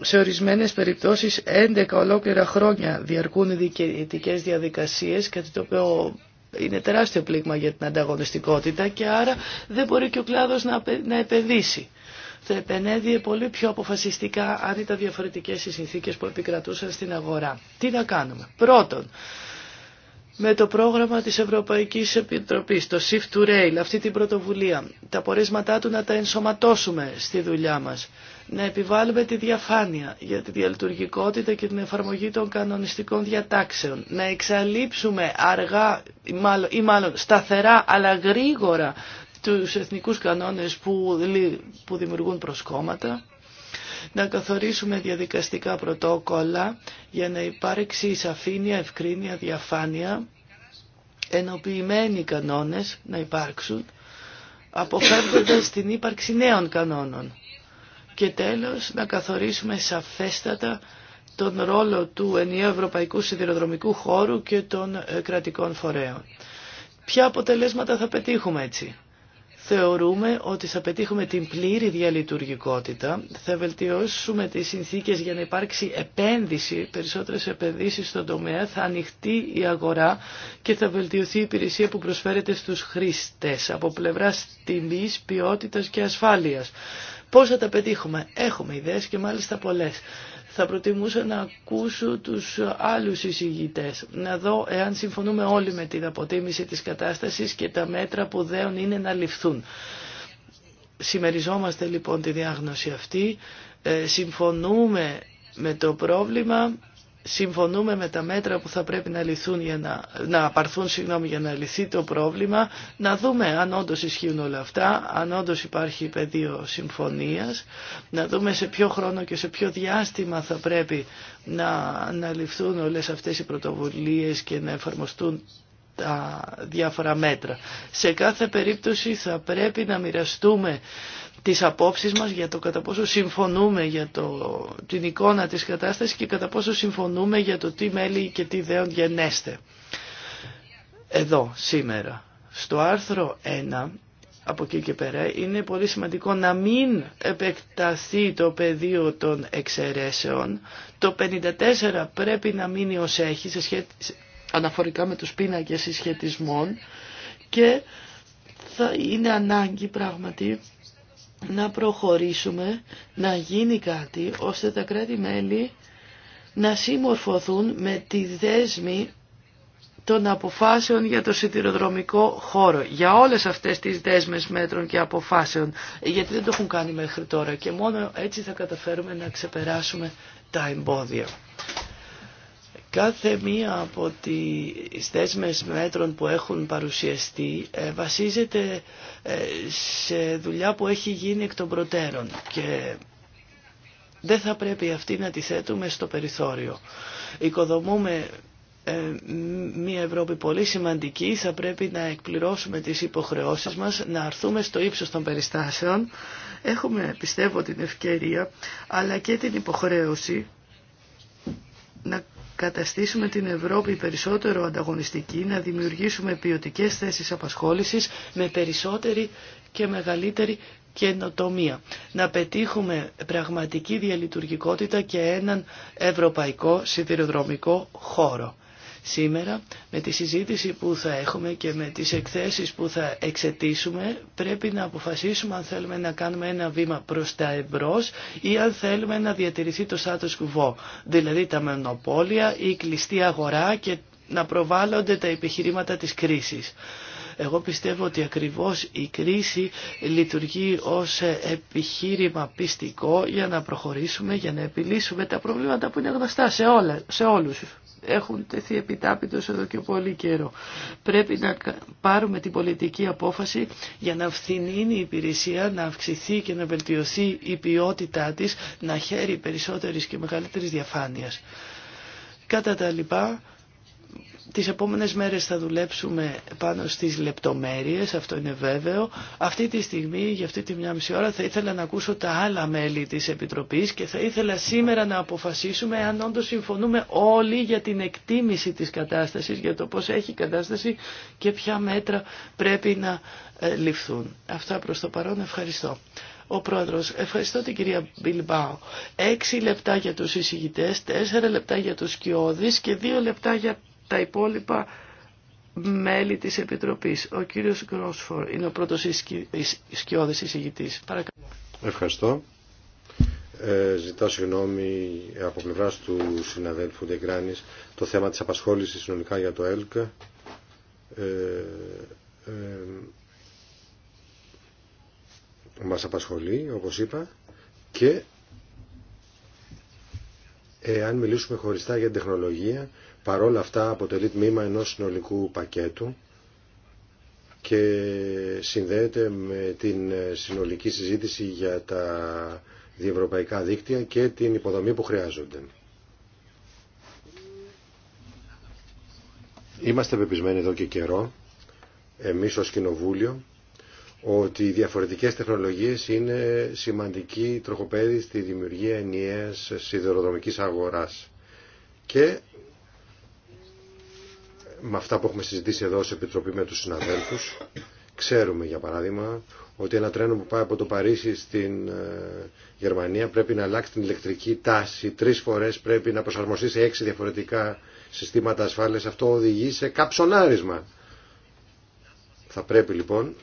σε ορισμένες περιπτώσεις 11 ολόκληρα χρόνια διαρκούν οι διοικητικές διαδικασίες, κάτι το οποίο είναι τεράστιο πλήγμα για την ανταγωνιστικότητα και άρα δεν μπορεί και ο κλάδος να επενδύσει. Θα επενέδυε πολύ πιο αποφασιστικά αν ήταν διαφορετικές οι συνθήκες που επικρατούσαν στην αγορά. Τι να κάνουμε. Πρώτον, με το πρόγραμμα της Ευρωπαϊκής Επιτροπής, το Shift to Rail, αυτή την πρωτοβουλία, τα πορίσματά του να τα ενσωματώσουμε στη δουλειά μας να επιβάλλουμε τη διαφάνεια για τη διαλειτουργικότητα και την εφαρμογή των κανονιστικών διατάξεων, να εξαλείψουμε αργά ή μάλλον, σταθερά αλλά γρήγορα τους εθνικούς κανόνες που, που δημιουργούν προσκόμματα, να καθορίσουμε διαδικαστικά πρωτόκολλα για να υπάρξει σαφήνεια, ευκρίνεια, διαφάνεια, ενοποιημένοι κανόνες να υπάρξουν, αποφεύγοντας την ύπαρξη νέων κανόνων και τέλος, να καθορίσουμε σαφέστατα τον ρόλο του ενιαίου ευρωπαϊκού σιδηροδρομικού χώρου και των ε, κρατικών φορέων. Ποια αποτελέσματα θα πετύχουμε έτσι. Θεωρούμε ότι θα πετύχουμε την πλήρη διαλειτουργικότητα, θα βελτιώσουμε τις συνθήκες για να υπάρξει επένδυση, περισσότερες επενδύσεις στον τομέα, θα ανοιχτεί η αγορά και θα βελτιωθεί η υπηρεσία που προσφέρεται στους χρήστες από πλευράς τιμής, ποιότητας και ασφάλειας. Πώς θα τα πετύχουμε. Έχουμε ιδέες και μάλιστα πολλές. Θα προτιμούσα να ακούσω τους άλλους εισηγητές, να δω εάν συμφωνούμε όλοι με την αποτίμηση της κατάστασης και τα μέτρα που δέον είναι να ληφθούν. Συμμεριζόμαστε λοιπόν τη διάγνωση αυτή, ε, συμφωνούμε με το πρόβλημα συμφωνούμε με τα μέτρα που θα πρέπει να, λυθούν για να, να απαρθούν συγγνώμη, για να λυθεί το πρόβλημα, να δούμε αν όντως ισχύουν όλα αυτά, αν όντως υπάρχει πεδίο συμφωνίας, να δούμε σε ποιο χρόνο και σε ποιο διάστημα θα πρέπει να αναλυφθούν όλες αυτές οι πρωτοβουλίες και να εφαρμοστούν τα διάφορα μέτρα. Σε κάθε περίπτωση θα πρέπει να μοιραστούμε τις απόψεις μας για το κατά πόσο συμφωνούμε για το, την εικόνα της κατάστασης και κατά πόσο συμφωνούμε για το τι μέλη και τι δέον γενέστε. Εδώ, σήμερα, στο άρθρο 1, από εκεί και πέρα, είναι πολύ σημαντικό να μην επεκταθεί το πεδίο των εξαιρέσεων. Το 54 πρέπει να μείνει ως έχει, αναφορικά με τους πίνακες συσχετισμών και θα είναι ανάγκη πράγματι να προχωρήσουμε, να γίνει κάτι, ώστε τα κράτη-μέλη να συμμορφωθούν με τη δέσμη των αποφάσεων για το σιδηροδρομικό χώρο, για όλες αυτές τις δέσμες μέτρων και αποφάσεων, γιατί δεν το έχουν κάνει μέχρι τώρα και μόνο έτσι θα καταφέρουμε να ξεπεράσουμε τα εμπόδια. Κάθε μία από τις δέσμες μέτρων που έχουν παρουσιαστεί ε, βασίζεται ε, σε δουλειά που έχει γίνει εκ των προτέρων και δεν θα πρέπει αυτή να τη θέτουμε στο περιθώριο. Οικοδομούμε ε, μια Ευρώπη πολύ σημαντική, θα πρέπει να εκπληρώσουμε τις υποχρεώσεις μας, να αρθούμε στο ύψος των περιστάσεων. Έχουμε, πιστεύω, την ευκαιρία, αλλά και την υποχρέωση να καταστήσουμε την Ευρώπη περισσότερο ανταγωνιστική, να δημιουργήσουμε ποιοτικέ θέσεις απασχόλησης με περισσότερη και μεγαλύτερη καινοτομία. Να πετύχουμε πραγματική διαλειτουργικότητα και έναν ευρωπαϊκό σιδηροδρομικό χώρο. Σήμερα με τη συζήτηση που θα έχουμε και με τις εκθέσεις που θα εξετήσουμε πρέπει να αποφασίσουμε αν θέλουμε να κάνουμε ένα βήμα προς τα εμπρός ή αν θέλουμε να διατηρηθεί το status quo, δηλαδή τα μονοπόλια, η κλειστή αγορά και να προβάλλονται τα επιχειρήματα της κρίσης. Εγώ πιστεύω ότι ακριβώς η κρίση λειτουργεί ως επιχείρημα πιστικό για να προχωρήσουμε, για να επιλύσουμε τα προβλήματα που είναι γνωστά σε, όλα, σε όλους έχουν τεθεί επιτάπητος εδώ και πολύ καιρό. Πρέπει να πάρουμε την πολιτική απόφαση για να φθηνίνει η υπηρεσία, να αυξηθεί και να βελτιωθεί η ποιότητά της, να χαίρει περισσότερης και μεγαλύτερης διαφάνειας. Κατά τα λοιπά, Τις επόμενες μέρες θα δουλέψουμε πάνω στις λεπτομέρειες, αυτό είναι βέβαιο. Αυτή τη στιγμή, για αυτή τη μια μισή ώρα, θα ήθελα να ακούσω τα άλλα μέλη της Επιτροπής και θα ήθελα σήμερα να αποφασίσουμε αν όντως συμφωνούμε όλοι για την εκτίμηση της κατάστασης, για το πώς έχει η κατάσταση και ποια μέτρα πρέπει να ε, ληφθούν. Αυτά προς το παρόν, ευχαριστώ. Ο πρόεδρος, ευχαριστώ την κυρία Μπιλμπάου. Έξι λεπτά για τους εισηγητές, τέσσερα λεπτά για τους σκιώδεις και δύο λεπτά για τα υπόλοιπα μέλη της Επιτροπής. Ο κύριος Γκρόσφορ είναι ο πρώτος σκιώδης εισηγητής. Παρακαλώ. Ευχαριστώ. Ε, ζητάω συγγνώμη από πλευρά του συναδέλφου Ντεγκράνης το θέμα της απασχόλησης συνολικά για το ΕΛΚ. Ε, ε, μας απασχολεί, όπως είπα, και αν μιλήσουμε χωριστά για την τεχνολογία, παρόλα αυτά αποτελεί τμήμα ενός συνολικού πακέτου και συνδέεται με την συνολική συζήτηση για τα διευρωπαϊκά δίκτυα και την υποδομή που χρειάζονται. Είμαστε πεπισμένοι εδώ και καιρό, εμείς ως Κοινοβούλιο, ότι οι διαφορετικές τεχνολογίες είναι σημαντική τροχοπέδη στη δημιουργία ενιαίας σιδηροδρομικής αγοράς. Και με αυτά που έχουμε συζητήσει εδώ σε Επιτροπή με τους συναδέλφους. Ξέρουμε, για παράδειγμα, ότι ένα τρένο που πάει από το Παρίσι στην ε, Γερμανία πρέπει να αλλάξει την ηλεκτρική τάση τρεις φορές, πρέπει να προσαρμοστεί σε έξι διαφορετικά συστήματα ασφάλειας. Αυτό οδηγεί σε καψονάρισμα. Θα πρέπει λοιπόν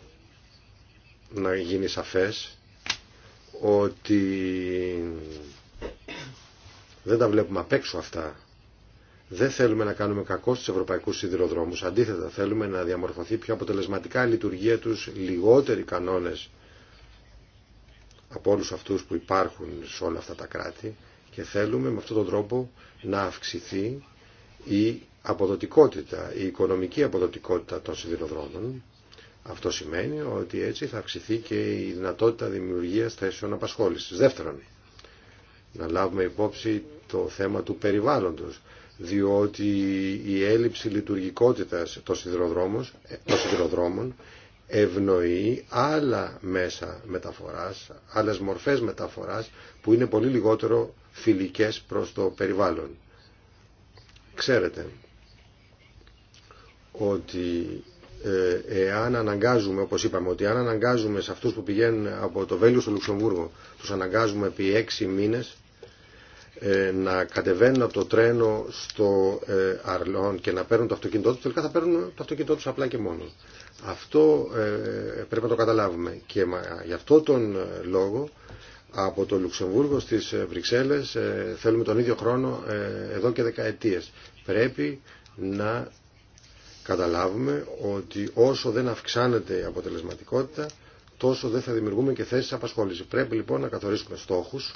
να γίνει σαφές ότι δεν τα βλέπουμε απ' έξω αυτά δεν θέλουμε να κάνουμε κακό στους ευρωπαϊκούς σιδηροδρόμους. Αντίθετα, θέλουμε να διαμορφωθεί πιο αποτελεσματικά η λειτουργία τους, λιγότεροι κανόνες από όλους αυτούς που υπάρχουν σε όλα αυτά τα κράτη και θέλουμε με αυτόν τον τρόπο να αυξηθεί η αποδοτικότητα, η οικονομική αποδοτικότητα των σιδηροδρόμων. Αυτό σημαίνει ότι έτσι θα αυξηθεί και η δυνατότητα δημιουργίας θέσεων απασχόλησης. Δεύτερον, να λάβουμε υπόψη το θέμα του περιβάλλοντος διότι η έλλειψη λειτουργικότητας των, των σιδηροδρόμων ευνοεί άλλα μέσα μεταφοράς, άλλες μορφές μεταφοράς που είναι πολύ λιγότερο φιλικές προς το περιβάλλον. Ξέρετε ότι ε, εάν αναγκάζουμε, όπως είπαμε, ότι αν αναγκάζουμε σε αυτούς που πηγαίνουν από το Βέλιο στο Λουξεμβούργο, τους αναγκάζουμε επί έξι μήνες ε, να κατεβαίνουν από το τρένο στο ε, Αρλόν και να παίρνουν το αυτοκίνητό τους, τελικά θα παίρνουν το αυτοκίνητό τους απλά και μόνο. Αυτό ε, πρέπει να το καταλάβουμε και γι' αυτό τον λόγο από το Λουξεμβούργο στις Βρυξέλλες θέλουμε τον ίδιο χρόνο εδώ και δεκαετίες. Πρέπει να καταλάβουμε ότι όσο δεν αυξάνεται η αποτελεσματικότητα τόσο δεν θα δημιουργούμε και θέσεις απασχόληση. Πρέπει λοιπόν να καθορίσουμε στόχους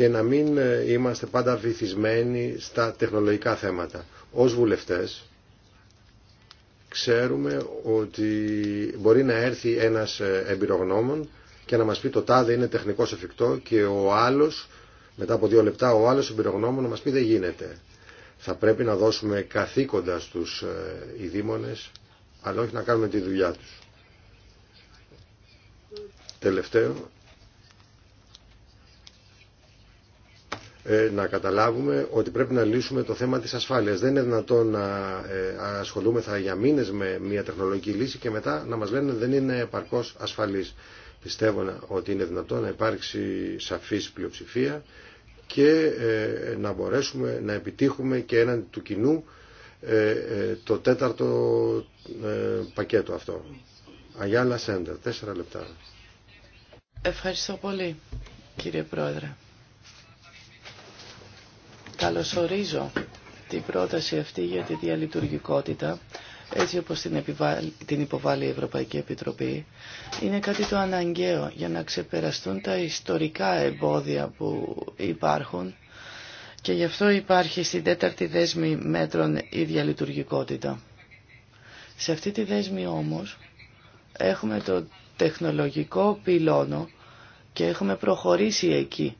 και να μην ε, είμαστε πάντα βυθισμένοι στα τεχνολογικά θέματα. Ως βουλευτές ξέρουμε ότι μπορεί να έρθει ένας ε, εμπειρογνώμων και να μας πει το τάδε είναι τεχνικός εφικτό και ο άλλος, μετά από δύο λεπτά, ο άλλος εμπειρογνώμων να μας πει δεν γίνεται. Θα πρέπει να δώσουμε καθήκοντα στους ειδήμονες, αλλά όχι να κάνουμε τη δουλειά τους. Τελευταίο, Ε, να καταλάβουμε ότι πρέπει να λύσουμε το θέμα της ασφάλειας. Δεν είναι δυνατόν να ε, ασχολούμεθα για μήνες με μια τεχνολογική λύση και μετά να μας λένε δεν είναι επαρκώς ασφαλής. Πιστεύω ότι είναι δυνατόν να υπάρξει σαφής πλειοψηφία και ε, να μπορέσουμε να επιτύχουμε και έναν του κοινού το τέταρτο πακέτο αυτό. Αγιάλα Σέντερ, τέσσερα λεπτά. Ευχαριστώ πολύ κύριε Πρόεδρε. Καλωσορίζω την πρόταση αυτή για τη διαλειτουργικότητα έτσι όπως την, την υποβάλλει η Ευρωπαϊκή Επιτροπή, είναι κάτι το αναγκαίο για να ξεπεραστούν τα ιστορικά εμπόδια που υπάρχουν και γι' αυτό υπάρχει στην τέταρτη δέσμη μέτρων η διαλειτουργικότητα. Σε αυτή τη δέσμη όμως έχουμε το τεχνολογικό πυλώνο και έχουμε προχωρήσει εκεί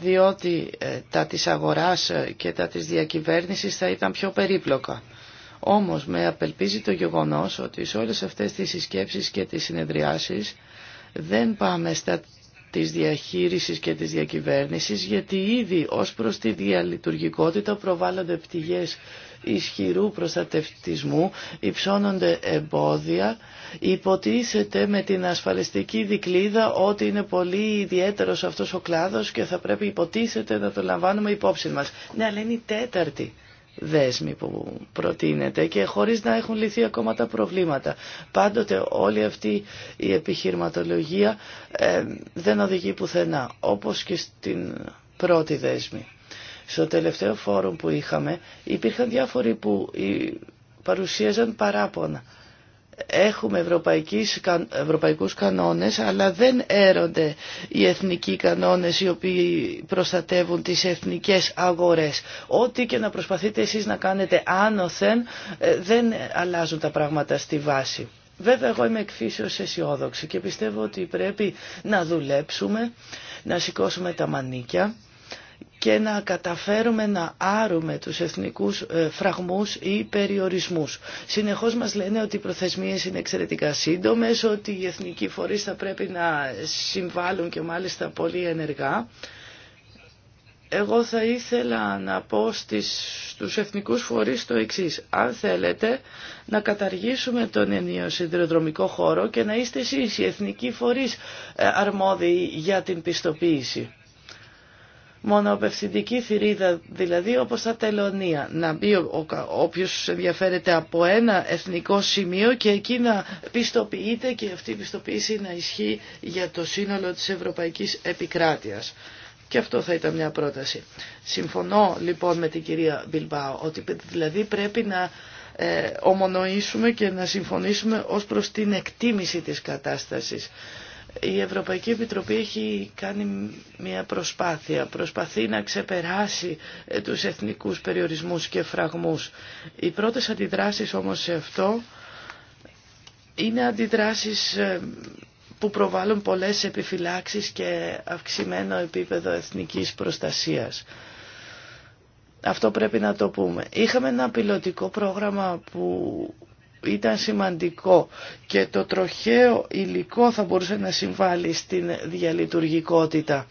διότι ε, τα της αγοράς ε, και τα της διακυβέρνησης θα ήταν πιο περίπλοκα. Όμως με απελπίζει το γεγονός ότι σε όλες αυτές τις συσκέψεις και τις συνεδριάσεις δεν πάμε στα της διαχείρισης και της διακυβέρνησης, γιατί ήδη ως προς τη διαλειτουργικότητα προβάλλονται πτυγές ισχυρού προστατευτισμού, υψώνονται εμπόδια, υποτίθεται με την ασφαλιστική δικλίδα ότι είναι πολύ ιδιαίτερος αυτός ο κλάδος και θα πρέπει υποτίθεται να το λαμβάνουμε υπόψη μας. Ναι, αλλά είναι η τέταρτη δέσμη που προτείνεται και χωρίς να έχουν λυθεί ακόμα τα προβλήματα. Πάντοτε όλη αυτή η επιχειρηματολογία ε, δεν οδηγεί πουθενά, όπως και στην πρώτη δέσμη. Στο τελευταίο φόρουμ που είχαμε υπήρχαν διάφοροι που ε, παρουσίαζαν παράπονα έχουμε ευρωπαϊκούς, κανόνες αλλά δεν έρονται οι εθνικοί κανόνες οι οποίοι προστατεύουν τις εθνικές αγορές. Ό,τι και να προσπαθείτε εσείς να κάνετε άνωθεν ε, δεν αλλάζουν τα πράγματα στη βάση. Βέβαια εγώ είμαι εκφύσεως αισιόδοξη και πιστεύω ότι πρέπει να δουλέψουμε, να σηκώσουμε τα μανίκια και να καταφέρουμε να άρουμε τους εθνικούς ε, φραγμούς ή περιορισμούς. Συνεχώς μας λένε ότι οι προθεσμίες είναι εξαιρετικά σύντομες, ότι οι εθνικοί φορείς θα πρέπει να συμβάλλουν και μάλιστα πολύ ενεργά. Εγώ θα ήθελα να πω στις, στους εθνικούς φορείς το εξής. Αν θέλετε να καταργήσουμε τον ενίο συνδυοδρομικό χώρο και να είστε εσείς οι εθνικοί φορείς ε, αρμόδιοι για την πιστοποίηση μονοπευθυντική θηρίδα, δηλαδή όπως τα τελωνία. Να μπει όποιος ενδιαφέρεται από ένα εθνικό σημείο και εκεί να πιστοποιείται και αυτή η πιστοποίηση να ισχύει για το σύνολο της Ευρωπαϊκής Επικράτειας. Και αυτό θα ήταν μια πρόταση. Συμφωνώ λοιπόν με την κυρία Μπιλμπάου ότι δηλαδή πρέπει να ε, ομονοήσουμε και να συμφωνήσουμε ως προς την εκτίμηση της κατάστασης η Ευρωπαϊκή Επιτροπή έχει κάνει μια προσπάθεια, προσπαθεί να ξεπεράσει ε, τους εθνικούς περιορισμούς και φραγμούς. Οι πρώτες αντιδράσεις όμως σε αυτό είναι αντιδράσεις ε, που προβάλλουν πολλές επιφυλάξεις και αυξημένο επίπεδο εθνικής προστασίας. Αυτό πρέπει να το πούμε. Είχαμε ένα πιλωτικό πρόγραμμα που ήταν σημαντικό και το τροχαίο υλικό θα μπορούσε να συμβάλλει στην διαλειτουργικότητα.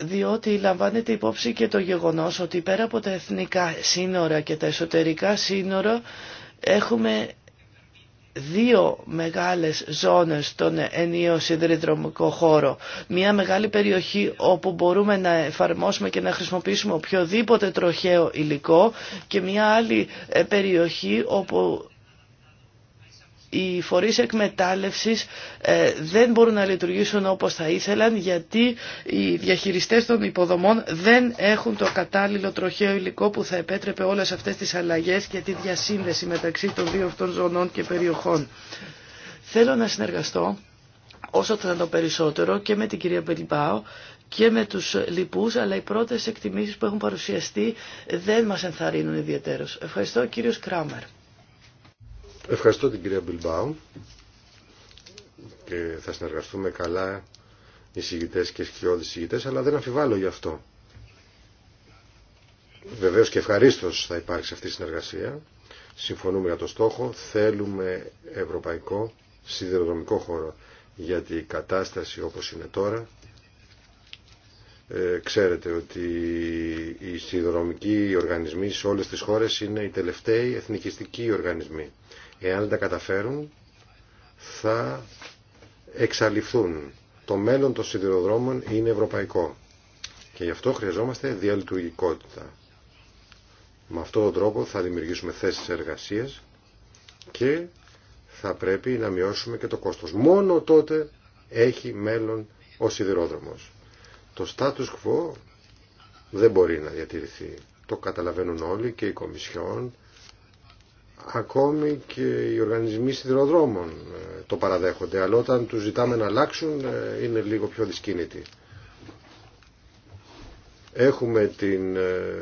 διότι λαμβάνεται υπόψη και το γεγονός ότι πέρα από τα εθνικά σύνορα και τα εσωτερικά σύνορα έχουμε δύο μεγάλες ζώνες στον ενίο σιδηροδρομικό χώρο. Μια μεγάλη περιοχή όπου μπορούμε να εφαρμόσουμε και να χρησιμοποιήσουμε οποιοδήποτε τροχαίο υλικό και μια άλλη ε, περιοχή όπου οι φορείς εκμετάλλευσης ε, δεν μπορούν να λειτουργήσουν όπως θα ήθελαν γιατί οι διαχειριστές των υποδομών δεν έχουν το κατάλληλο τροχαίο υλικό που θα επέτρεπε όλες αυτές τις αλλαγές και τη διασύνδεση μεταξύ των δύο αυτών ζωνών και περιοχών. Θέλω να συνεργαστώ όσο θα το περισσότερο και με την κυρία Πελιμπάο και με τους λοιπούς, αλλά οι πρώτες εκτιμήσεις που έχουν παρουσιαστεί δεν μας ενθαρρύνουν ιδιαίτερως. Ευχαριστώ κύριος Κράμερ. Ευχαριστώ την κυρία Μπιλμπάου και θα συνεργαστούμε καλά οι συγητές και οι συγητές, αλλά δεν αμφιβάλλω γι' αυτό. Βεβαίως και ευχαρίστως θα υπάρξει αυτή η συνεργασία. Συμφωνούμε για το στόχο. Θέλουμε ευρωπαϊκό σιδηροδρομικό χώρο. Γιατί η κατάσταση όπως είναι τώρα, ε, ξέρετε ότι οι σιδηροδρομικοί οργανισμοί σε όλες τις χώρες είναι οι τελευταίοι εθνικιστικοί οργανισμοί. Εάν δεν τα καταφέρουν, θα εξαλειφθούν. Το μέλλον των σιδηροδρόμων είναι ευρωπαϊκό. Και γι' αυτό χρειαζόμαστε διαλειτουργικότητα. Με αυτόν τον τρόπο θα δημιουργήσουμε θέσεις εργασίας και θα πρέπει να μειώσουμε και το κόστος. Μόνο τότε έχει μέλλον ο σιδηρόδρομος. Το status quo δεν μπορεί να διατηρηθεί. Το καταλαβαίνουν όλοι και οι Κομισιόν ακόμη και οι οργανισμοί σιδηροδρόμων ε, το παραδέχονται, αλλά όταν τους ζητάμε να αλλάξουν ε, είναι λίγο πιο δυσκίνητοι. Έχουμε την... Ε,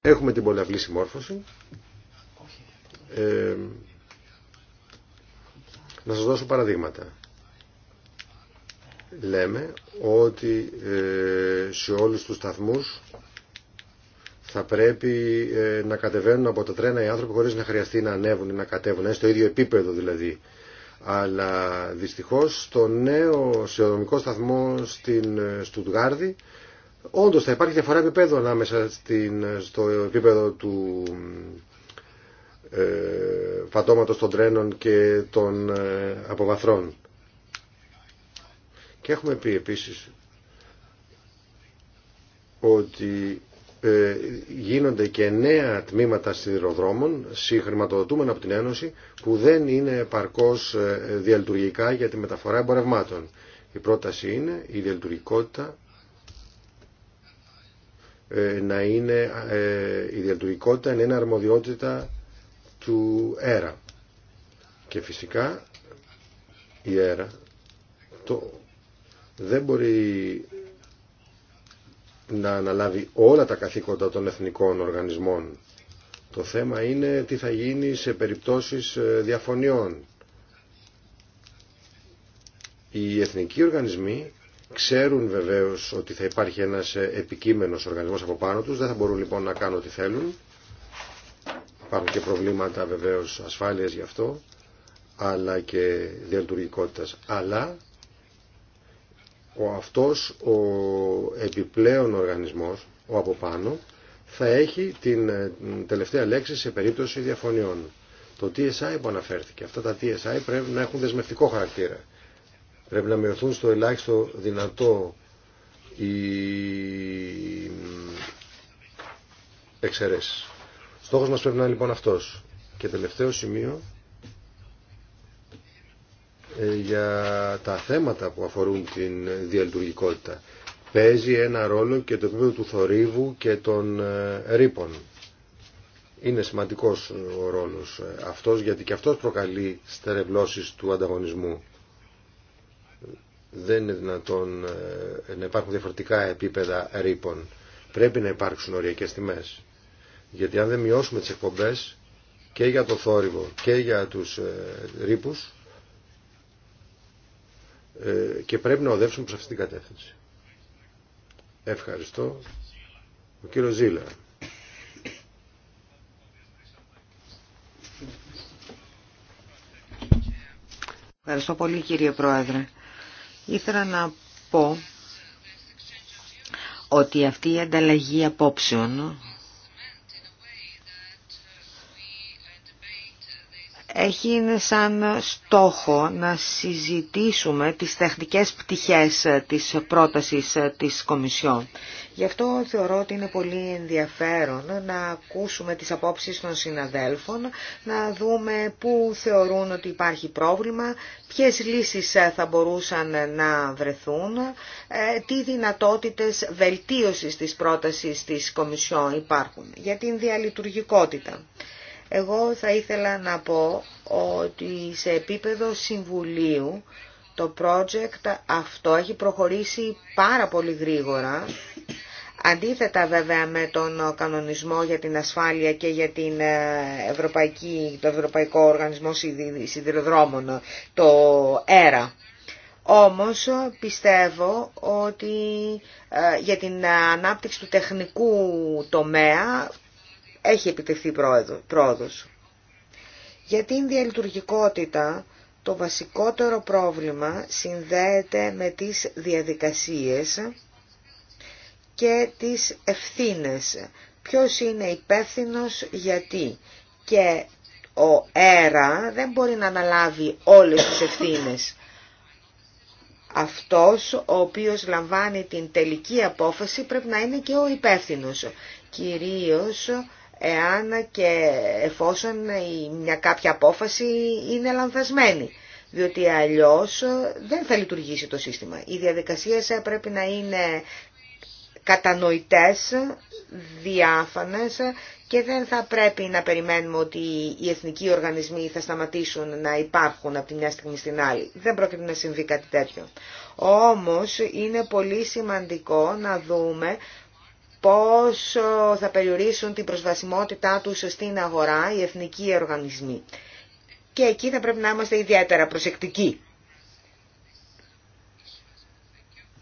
έχουμε την πολλαπλή συμμόρφωση. να σας δώσω παραδείγματα. Λέμε ότι σε όλους τους σταθμούς θα πρέπει ε, να κατεβαίνουν από τα τρένα οι άνθρωποι χωρίς να χρειαστεί να ανέβουν ή να κατέβουν, είναι στο ίδιο επίπεδο δηλαδή. Αλλά δυστυχώς στο νέο σιωδομικό σταθμό στην ε, Στουτγάρδη όντως θα υπάρχει διαφορά επίπεδο ανάμεσα στην, ε, στο επίπεδο του ε, των τρένων και των ε, αποβαθρών. Και έχουμε πει επίσης ότι ε, γίνονται και νέα τμήματα σιδηροδρόμων συγχρηματοδοτούμενα από την Ένωση που δεν είναι παρκός ε, διαλειτουργικά για τη μεταφορά εμπορευμάτων. Η πρόταση είναι η διαλειτουργικότητα ε, να είναι η διαλειτουργικότητα να είναι αρμοδιότητα του αέρα. Και φυσικά η ΕΡΑ το, δεν μπορεί να αναλάβει όλα τα καθήκοντα των εθνικών οργανισμών. Το θέμα είναι τι θα γίνει σε περιπτώσεις ε, διαφωνιών. Οι εθνικοί οργανισμοί ξέρουν βεβαίως ότι θα υπάρχει ένας ε, επικείμενος οργανισμός από πάνω τους, δεν θα μπορούν λοιπόν να κάνουν ό,τι θέλουν. Υπάρχουν και προβλήματα βεβαίως ασφάλειας γι' αυτό, αλλά και διαλειτουργικότητας. Αλλά ο αυτός ο επιπλέον οργανισμός, ο από πάνω, θα έχει την ε, τελευταία λέξη σε περίπτωση διαφωνιών. Το TSI που αναφέρθηκε, αυτά τα TSI πρέπει να έχουν δεσμευτικό χαρακτήρα. Πρέπει να μειωθούν στο ελάχιστο δυνατό οι εξαιρέσεις. Στόχος μας πρέπει να είναι λοιπόν αυτός. Και τελευταίο σημείο ε, για τα θέματα που αφορούν την διαλειτουργικότητα. Παίζει ένα ρόλο και το επίπεδο του θορύβου και των ε, ρήπων. Είναι σημαντικός ο ρόλος ε, αυτός γιατί και αυτός προκαλεί στερευλώσεις του ανταγωνισμού. Δεν είναι δυνατόν να υπάρχουν διαφορετικά επίπεδα ρήπων. Πρέπει να υπάρξουν οριακές τιμές. Γιατί αν δεν μειώσουμε τις εκπομπές και για το θόρυβο και για τους ρήπους ε, και πρέπει να οδεύσουμε προς αυτή την κατεύθυνση. Ευχαριστώ. Ο κύριος Ζήλα. Ευχαριστώ πολύ κύριε Πρόεδρε. Ήθελα να πω ότι αυτή η ανταλλαγή απόψεων έχει είναι σαν στόχο να συζητήσουμε τις τεχνικές πτυχές ε, της πρότασης ε, της Κομισιόν. Γι' αυτό θεωρώ ότι είναι πολύ ενδιαφέρον να ακούσουμε τις απόψεις των συναδέλφων, να δούμε πού θεωρούν ότι υπάρχει πρόβλημα, ποιες λύσεις ε, θα μπορούσαν να βρεθούν, τι δυνατότητες βελτίωσης της πρότασης της Κομισιόν υπάρχουν για την διαλειτουργικότητα. Εγώ θα ήθελα να πω ότι σε επίπεδο συμβουλίου το project αυτό έχει προχωρήσει πάρα πολύ γρήγορα. Αντίθετα βέβαια με τον κανονισμό για την ασφάλεια και για την ε, Ευρωπαϊκή, το Ευρωπαϊκό Οργανισμό Σιδηροδρόμων, το ΕΡΑ. Όμως πιστεύω ότι ε, για την ανάπτυξη του τεχνικού τομέα έχει επιτευχθεί πρόοδος. Για την διαλειτουργικότητα το βασικότερο πρόβλημα συνδέεται με τις διαδικασίες και τις ευθύνες. Ποιος είναι υπεύθυνο γιατί και ο ΕΡΑ δεν μπορεί να αναλάβει όλες τις ευθύνες. Αυτός ο οποίος λαμβάνει την τελική απόφαση πρέπει να είναι και ο υπεύθυνος, κυρίως εάν και εφόσον μια κάποια απόφαση είναι λανθασμένη. Διότι αλλιώς δεν θα λειτουργήσει το σύστημα. Οι διαδικασίες πρέπει να είναι κατανοητές, διάφανες και δεν θα πρέπει να περιμένουμε ότι οι εθνικοί οργανισμοί θα σταματήσουν να υπάρχουν από τη μια στιγμή στην άλλη. Δεν πρόκειται να συμβεί κάτι τέτοιο. Όμως είναι πολύ σημαντικό να δούμε πόσο θα περιορίσουν την προσβασιμότητά του στην αγορά οι εθνικοί οργανισμοί. Και εκεί θα πρέπει να είμαστε ιδιαίτερα προσεκτικοί.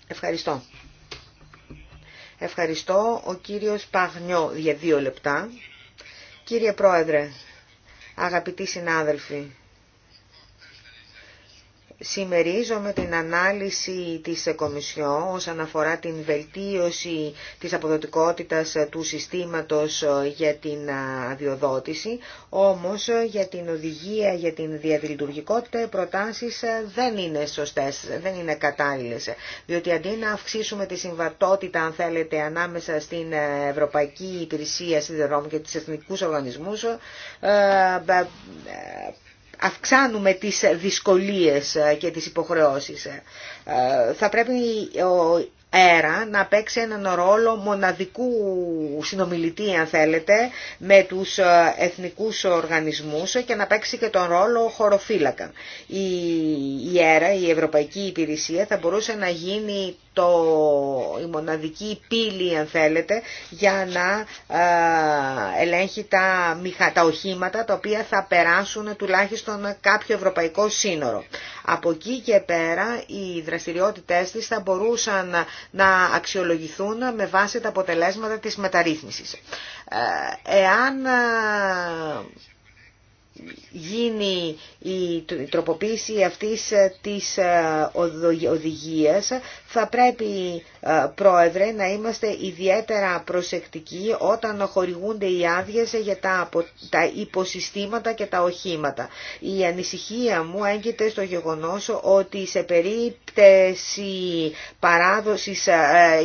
Ευχαριστώ. Ευχαριστώ ο κύριος Παγνιό για δύο λεπτά. Κύριε Πρόεδρε, αγαπητοί συνάδελφοι, συμμερίζομαι την ανάλυση της Κομισιόν όσον αφορά την βελτίωση της αποδοτικότητας του συστήματος για την αδειοδότηση, όμως για την οδηγία για την διαδηλειτουργικότητα οι προτάσεις δεν είναι σωστές, δεν είναι κατάλληλες, διότι αντί να αυξήσουμε τη συμβατότητα, αν θέλετε, ανάμεσα στην Ευρωπαϊκή Υπηρεσία και τις εθνικούς οργανισμούς, ε, αυξάνουμε τις δυσκολίες ε, και τις υποχρεώσεις. Ε, θα πρέπει ο ΕΡΑ να παίξει έναν ρόλο μοναδικού συνομιλητή αν θέλετε με τους ε, εθνικούς οργανισμούς και να παίξει και τον ρόλο χωροφύλακα. Η, η ΕΡΑ, η Ευρωπαϊκή Υπηρεσία θα μπορούσε να γίνει το, η μοναδική πύλη αν θέλετε για να ε, ελέγχει τα, τα οχήματα τα οποία θα περάσουν τουλάχιστον κάποιο ευρωπαϊκό σύνορο. Από εκεί και πέρα οι δραστηριότητές της θα μπορούσαν να αξιολογηθούν με βάση τα αποτελέσματα της μεταρρύθμισης. Ε, εάν γίνει η τροποποίηση αυτής ε, της ε, οδηγίας θα πρέπει ε, πρόεδρε να είμαστε ιδιαίτερα προσεκτικοί όταν χορηγούνται οι άδειε για τα, υποσυστήματα και τα οχήματα. Η ανησυχία μου έγκυται στο γεγονός ότι σε περίπτωση παράδοσης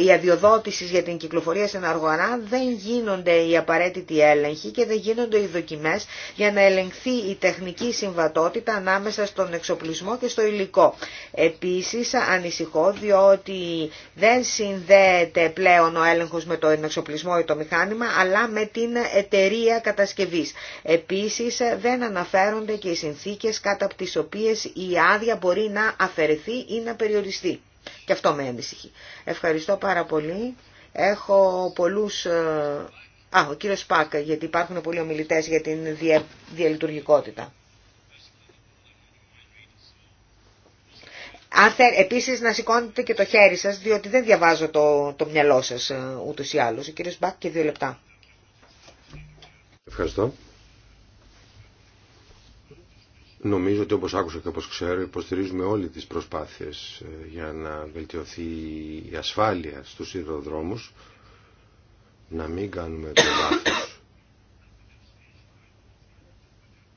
η αδειοδότηση για την κυκλοφορία στην αργορά δεν γίνονται οι απαραίτητοι έλεγχοι και δεν γίνονται οι δοκιμές για να ελεγχθεί η τεχνική συμβατότητα ανάμεσα στον εξοπλισμό και στο υλικό. Επίσης ανησυχώ διότι δεν συνδέεται πλέον ο έλεγχος με τον εξοπλισμό ή το μηχάνημα αλλά με την εταιρεία κατασκευής. Επίσης δεν αναφέρονται και οι συνθήκες κατά τις οποίες η άδεια μπορεί να αφαιρεθεί ή να περιοριστεί. Και αυτό με ανησυχεί. Ευχαριστώ πάρα πολύ. Έχω πολλούς ε, Α, ο κύριος Σπάκ, γιατί υπάρχουν πολλοί ομιλητές για την διαλειτουργικότητα. Αν θε, επίσης να σηκώνετε και το χέρι σας, διότι δεν διαβάζω το, μυαλό σας ε, ούτως ή άλλως. Ο κύριος Σπάκ, και δύο λεπτά. Ευχαριστώ. Νομίζω ότι όπως άκουσα και όπως ξέρω υποστηρίζουμε όλοι τις προσπάθειες ε, για να βελτιωθεί η ασφάλεια στους σιδηροδρόμους να μην κάνουμε το λάθος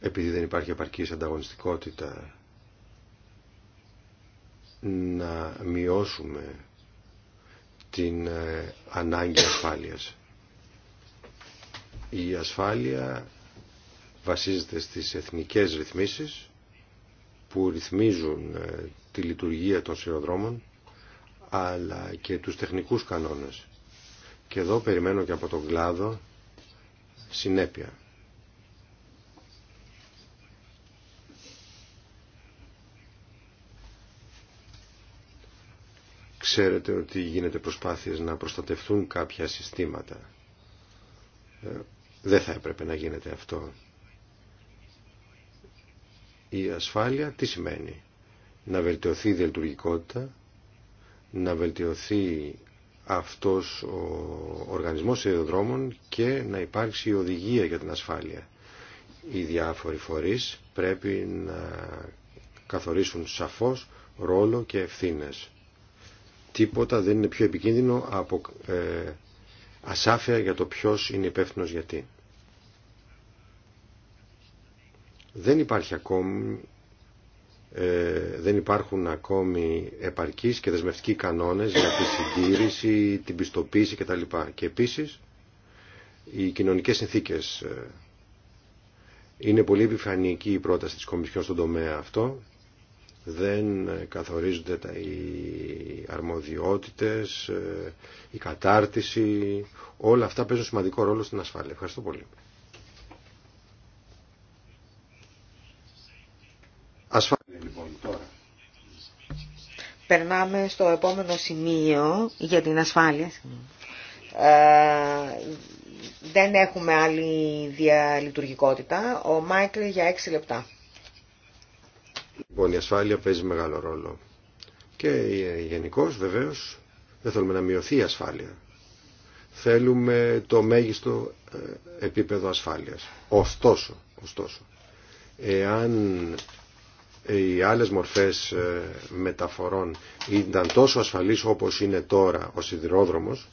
επειδή δεν υπάρχει επαρκής ανταγωνιστικότητα να μειώσουμε την ε, ανάγκη ασφάλειας. Η ασφάλεια βασίζεται στις εθνικές ρυθμίσεις που ρυθμίζουν ε, τη λειτουργία των σειροδρόμων αλλά και τους τεχνικούς κανόνες και εδώ περιμένω και από τον κλάδο συνέπεια. Ξέρετε ότι γίνεται προσπάθειες να προστατευτούν κάποια συστήματα. Ε, δεν θα έπρεπε να γίνεται αυτό. Η ασφάλεια τι σημαίνει. Να βελτιωθεί η διαλειτουργικότητα, να βελτιωθεί αυτός ο οργανισμός ιδιοδρόμων και να υπάρξει οδηγία για την ασφάλεια. Οι διάφοροι φορείς πρέπει να καθορίσουν σαφώς ρόλο και ευθύνες. Τίποτα δεν είναι πιο επικίνδυνο από ε, ασάφεια για το ποιος είναι υπεύθυνο γιατί. Δεν υπάρχει ακόμη ε, δεν υπάρχουν ακόμη επαρκείς και δεσμευτικοί κανόνες για τη συντήρηση, την πιστοποίηση κτλ. Και επίσης οι κοινωνικές συνθήκες ε, είναι πολύ επιφανική η πρόταση της Κομισιόν στον τομέα αυτό. Δεν ε, καθορίζονται τα, οι αρμοδιότητες, η κατάρτιση. Όλα αυτά παίζουν σημαντικό ρόλο στην ασφάλεια. Ευχαριστώ πολύ. Λοιπόν, Περνάμε στο επόμενο σημείο για την ασφάλεια. Ε, δεν έχουμε άλλη διαλειτουργικότητα. Ο Μάικλ για έξι λεπτά. Λοιπόν, η ασφάλεια παίζει μεγάλο ρόλο. Και ε, γενικώ βεβαίω δεν θέλουμε να μειωθεί η ασφάλεια. Θέλουμε το μέγιστο ε, επίπεδο ασφάλειας. Ωστόσο, ωστόσο, εάν οι άλλες μορφές ε, μεταφορών ήταν τόσο ασφαλείς όπως είναι τώρα ο σιδηρόδρομος,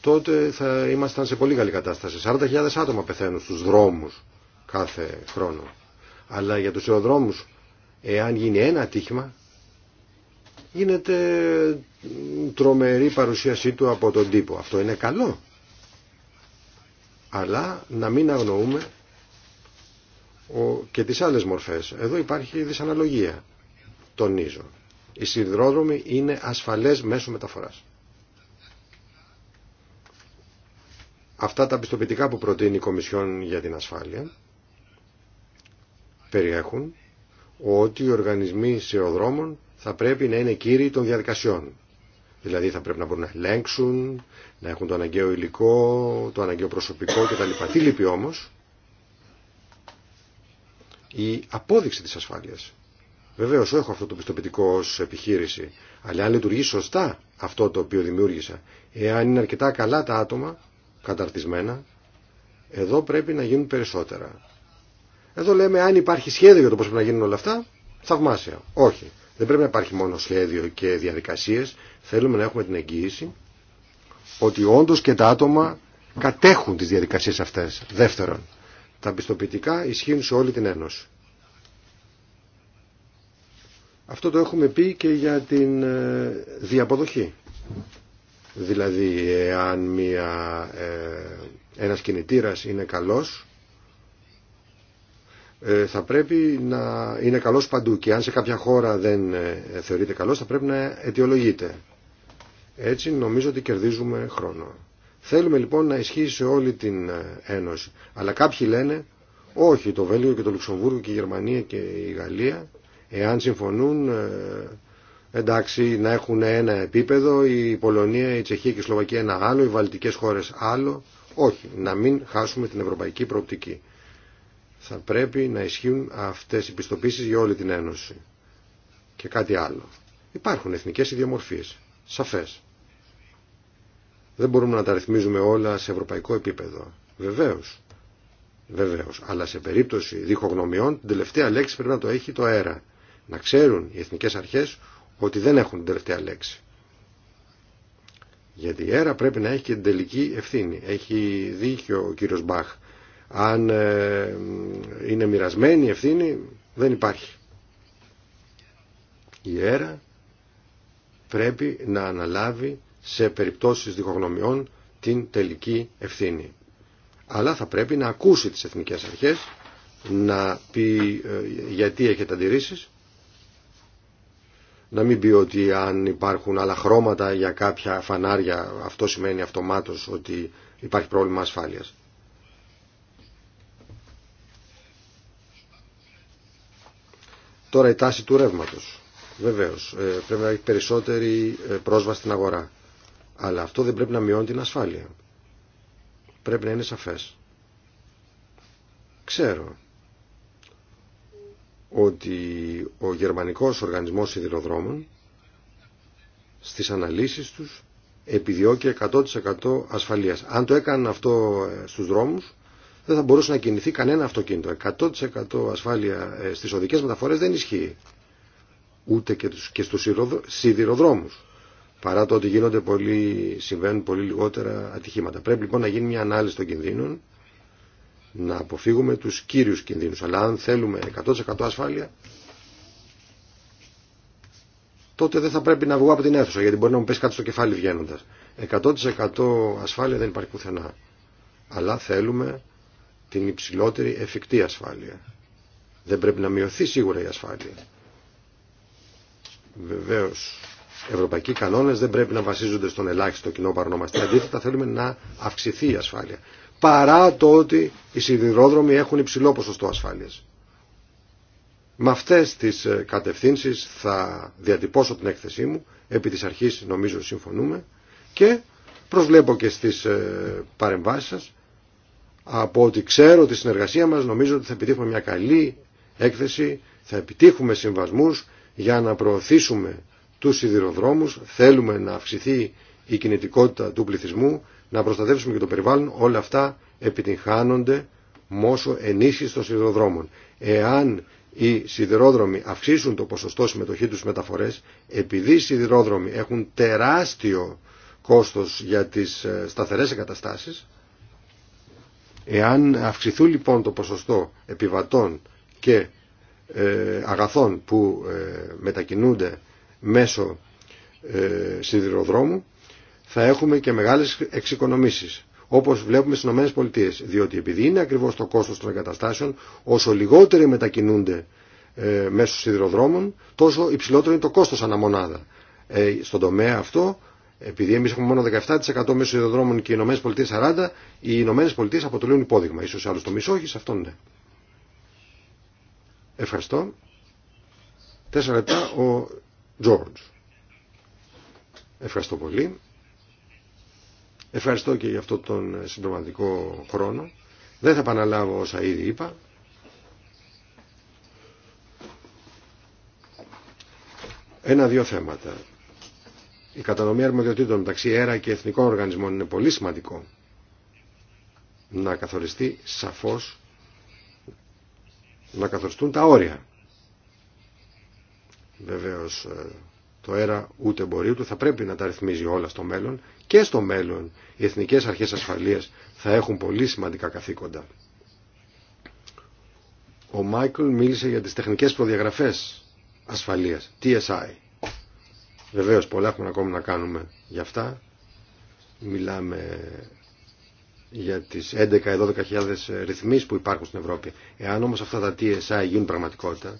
τότε θα ήμασταν σε πολύ καλή κατάσταση. 40.000 άτομα πεθαίνουν στους δρόμους κάθε χρόνο. Αλλά για τους σιδηροδρόμους, εάν γίνει ένα ατύχημα, γίνεται τρομερή παρουσίασή του από τον τύπο. Αυτό είναι καλό. Αλλά να μην αγνοούμε και τις άλλες μορφές. Εδώ υπάρχει δυσαναλογία, τονίζω. Οι σιδηρόδρομοι είναι ασφαλές μέσω μεταφοράς. Αυτά τα πιστοποιητικά που προτείνει η Κομισιόν για την ασφάλεια περιέχουν ότι οι οργανισμοί σιδηροδρόμων θα πρέπει να είναι κύριοι των διαδικασιών. Δηλαδή θα πρέπει να μπορούν να ελέγξουν, να έχουν το αναγκαίο υλικό, το αναγκαίο προσωπικό κτλ. Τι λείπει όμως, η απόδειξη της ασφάλειας. Βεβαίω έχω αυτό το πιστοποιητικό ω επιχείρηση, αλλά αν λειτουργεί σωστά αυτό το οποίο δημιούργησα, εάν είναι αρκετά καλά τα άτομα, καταρτισμένα, εδώ πρέπει να γίνουν περισσότερα. Εδώ λέμε αν υπάρχει σχέδιο για το πως πρέπει να γίνουν όλα αυτά, θαυμάσια. Όχι. Δεν πρέπει να υπάρχει μόνο σχέδιο και διαδικασίες Θέλουμε να έχουμε την εγγύηση ότι όντως και τα άτομα κατέχουν τις διαδικασίες αυτές Δεύτερον, τα πιστοποιητικά ισχύουν σε όλη την Ένωση. Αυτό το έχουμε πει και για την ε, διαποδοχή. Δηλαδή, εάν μια, ε, ένας είναι καλός, ε, θα πρέπει να είναι καλός παντού και αν σε κάποια χώρα δεν ε, θεωρείται καλός, θα πρέπει να αιτιολογείται. Έτσι νομίζω ότι κερδίζουμε χρόνο. Θέλουμε λοιπόν να ισχύσει σε όλη την ε, Ένωση. Αλλά κάποιοι λένε όχι το Βέλγιο και το Λουξεμβούργο και η Γερμανία και η Γαλλία εάν συμφωνούν ε, εντάξει να έχουν ένα επίπεδο η Πολωνία, η Τσεχία και η Σλοβακία ένα άλλο, οι Βαλτικές χώρες άλλο. Όχι, να μην χάσουμε την ευρωπαϊκή προοπτική. Θα πρέπει να ισχύουν αυτές οι πιστοποίησεις για όλη την Ένωση. Και κάτι άλλο. Υπάρχουν εθνικές ιδιομορφίες. Σαφές. Δεν μπορούμε να τα ρυθμίζουμε όλα σε ευρωπαϊκό επίπεδο. Βεβαίως. Βεβαίως. Αλλά σε περίπτωση διχογνωμιών την τελευταία λέξη πρέπει να το έχει το αέρα. Να ξέρουν οι εθνικές αρχές ότι δεν έχουν την τελευταία λέξη. Γιατί η αέρα πρέπει να έχει και την τελική ευθύνη. Έχει δίκιο ο κύριο Μπαχ. Αν ε, είναι μοιρασμένη η ευθύνη δεν υπάρχει. Η αέρα πρέπει να αναλάβει σε περιπτώσεις διχογνωμιών την τελική ευθύνη. Αλλά θα πρέπει να ακούσει τις εθνικές αρχές, να πει ε, γιατί έχετε αντιρρήσεις, να μην πει ότι αν υπάρχουν άλλα χρώματα για κάποια φανάρια αυτό σημαίνει αυτομάτως ότι υπάρχει πρόβλημα ασφάλειας. Τώρα η τάση του ρεύματος. Βεβαίως, ε, πρέπει να έχει περισσότερη ε, πρόσβαση στην αγορά. Αλλά αυτό δεν πρέπει να μειώνει την ασφάλεια. Πρέπει να είναι σαφές. Ξέρω ότι ο Γερμανικός Οργανισμός Σιδηροδρόμων στις αναλύσεις τους επιδιώκει 100% ασφαλείας. Αν το έκαναν αυτό ε, στους δρόμους δεν θα μπορούσε να κινηθεί κανένα αυτοκίνητο. 100% ασφάλεια ε, στις οδικές μεταφορές δεν ισχύει. Ούτε και στους σιδηροδρόμους παρά το ότι γίνονται πολύ, συμβαίνουν πολύ λιγότερα ατυχήματα. Πρέπει λοιπόν να γίνει μια ανάλυση των κινδύνων, να αποφύγουμε τους κύριους κινδύνους. Αλλά αν θέλουμε 100% ασφάλεια, τότε δεν θα πρέπει να βγω από την αίθουσα, γιατί μπορεί να μου πέσει κάτι στο κεφάλι βγαίνοντα. 100% ασφάλεια δεν υπάρχει πουθενά. Αλλά θέλουμε την υψηλότερη εφικτή ασφάλεια. Δεν πρέπει να μειωθεί σίγουρα η ασφάλεια. Βεβαίως ευρωπαϊκοί κανόνε δεν πρέπει να βασίζονται στον ελάχιστο κοινό παρονομαστή. Αντίθετα, θέλουμε να αυξηθεί η ασφάλεια. Παρά το ότι οι σιδηρόδρομοι έχουν υψηλό ποσοστό ασφάλεια. Με αυτέ τι ε, κατευθύνσει θα διατυπώσω την έκθεσή μου. Επί τη αρχή νομίζω συμφωνούμε και προσβλέπω και στι ε, παρεμβάσει σα. Από ότι ξέρω τη συνεργασία μα νομίζω ότι θα επιτύχουμε μια καλή έκθεση, θα επιτύχουμε συμβασμού για να προωθήσουμε τους σιδηροδρόμους, θέλουμε να αυξηθεί η κινητικότητα του πληθυσμού, να προστατεύσουμε και το περιβάλλον, όλα αυτά επιτυγχάνονται μόσο ενίσχυση των σιδηροδρόμων. Εάν οι σιδηρόδρομοι αυξήσουν το ποσοστό συμμετοχή τους μεταφορές, επειδή οι σιδηρόδρομοι έχουν τεράστιο κόστος για τις ε, σταθερές εγκαταστάσεις, εάν αυξηθούν λοιπόν το ποσοστό επιβατών και ε, αγαθών που ε, μετακινούνται μέσω ε, σιδηροδρόμου θα έχουμε και μεγάλες εξοικονομήσεις όπως βλέπουμε στις ΗΠΑ διότι επειδή είναι ακριβώς το κόστος των εγκαταστάσεων όσο λιγότεροι μετακινούνται ε, μέσω σιδηροδρόμων τόσο υψηλότερο είναι το κόστος αναμονάδα. Ε, στον τομέα αυτό επειδή εμεί έχουμε μόνο 17% μέσω σιδηροδρόμων και οι ΗΠΑ 40%, οι ΗΠΑ αποτελούν υπόδειγμα. Ίσως άλλο το μισό, όχι σε αυτόν ναι. Ευχαριστώ. Τέσσερα λεπτά ο George. Ευχαριστώ πολύ. Ευχαριστώ και για αυτό τον συντροματικό χρόνο. Δεν θα επαναλάβω όσα ήδη είπα. Ένα-δύο θέματα. Η κατανομή αρμοδιοτήτων μεταξύ αίρα και εθνικών οργανισμών είναι πολύ σημαντικό να καθοριστεί σαφώς να καθοριστούν τα όρια βεβαίως ε, το αέρα ούτε μπορεί ούτε θα πρέπει να τα ρυθμίζει όλα στο μέλλον και στο μέλλον οι εθνικές αρχές ασφαλείας θα έχουν πολύ σημαντικά καθήκοντα. Ο Μάικλ μίλησε για τις τεχνικές προδιαγραφές ασφαλείας, TSI. Βεβαίως πολλά έχουμε ακόμα να κάνουμε για αυτά. Μιλάμε για τις 11-12 χιλιάδες ρυθμίσεις που υπάρχουν στην Ευρώπη. Εάν όμως αυτά τα TSI γίνουν πραγματικότητα,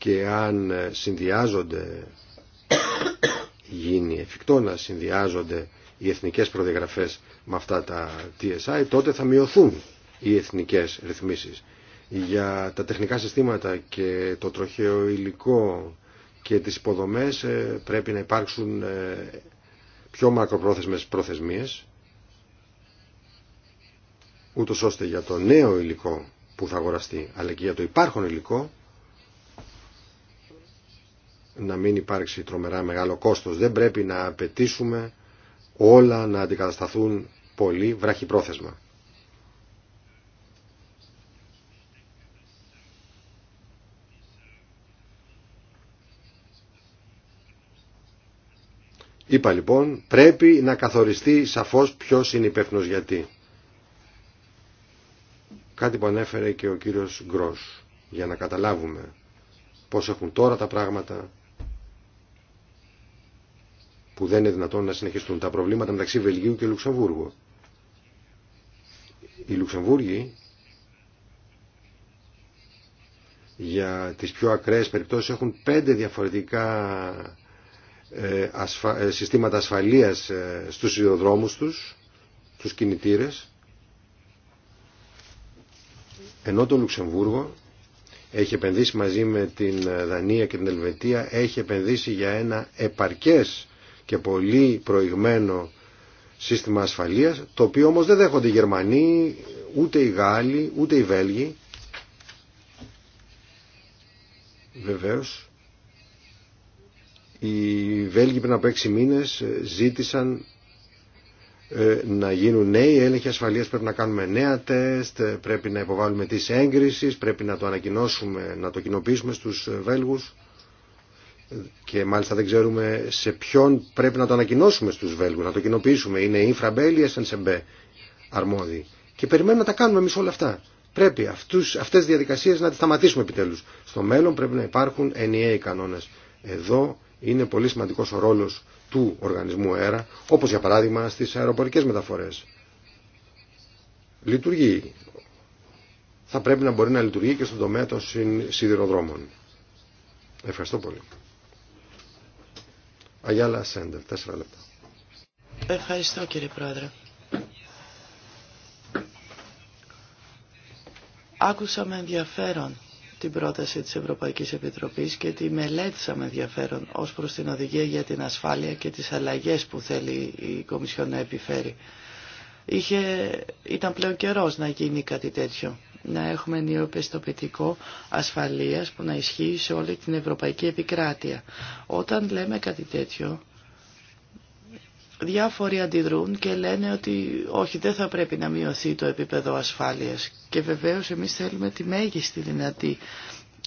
και αν ε, συνδυάζονται, γίνει εφικτό να συνδυάζονται οι εθνικές προδιαγραφές με αυτά τα TSI, τότε θα μειωθούν οι εθνικές ρυθμίσεις. Για τα τεχνικά συστήματα και το τροχαίο υλικό και τις υποδομές ε, πρέπει να υπάρξουν ε, πιο μακροπρόθεσμες προθεσμίες, ούτως ώστε για το νέο υλικό που θα αγοραστεί, αλλά και για το υπάρχον υλικό, να μην υπάρξει τρομερά μεγάλο κόστος. Δεν πρέπει να απαιτήσουμε όλα να αντικατασταθούν πολύ βραχυπρόθεσμα. Είπα λοιπόν, πρέπει να καθοριστεί σαφώς ποιος είναι υπεύθυνος γιατί. Κάτι που ανέφερε και ο κύριος Γκρός, για να καταλάβουμε πώς έχουν τώρα τα πράγματα που δεν είναι δυνατόν να συνεχιστούν τα προβλήματα μεταξύ Βελγίου και Λουξεμβούργου. Οι Λουξεμβούργοι για τις πιο ακραίες περιπτώσεις έχουν πέντε διαφορετικά ε, ε, συστήματα ασφαλείας ε, στους ιδιοδρόμους τους, τους κινητήρες, ενώ το Λουξεμβούργο έχει επενδύσει μαζί με την Δανία και την Ελβετία, έχει επενδύσει για ένα επαρκές και πολύ προηγμένο σύστημα ασφαλείας, το οποίο όμως δεν δέχονται οι Γερμανοί, ούτε οι Γάλλοι, ούτε οι Βέλγοι. Βεβαίως, οι Βέλγοι πριν από έξι μήνες ε, ζήτησαν ε, να γίνουν νέοι έλεγχοι ασφαλείας, πρέπει να κάνουμε νέα τεστ, ε, πρέπει να υποβάλουμε τις έγκρισεις, πρέπει να το ανακοινώσουμε, να το κοινοποιήσουμε στους Βέλγους και μάλιστα δεν ξέρουμε σε ποιον πρέπει να το ανακοινώσουμε στους Βέλγους, να το κοινοποιήσουμε. Είναι η ή SNCB αρμόδιοι. Και περιμένουμε να τα κάνουμε εμείς όλα αυτά. Πρέπει αυτούς, αυτές τις διαδικασίες να τις σταματήσουμε επιτέλους. Στο μέλλον πρέπει να υπάρχουν ενιαίοι κανόνες. Εδώ είναι πολύ σημαντικός ο ρόλος του οργανισμού αέρα, όπως για παράδειγμα στις αεροπορικές μεταφορές. Λειτουργεί. Θα πρέπει να μπορεί να λειτουργεί και στον τομέα των σιδηροδρόμων. Ευχαριστώ πολύ. Αγιάλα Σέντερ, τέσσερα λεπτά. Ευχαριστώ κύριε Πρόεδρε. Άκουσα με ενδιαφέρον την πρόταση της Ευρωπαϊκής Επιτροπής και τη μελέτησα με ενδιαφέρον ως προς την οδηγία για την ασφάλεια και τις αλλαγές που θέλει η Κομισιόν να επιφέρει. ήταν πλέον καιρός να γίνει κάτι τέτοιο να έχουμε νέο πιστοποιητικό ασφαλείας που να ισχύει σε όλη την ευρωπαϊκή επικράτεια. Όταν λέμε κάτι τέτοιο, διάφοροι αντιδρούν και λένε ότι όχι δεν θα πρέπει να μειωθεί το επίπεδο ασφάλειας και βεβαίως εμείς θέλουμε τη μέγιστη δυνατή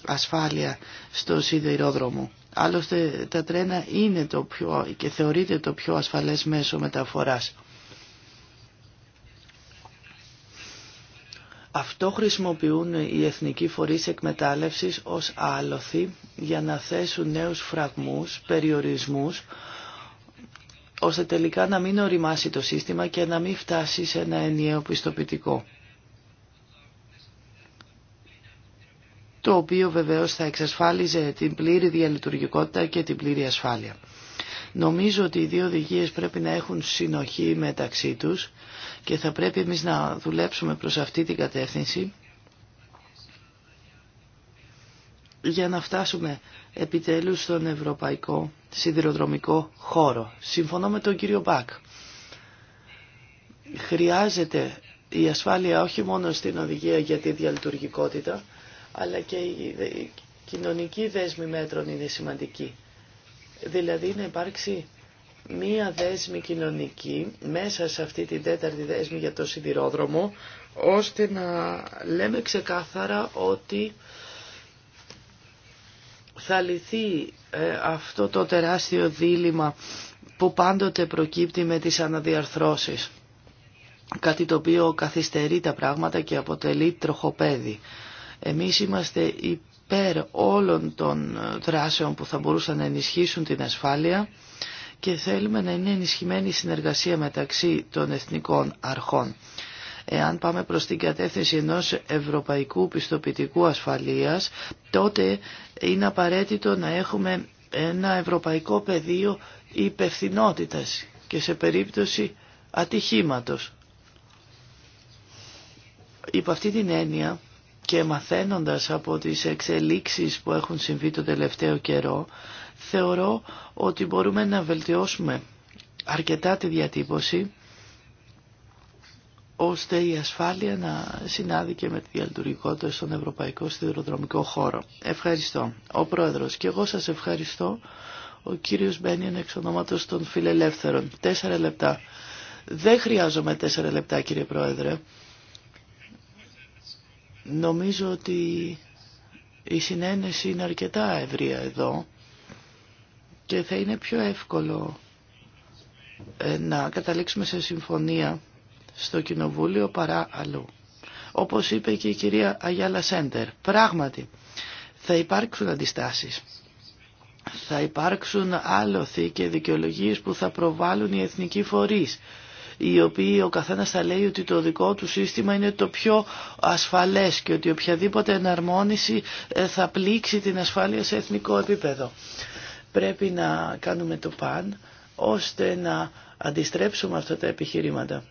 ασφάλεια στο σιδηρόδρομο. Άλλωστε τα τρένα είναι το πιο, και θεωρείται το πιο ασφαλές μέσο μεταφοράς. Αυτό χρησιμοποιούν οι εθνικοί φορείς εκμετάλλευσης ως άλοθη για να θέσουν νέους φραγμούς, περιορισμούς, ώστε τελικά να μην οριμάσει το σύστημα και να μην φτάσει σε ένα ενιαίο πιστοποιητικό. Το οποίο βεβαίως θα εξασφάλιζε την πλήρη διαλειτουργικότητα και την πλήρη ασφάλεια. Νομίζω ότι οι δύο οδηγίες πρέπει να έχουν συνοχή μεταξύ τους και θα πρέπει εμείς να δουλέψουμε προς αυτή την κατεύθυνση για να φτάσουμε επιτέλους στον ευρωπαϊκό σιδηροδρομικό χώρο. Συμφωνώ με τον κύριο Μπακ. Χρειάζεται η ασφάλεια όχι μόνο στην οδηγία για τη διαλειτουργικότητα, αλλά και η κοινωνική δέσμη μέτρων είναι σημαντική. Δηλαδή να υπάρξει μία δέσμη κοινωνική μέσα σε αυτή την τέταρτη δέσμη για το σιδηρόδρομο ώστε να λέμε ξεκάθαρα ότι θα λυθεί ε, αυτό το τεράστιο δίλημα που πάντοτε προκύπτει με τις αναδιαρθρώσεις. Κάτι το οποίο καθυστερεί τα πράγματα και αποτελεί τροχοπέδι. Εμείς είμαστε υπέρ όλων των δράσεων που θα μπορούσαν να ενισχύσουν την ασφάλεια και θέλουμε να είναι ενισχυμένη η συνεργασία μεταξύ των εθνικών αρχών. Εάν πάμε προς την κατεύθυνση ενός ευρωπαϊκού πιστοποιητικού ασφαλείας, τότε είναι απαραίτητο να έχουμε ένα ευρωπαϊκό πεδίο υπευθυνότητα και σε περίπτωση ατυχήματος. Υπό αυτή την έννοια και μαθαίνοντας από τις εξελίξεις που έχουν συμβεί το τελευταίο καιρό, θεωρώ ότι μπορούμε να βελτιώσουμε αρκετά τη διατύπωση ώστε η ασφάλεια να συνάδει και με τη διαλειτουργικότητα στον ευρωπαϊκό σιδηροδρομικό χώρο. Ευχαριστώ. Ο Πρόεδρος και εγώ σας ευχαριστώ. Ο κύριος Μπένιεν εξ ονόματος των Φιλελεύθερων. Τέσσερα λεπτά. Δεν χρειάζομαι τέσσερα λεπτά κύριε Πρόεδρε. Νομίζω ότι η συνένεση είναι αρκετά ευρία εδώ και θα είναι πιο εύκολο ε, να καταλήξουμε σε συμφωνία στο Κοινοβούλιο παρά αλλού. Όπως είπε και η κυρία Αγιάλα Σέντερ, πράγματι θα υπάρξουν αντιστάσεις. Θα υπάρξουν άλλοθη και δικαιολογίες που θα προβάλλουν οι εθνικοί φορείς οι οποίοι ο καθένας θα λέει ότι το δικό του σύστημα είναι το πιο ασφαλές και ότι οποιαδήποτε εναρμόνιση ε, θα πλήξει την ασφάλεια σε εθνικό επίπεδο. Πρέπει να κάνουμε το παν ώστε να αντιστρέψουμε αυτά τα επιχειρήματα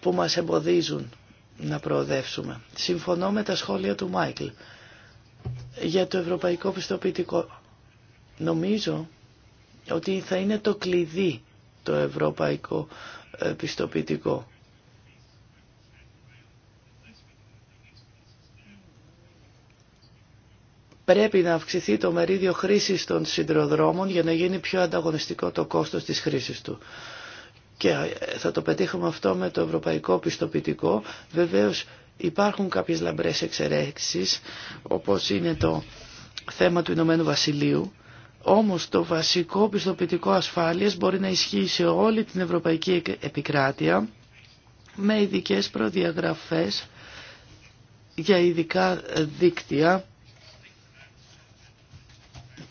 που μας εμποδίζουν να προοδεύσουμε. Συμφωνώ με τα σχόλια του Μάικλ για το ευρωπαϊκό πιστοποιητικό. Νομίζω ότι θα είναι το κλειδί το ευρωπαϊκό ε, πιστοποιητικό. πρέπει να αυξηθεί το μερίδιο χρήσης των συνδροδρόμων για να γίνει πιο ανταγωνιστικό το κόστος της χρήσης του. Και θα το πετύχουμε αυτό με το ευρωπαϊκό πιστοποιητικό. Βεβαίως υπάρχουν κάποιες λαμπρές εξαιρέξεις, όπως είναι το θέμα του Ηνωμένου Βασιλείου, όμως το βασικό πιστοποιητικό ασφάλειας μπορεί να ισχύει σε όλη την ευρωπαϊκή επικράτεια με ειδικέ προδιαγραφές για ειδικά δίκτυα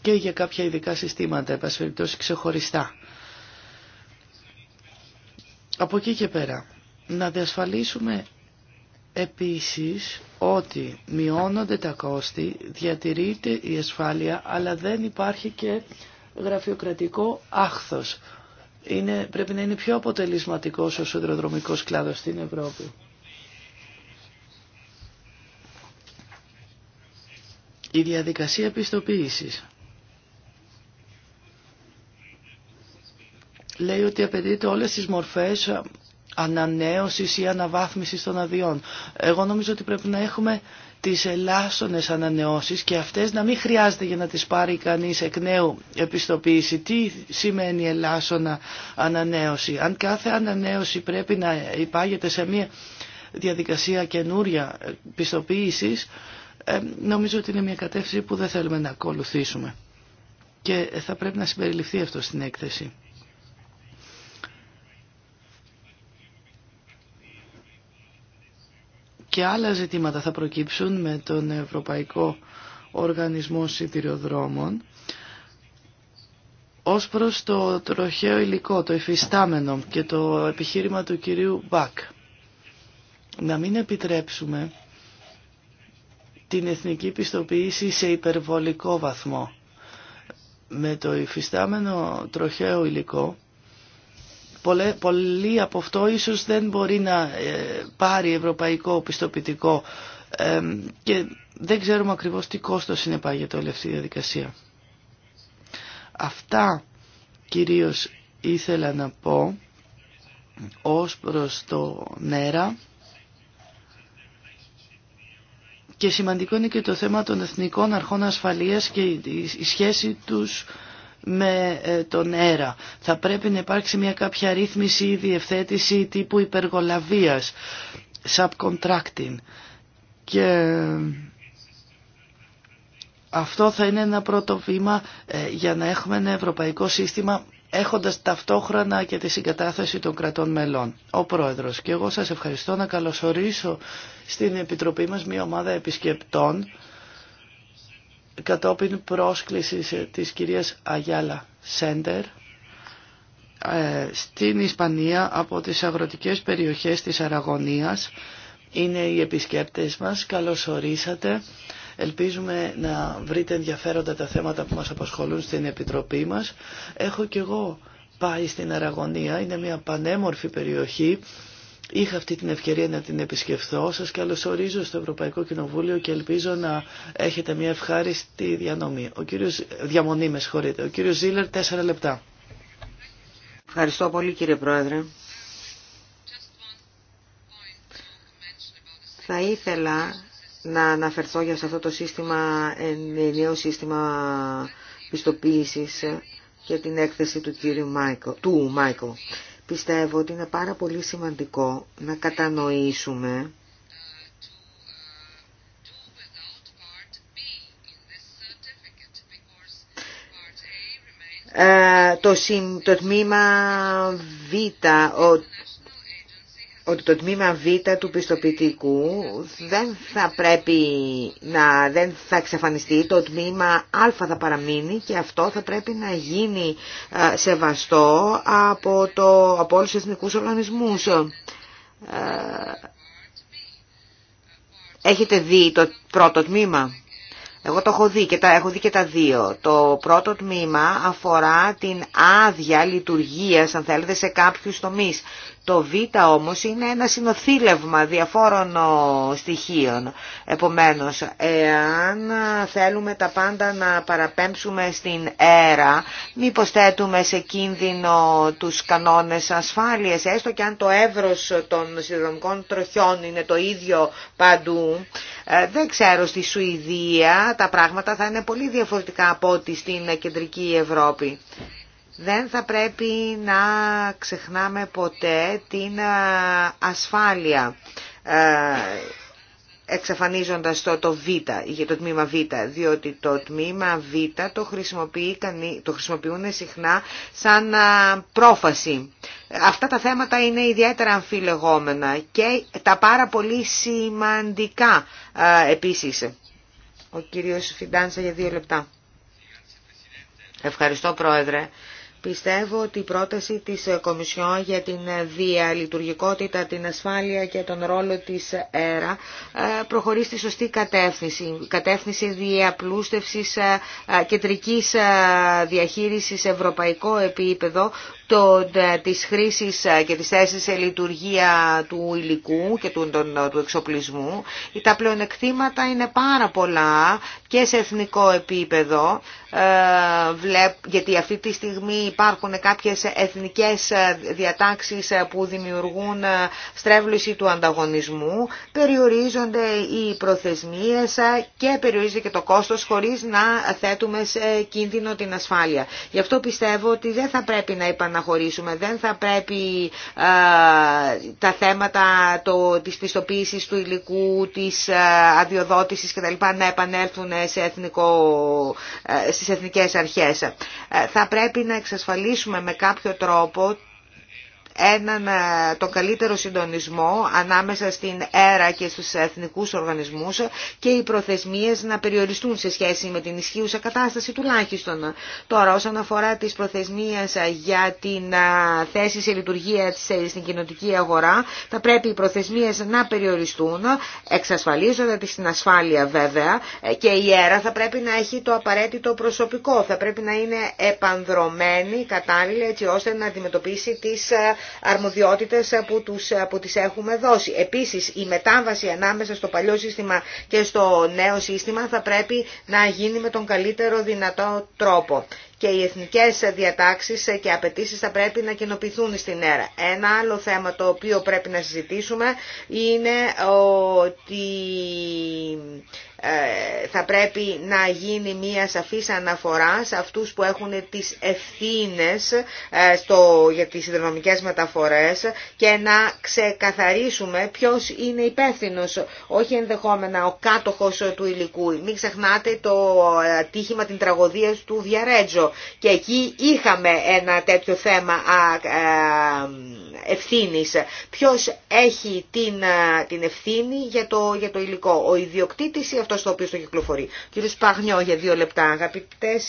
και για κάποια ειδικά συστήματα, επασφελτώσει ξεχωριστά. Από εκεί και πέρα, να διασφαλίσουμε επίσης ότι μειώνονται τα κόστη, διατηρείται η ασφάλεια, αλλά δεν υπάρχει και γραφειοκρατικό άχθος. Είναι, πρέπει να είναι πιο αποτελεσματικός ο σιδηροδρομικός κλάδος στην Ευρώπη. Η διαδικασία επιστοποίησης λέει ότι απαιτείται όλες τις μορφές ανανέωσης ή αναβάθμισης των αδειών. Εγώ νομίζω ότι πρέπει να έχουμε τις ελάσσονες ανανεώσεις και αυτές να μην χρειάζεται για να τις πάρει κανείς εκ νέου επιστοποίηση. Τι σημαίνει ελάσσονα ανανέωση. Αν κάθε ανανέωση πρέπει να υπάγεται σε μια διαδικασία καινούρια πιστοποίησης, ε, νομίζω ότι είναι μια κατεύθυνση που δεν θέλουμε να ακολουθήσουμε. Και θα πρέπει να συμπεριληφθεί αυτό στην έκθεση. και άλλα ζητήματα θα προκύψουν με τον Ευρωπαϊκό Οργανισμό Σιδηροδρόμων ως προς το τροχαίο υλικό, το εφιστάμενο και το επιχείρημα του κυρίου Μπακ. Να μην επιτρέψουμε την εθνική πιστοποίηση σε υπερβολικό βαθμό. Με το υφιστάμενο τροχαίο υλικό Πολλοί από αυτό ίσως δεν μπορεί να ε, πάρει ευρωπαϊκό πιστοποιητικό και δεν ξέρουμε ακριβώς τι κόστος συνεπάγεται όλη αυτή η διαδικασία. Αυτά κυρίως ήθελα να πω ως προς το νέρα και σημαντικό είναι και το θέμα των εθνικών αρχών ασφαλείας και η σχέση τους με ε, τον αέρα. Θα πρέπει να υπάρξει μια κάποια ρύθμιση ή διευθέτηση τύπου υπεργολαβίας, subcontracting. Και ε, αυτό θα είναι ένα πρώτο βήμα ε, για να έχουμε ένα ευρωπαϊκό σύστημα έχοντας ταυτόχρονα και τη συγκατάθεση των κρατών μελών. Ο Πρόεδρος και εγώ σας ευχαριστώ να καλωσορίσω στην Επιτροπή μας μια ομάδα επισκεπτών κατόπιν πρόσκλησης ε, της κυρίας Αγιάλα Σέντερ ε, στην Ισπανία από τις αγροτικές περιοχές της Αραγωνίας. Είναι οι επισκέπτες μας. Καλώς ορίσατε. Ελπίζουμε να βρείτε ενδιαφέροντα τα θέματα που μας απασχολούν στην Επιτροπή μας. Έχω κι εγώ πάει στην Αραγωνία. Είναι μια πανέμορφη περιοχή Είχα αυτή την ευκαιρία να την επισκεφθώ. σα καλωσορίζω στο Ευρωπαϊκό Κοινοβούλιο και ελπίζω να έχετε μια ευχάριστη διανομή. Ο κύριος, διαμονή με συγχωρείτε. Ο κύριος Ζήλερ, τέσσερα λεπτά. Ευχαριστώ πολύ κύριε Πρόεδρε. Θα ήθελα να αναφερθώ για σε αυτό το σύστημα, νέο σύστημα πιστοποίησης και την έκθεση του κύριου του πιστεύω ότι είναι πάρα πολύ σημαντικό να κατανοήσουμε ε, το, το τμήμα Β, ότι το τμήμα Β του πιστοποιητικού δεν θα πρέπει να δεν θα εξαφανιστεί, το τμήμα Α θα παραμείνει και αυτό θα πρέπει να γίνει ε, σεβαστό από, το, από όλους τους εθνικούς οργανισμούς. Ε, έχετε δει το πρώτο τμήμα. Εγώ το έχω δει και τα, έχω δει και τα δύο. Το πρώτο τμήμα αφορά την άδεια λειτουργία, αν θέλετε, σε κάποιου τομεί. Το Β όμως είναι ένα συνοθήλευμα διαφόρων στοιχείων. Επομένω, εάν θέλουμε τα πάντα να παραπέμψουμε στην αίρα, μήπω θέτουμε σε κίνδυνο τους κανόνε ασφάλεια. έστω και αν το εύρο των συνδρομικών τροχιών είναι το ίδιο παντού, ε, δεν ξέρω, στη Σουηδία τα πράγματα θα είναι πολύ διαφορετικά από ό,τι στην κεντρική Ευρώπη. Δεν θα πρέπει να ξεχνάμε ποτέ την ε, ασφάλεια ε, εξαφανίζοντας το, το Β, για το τμήμα Β, διότι το τμήμα Β το, χρησιμοποιεί, το χρησιμοποιούν συχνά σαν πρόφαση. Αυτά τα θέματα είναι ιδιαίτερα αμφιλεγόμενα και τα πάρα πολύ σημαντικά επίσης. Ο κύριος Φιντάνσα για δύο λεπτά. Ευχαριστώ πρόεδρε. Πιστεύω ότι η πρόταση της Κομισιόν για την διαλειτουργικότητα, την ασφάλεια και τον ρόλο της ΕΡΑ ε, προχωρεί στη σωστή κατεύθυνση. Κατεύθυνση διαπλούστευσης ε, ε, κεντρικής διαχείρισης σε ευρωπαϊκό επίπεδο το, της χρήσης και της θέσης σε λειτουργία του υλικού και του, του εξοπλισμού. Τα πλεονεκτήματα είναι πάρα πολλά και σε εθνικό επίπεδο ε, γιατί αυτή τη στιγμή υπάρχουν κάποιες εθνικές ε, διατάξεις ε, που δημιουργούν στρέβλωση του ανταγωνισμού, περιορίζονται οι προθεσμίες και περιορίζεται και το κόστος χωρίς να θέτουμε σε κίνδυνο την ασφάλεια. Γι' αυτό πιστεύω ότι δεν θα πρέπει να υπαναχωρήσουμε, δεν θα πρέπει τα θέματα το, της πιστοποίησης του υλικού, της αδειοδότησης κτλ. να επανέλθουν σε εθνικό στις εθνικές αρχές. Ε, θα πρέπει να εξασφαλίσουμε με κάποιο τρόπο έναν, ε, το καλύτερο συντονισμό ανάμεσα στην ΕΡΑ και στους εθνικούς οργανισμούς και οι προθεσμίες να περιοριστούν σε σχέση με την ισχύουσα κατάσταση τουλάχιστον. Τώρα όσον αφορά τις προθεσμίες ε, για την ε, θέση σε λειτουργία στην κοινωτική αγορά θα πρέπει οι προθεσμίες να περιοριστούν εξασφαλίζοντα την ασφάλεια βέβαια και η ΕΡΑ θα πρέπει να έχει το απαραίτητο προσωπικό, θα πρέπει να είναι επανδρομένη κατάλληλα έτσι ώστε να αντιμετωπίσει τις αρμοδιότητες ε, που, τους, ε, που τις έχουμε δώσει. Επίσης η μετάβαση ανάμεσα στο παλιό σύστημα και στο νέο σύστημα θα πρέπει να γίνει με τον καλύτερο δυνατό τρόπο και οι εθνικές διατάξεις ε, και απαιτήσει θα πρέπει να κοινοποιηθούν στην ΕΡΑ. Ένα άλλο θέμα το οποίο πρέπει να συζητήσουμε είναι ότι ε, θα πρέπει να γίνει μία σαφής αναφορά σε αυτούς που έχουν τις ευθύνες ε, στο, για τις συνδρομικές μεταφορές και να ξεκαθαρίσουμε ποιος είναι υπεύθυνο, όχι ενδεχόμενα ο κάτοχος του υλικού. Μην ξεχνάτε το ατύχημα την τραγωδία του Διαρέτζο και εκεί είχαμε ένα τέτοιο θέμα ε, ευθύνης. Ποιος έχει την, την ευθύνη για το, για υλικό. Ο ιδιοκτήτης στο οποίο στο κυκλοφορεί. Κύριε Σπαγνιό, για δύο λεπτά, αγαπητέ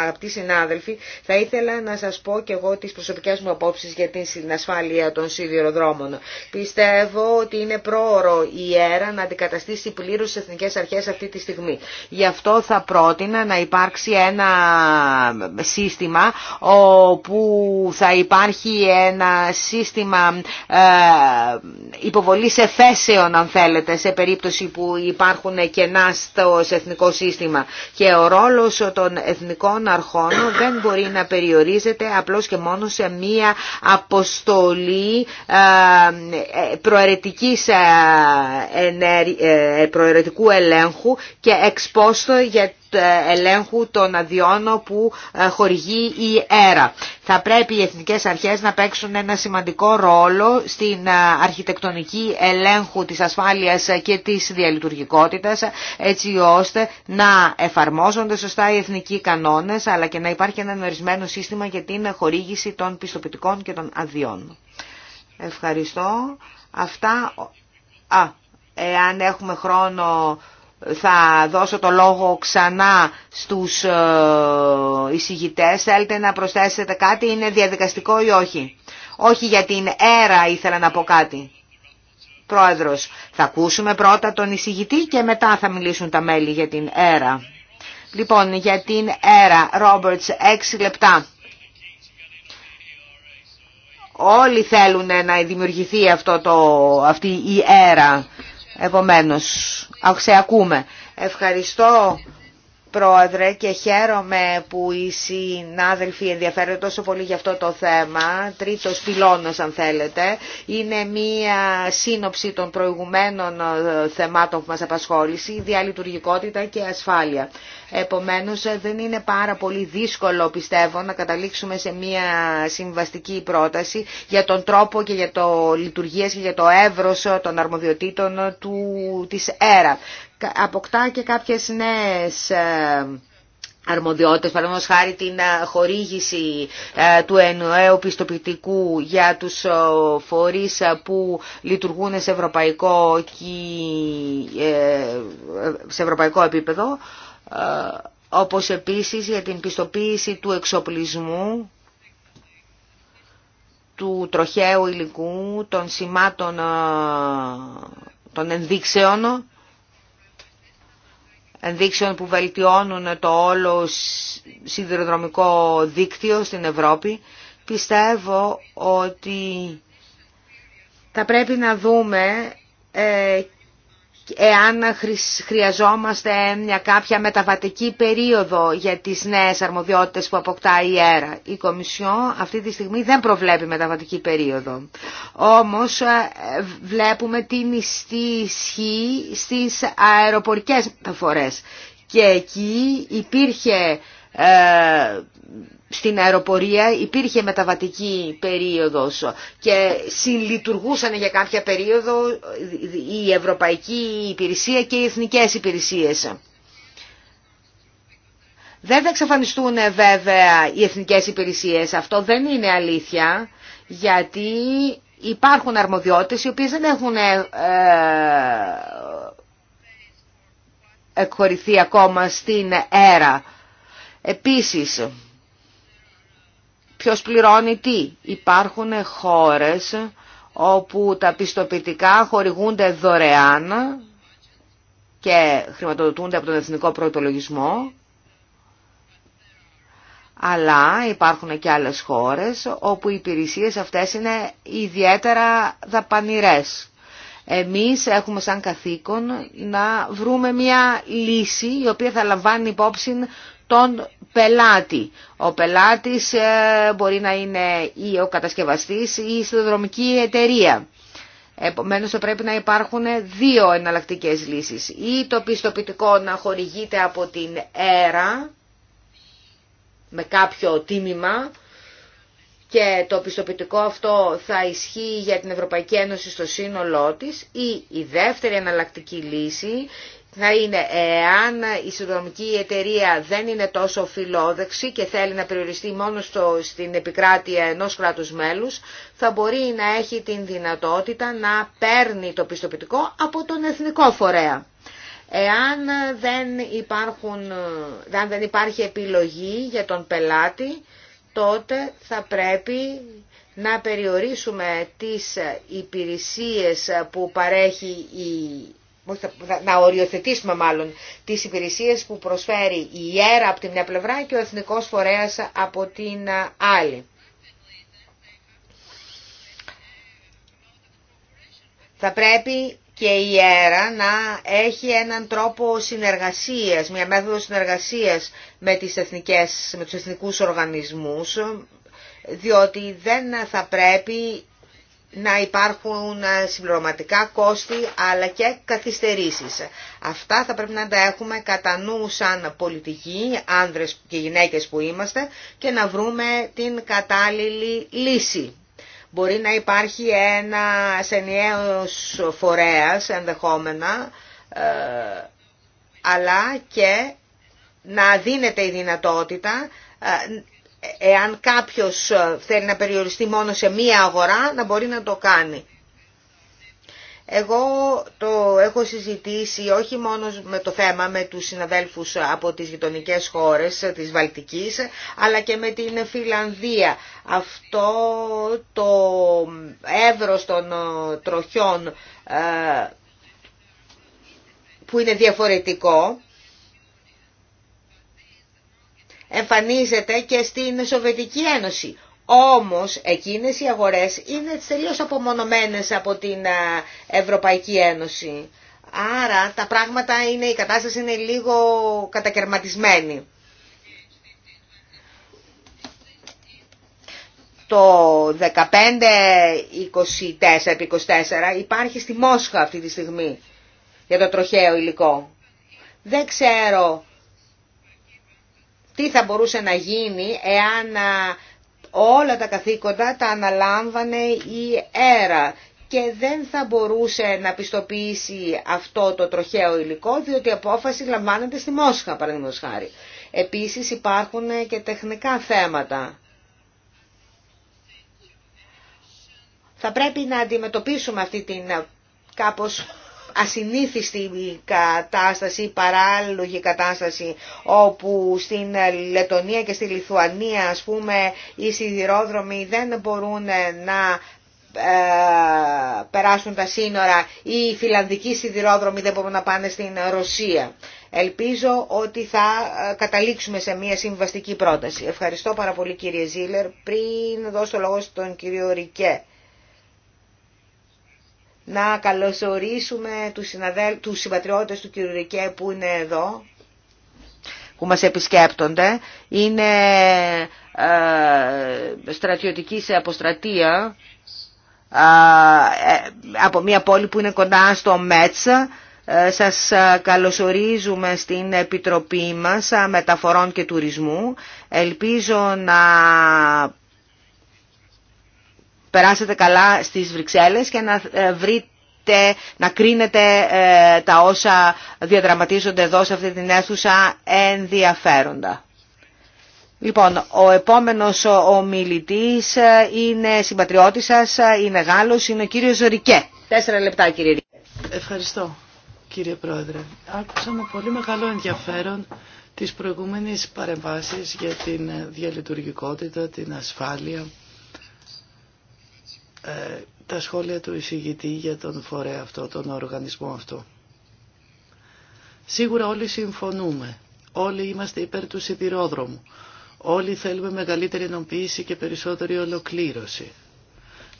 αγαπητοί συνάδελφοι, θα ήθελα να σα πω και εγώ τι προσωπικέ μου απόψει για την ασφάλεια των σιδηροδρόμων. Πιστεύω ότι είναι πρόωρο η ΕΡΑ να αντικαταστήσει πλήρως τις εθνικές αρχές αυτή τη στιγμή. Γι' αυτό θα πρότεινα να υπάρξει ένα σύστημα όπου θα υπάρχει ένα σύστημα ε, υποβολή εφέσεων αν θέλετε σε περίπτωση που υπάρχουν και στο εθνικό σύστημα και ο ρόλος των εθνικών αρχών δεν μπορεί να περιορίζεται απλώς και μόνο σε μία αποστολή ε, προαιρετικής ε, ε, προαιρετικού ελέγχου και εξπόστο για ε, ελέγχου των αδειών που ε, χορηγεί η ΕΡΑ. Θα πρέπει οι εθνικές αρχές να παίξουν ένα σημαντικό ρόλο στην ε, αρχιτεκτονική ελέγχου της ασφάλειας και της διαλειτουργικότητας έτσι ώστε να εφαρμόζονται σωστά οι εθνικοί κανόνες αλλά και να υπάρχει ένα ορισμένο σύστημα για την χορήγηση των πιστοποιητικών και των αδειών. Ευχαριστώ. Αυτά... Α, εάν έχουμε χρόνο θα δώσω το λόγο ξανά στους ε, εισηγητές. Θέλετε να προσθέσετε κάτι, είναι διαδικαστικό ή όχι. Όχι για την αίρα ήθελα να πω κάτι. Πρόεδρος, θα ακούσουμε πρώτα τον εισηγητή και μετά θα μιλήσουν τα μέλη για την αίρα. Λοιπόν, για την αίρα, Ρόμπερτς, 6 λεπτά. Όλοι θέλουν να δημιουργηθεί αυτό το, αυτή η αίρα Επομένως, σε ακούμε. Ευχαριστώ Πρόεδρε και χαίρομαι που οι συνάδελφοι ενδιαφέρονται τόσο πολύ για αυτό το θέμα, τρίτος πυλώνος αν θέλετε, είναι μία σύνοψη των προηγουμένων ε, θεμάτων που μας απασχόλησε, διαλειτουργικότητα και ασφάλεια. Επομένως ε, δεν είναι πάρα πολύ δύσκολο πιστεύω να καταλήξουμε σε μία συμβαστική πρόταση για τον τρόπο και για το λειτουργία και για το εύρος ε, των αρμοδιοτήτων του, της ΕΡΑ αποκτά και κάποιες νέες ε, αρμοδιότητες, παραδείγματος χάρη την ε, χορήγηση ε, του εννοέου πιστοποιητικού για τους φορείς που λειτουργούν σε ευρωπαϊκό, σε ευρωπαϊκό επίπεδο, όπως επίσης για την πιστοποίηση του εξοπλισμού του τροχαίου υλικού, των σημάτων των ενδείξεων ενδείξεων που βελτιώνουν το όλο σιδηροδρομικό δίκτυο στην Ευρώπη. Πιστεύω ότι θα πρέπει να δούμε ε, εάν χρειαζόμαστε μια κάποια μεταβατική περίοδο για τις νέες αρμοδιότητες που αποκτά η ΕΡΑ. Η Κομισιό αυτή τη στιγμή δεν προβλέπει μεταβατική περίοδο. Όμως ε, βλέπουμε την ισχύ στις αεροπορικές μεταφορές και εκεί υπήρχε ε, στην αεροπορία υπήρχε μεταβατική περίοδος και συλλειτουργούσαν για κάποια περίοδο η Ευρωπαϊκή Υπηρεσία και οι Εθνικές Υπηρεσίες. Δεν θα εξαφανιστούν ε, βέβαια οι Εθνικές Υπηρεσίες. Αυτό δεν είναι αλήθεια γιατί υπάρχουν αρμοδιότητες οι οποίες δεν έχουν ε, εκχωρηθεί ακόμα στην αίρα Επίσης, ποιος πληρώνει τι. Υπάρχουν χώρες όπου τα πιστοποιητικά χορηγούνται δωρεάν και χρηματοδοτούνται από τον Εθνικό Πρωτολογισμό, αλλά υπάρχουν και άλλες χώρες όπου οι υπηρεσίες αυτές είναι ιδιαίτερα δαπανηρές. Εμείς έχουμε σαν καθήκον να βρούμε μια λύση η οποία θα λαμβάνει υπόψη τον πελάτη. Ο πελάτης ε, μπορεί να είναι ή ο κατασκευαστής ή η συνδρομική εταιρεία. Επομένως θα πρέπει να υπάρχουν δύο εναλλακτικές λύσεις. Ή το πιστοποιητικό να χορηγείται από την ΕΡΑ με κάποιο τίμημα και το πιστοποιητικό αυτό θα ισχύει για την Ευρωπαϊκή Ένωση στο σύνολό της ή η δεύτερη εναλλακτική λύση θα είναι εάν η συνδρομική εταιρεία δεν είναι τόσο φιλόδεξη και θέλει να περιοριστεί μόνο στο, στην επικράτεια ενός κράτους μέλους, θα μπορεί να έχει την δυνατότητα να παίρνει το πιστοποιητικό από τον εθνικό φορέα. Εάν δεν, υπάρχουν, δεν υπάρχει επιλογή για τον πελάτη, τότε θα πρέπει να περιορίσουμε τις υπηρεσίες που παρέχει η να οριοθετήσουμε μάλλον τις υπηρεσίες που προσφέρει η ΙΕΡΑ από τη μια πλευρά και ο Εθνικός Φορέας από την άλλη. Θα πρέπει και η ΙΕΡΑ να έχει έναν τρόπο συνεργασίας, μια μέθοδο συνεργασίας με, τις εθνικές, με τους εθνικούς οργανισμούς, διότι δεν θα πρέπει να υπάρχουν ε, συμπληρωματικά κόστη αλλά και καθυστερήσεις. Αυτά θα πρέπει να τα έχουμε κατά νου σαν πολιτικοί, άνδρες και γυναίκες που είμαστε και να βρούμε την κατάλληλη λύση. Μπορεί να υπάρχει ένα ενιαίος φορέας ενδεχόμενα, ε, αλλά και να δίνεται η δυνατότητα ε, εάν κάποιος ε, θέλει να περιοριστεί μόνο σε μία αγορά, να μπορεί να το κάνει. Εγώ το έχω συζητήσει όχι μόνο με το θέμα με τους συναδέλφους από τις γειτονικέ χώρες της Βαλτικής, αλλά και με την Φιλανδία. Αυτό το εύρος των ε, τροχιών ε, που είναι διαφορετικό, εμφανίζεται και στην Σοβιετική Ένωση. Όμως εκείνες οι αγορές είναι τελείως απομονωμένες από την Ευρωπαϊκή Ένωση. Άρα τα πράγματα είναι, η κατάσταση είναι λίγο κατακαιρματισμένη. Το 15-24 επί 24 24 υπαρχει στη Μόσχα αυτή τη στιγμή για το τροχαίο υλικό. Δεν ξέρω τι θα μπορούσε να γίνει εάν όλα τα καθήκοντα τα αναλάμβανε η ΕΡΑ και δεν θα μπορούσε να πιστοποιήσει αυτό το τροχαίο υλικό, διότι η απόφαση λαμβάνεται στη Μόσχα, παραδείγματος χάρη. Επίσης υπάρχουν και τεχνικά θέματα. Θα πρέπει να αντιμετωπίσουμε αυτή την κάπως ασυνήθιστη κατάσταση, παράλογη κατάσταση όπου στην Λετωνία και στη Λιθουανία ας πούμε οι σιδηρόδρομοι δεν μπορούν να ε, περάσουν τα σύνορα ή οι φιλανδικοί σιδηρόδρομοι δεν μπορούν να πάνε στην Ρωσία. Ελπίζω ότι θα ε, καταλήξουμε σε μια συμβαστική πρόταση. Ευχαριστώ πάρα πολύ κύριε Ζήλερ. Πριν δώσω λόγο στον κύριο Ρικέ να καλωσορίσουμε τους, συναδέλ, συμπατριώτες του κ. Ρικέ που είναι εδώ, που μας επισκέπτονται. Είναι ε, στρατιωτική σε αποστρατεία ε, από μια πόλη που είναι κοντά στο Μέτσα. Ε, σας καλωσορίζουμε στην Επιτροπή μας Μεταφορών και Τουρισμού. Ελπίζω να περάσετε καλά στις Βρυξέλλες και να ε, βρείτε να κρίνετε ε, τα όσα διαδραματίζονται εδώ σε αυτή την αίθουσα ενδιαφέροντα. Λοιπόν, ο επόμενος ομιλητής ε, είναι συμπατριώτης σας, είναι Γάλλος, είναι ο κύριος Ρικέ. Τέσσερα λεπτά κύριε Ρικέ. Ευχαριστώ κύριε Πρόεδρε. Άκουσα με πολύ μεγάλο ενδιαφέρον τις προηγούμενες παρεμβάσεις για την διαλειτουργικότητα, την ασφάλεια ε, τα σχόλια του εισηγητή για τον φορέα αυτό, τον οργανισμό αυτό. Σίγουρα όλοι συμφωνούμε. Όλοι είμαστε υπέρ του σιδηρόδρομου. Όλοι θέλουμε μεγαλύτερη ενοποίηση και περισσότερη ολοκλήρωση.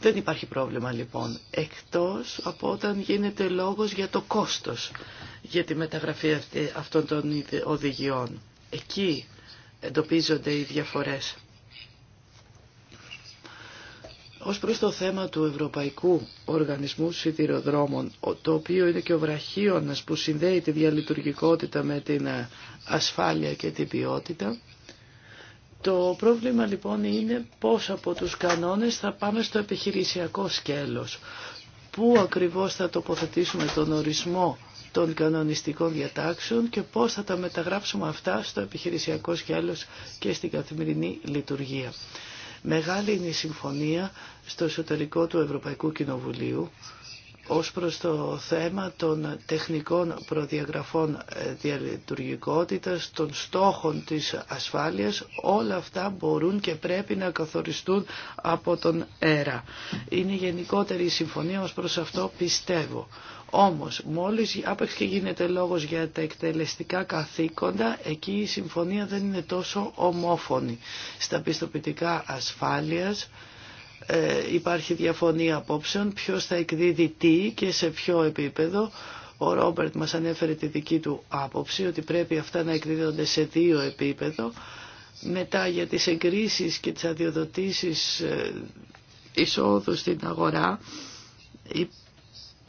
Δεν υπάρχει πρόβλημα λοιπόν, εκτός από όταν γίνεται λόγος για το κόστος για τη μεταγραφή αυτή, αυτών των οδηγιών. Εκεί εντοπίζονται οι διαφορές. Ως προς το θέμα του Ευρωπαϊκού Οργανισμού Σιδηροδρόμων, το οποίο είναι και ο βραχίωνας που συνδέει τη διαλειτουργικότητα με την ε, ασφάλεια και την ποιότητα, το πρόβλημα λοιπόν είναι πώς από τους κανόνες θα πάμε στο επιχειρησιακό σκέλος. Πού ακριβώς θα τοποθετήσουμε τον ορισμό των κανονιστικών διατάξεων και πώς θα τα μεταγράψουμε αυτά στο επιχειρησιακό σκέλος και στην καθημερινή λειτουργία. Μεγάλη είναι η συμφωνία στο εσωτερικό του Ευρωπαϊκού Κοινοβουλίου ως προς το θέμα των τεχνικών προδιαγραφών ε, διαλειτουργικότητας, των στόχων της ασφάλειας, όλα αυτά μπορούν και πρέπει να καθοριστούν από τον ΕΡΑ. Είναι γενικότερη η συμφωνία ως προς αυτό πιστεύω. Όμως, μόλις άπαξ και γίνεται λόγος για τα εκτελεστικά καθήκοντα, εκεί η συμφωνία δεν είναι τόσο ομόφωνη. Στα πιστοποιητικά ασφάλειας ε, υπάρχει διαφωνία απόψεων ποιος θα εκδίδει τι και σε ποιο επίπεδο. Ο Ρόμπερτ μας ανέφερε τη δική του άποψη ότι πρέπει αυτά να εκδίδονται σε δύο επίπεδο. Μετά για τις εγκρίσεις και τις αδειοδοτήσεις ε, εισόδου στην αγορά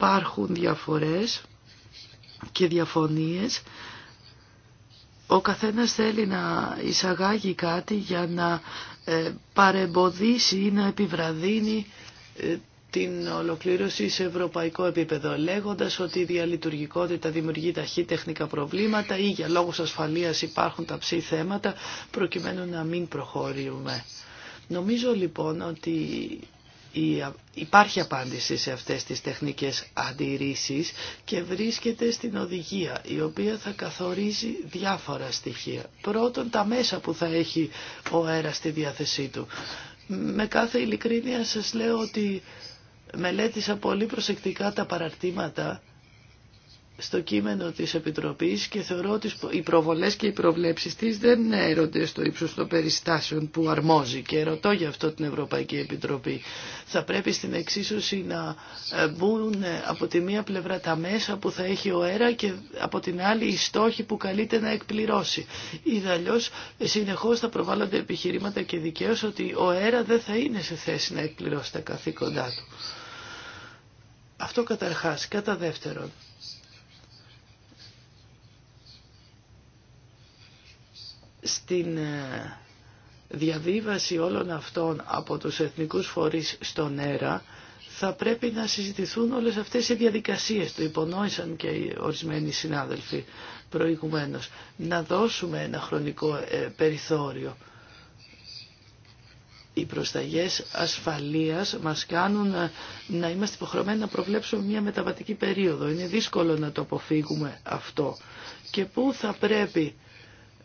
υπάρχουν διαφορές και διαφωνίες. Ο καθένας θέλει να εισαγάγει κάτι για να ε, παρεμποδίσει ή να επιβραδύνει ε, την ολοκλήρωση σε ευρωπαϊκό επίπεδο, λέγοντας ότι η διαλειτουργικότητα δημιουργεί ταχύτεχνικα προβλήματα ή για λόγους ασφαλείας υπάρχουν τα ψή θέματα, προκειμένου να μην προχωρούμε. Νομίζω λοιπόν ότι Υπάρχει απάντηση σε αυτές τις τεχνικές αντιρρήσεις και βρίσκεται στην οδηγία η οποία θα καθορίζει διάφορα στοιχεία. Πρώτον τα μέσα που θα έχει ο αέρας στη διάθεσή του. Με κάθε ειλικρίνεια σας λέω ότι μελέτησα πολύ προσεκτικά τα παραρτήματα στο κείμενο της Επιτροπής και θεωρώ ότι οι προβολές και οι προβλέψεις της δεν έρονται στο ύψος των περιστάσεων που αρμόζει και ρωτώ για αυτό την Ευρωπαϊκή Επιτροπή. Θα πρέπει στην εξίσωση να ε, μπουν ε, από τη μία πλευρά τα μέσα που θα έχει ο αέρα και από την άλλη οι στόχοι που καλείται να εκπληρώσει. αλλιώ ε, συνεχώς θα προβάλλονται επιχειρήματα και δικαίως ότι ο αέρα δεν θα είναι σε θέση να εκπληρώσει τα καθήκοντά του. Αυτό καταρχάς. Κατά δεύτερον, στην ε, διαβίβαση όλων αυτών από τους εθνικούς φορείς στον ΕΡΑ θα πρέπει να συζητηθούν όλες αυτές οι διαδικασίες, το υπονόησαν και οι ορισμένοι συνάδελφοι προηγουμένως, να δώσουμε ένα χρονικό ε, περιθώριο. Οι προσταγές ασφαλείας μας κάνουν ε, να είμαστε υποχρεωμένοι να προβλέψουμε μια μεταβατική περίοδο. Είναι δύσκολο να το αποφύγουμε αυτό. Και πού θα πρέπει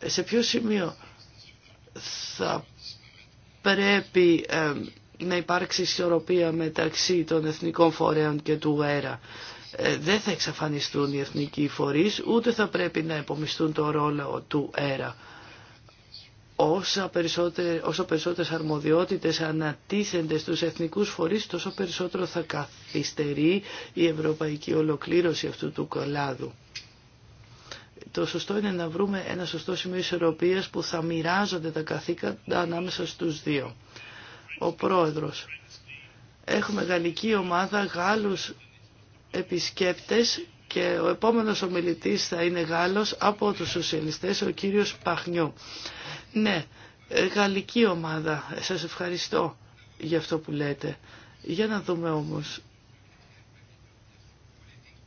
σε ποιο σημείο θα πρέπει να υπάρξει ισορροπία μεταξύ των εθνικών φορέων και του ΕΡΑ. Ε, δεν θα εξαφανιστούν οι εθνικοί φορείς, ούτε θα πρέπει να επομιστούν το ρόλο του ΕΡΑ. όσο περισσότερες αρμοδιότητες ανατίθενται στους εθνικούς φορείς, τόσο περισσότερο θα καθυστερεί η ευρωπαϊκή ολοκλήρωση αυτού του κολάδου το σωστό είναι να βρούμε ένα σωστό σημείο ισορροπίας που θα μοιράζονται τα καθήκοντα ανάμεσα στους δύο. Ο πρόεδρος. Έχουμε γαλλική ομάδα, Γάλλους επισκέπτες και ο επόμενος ομιλητής θα είναι Γάλλος από τους σοσιαλιστές, ο κύριος Παχνιού. Ναι, ε, γαλλική ομάδα. Σας ευχαριστώ για αυτό που λέτε. Για να δούμε όμως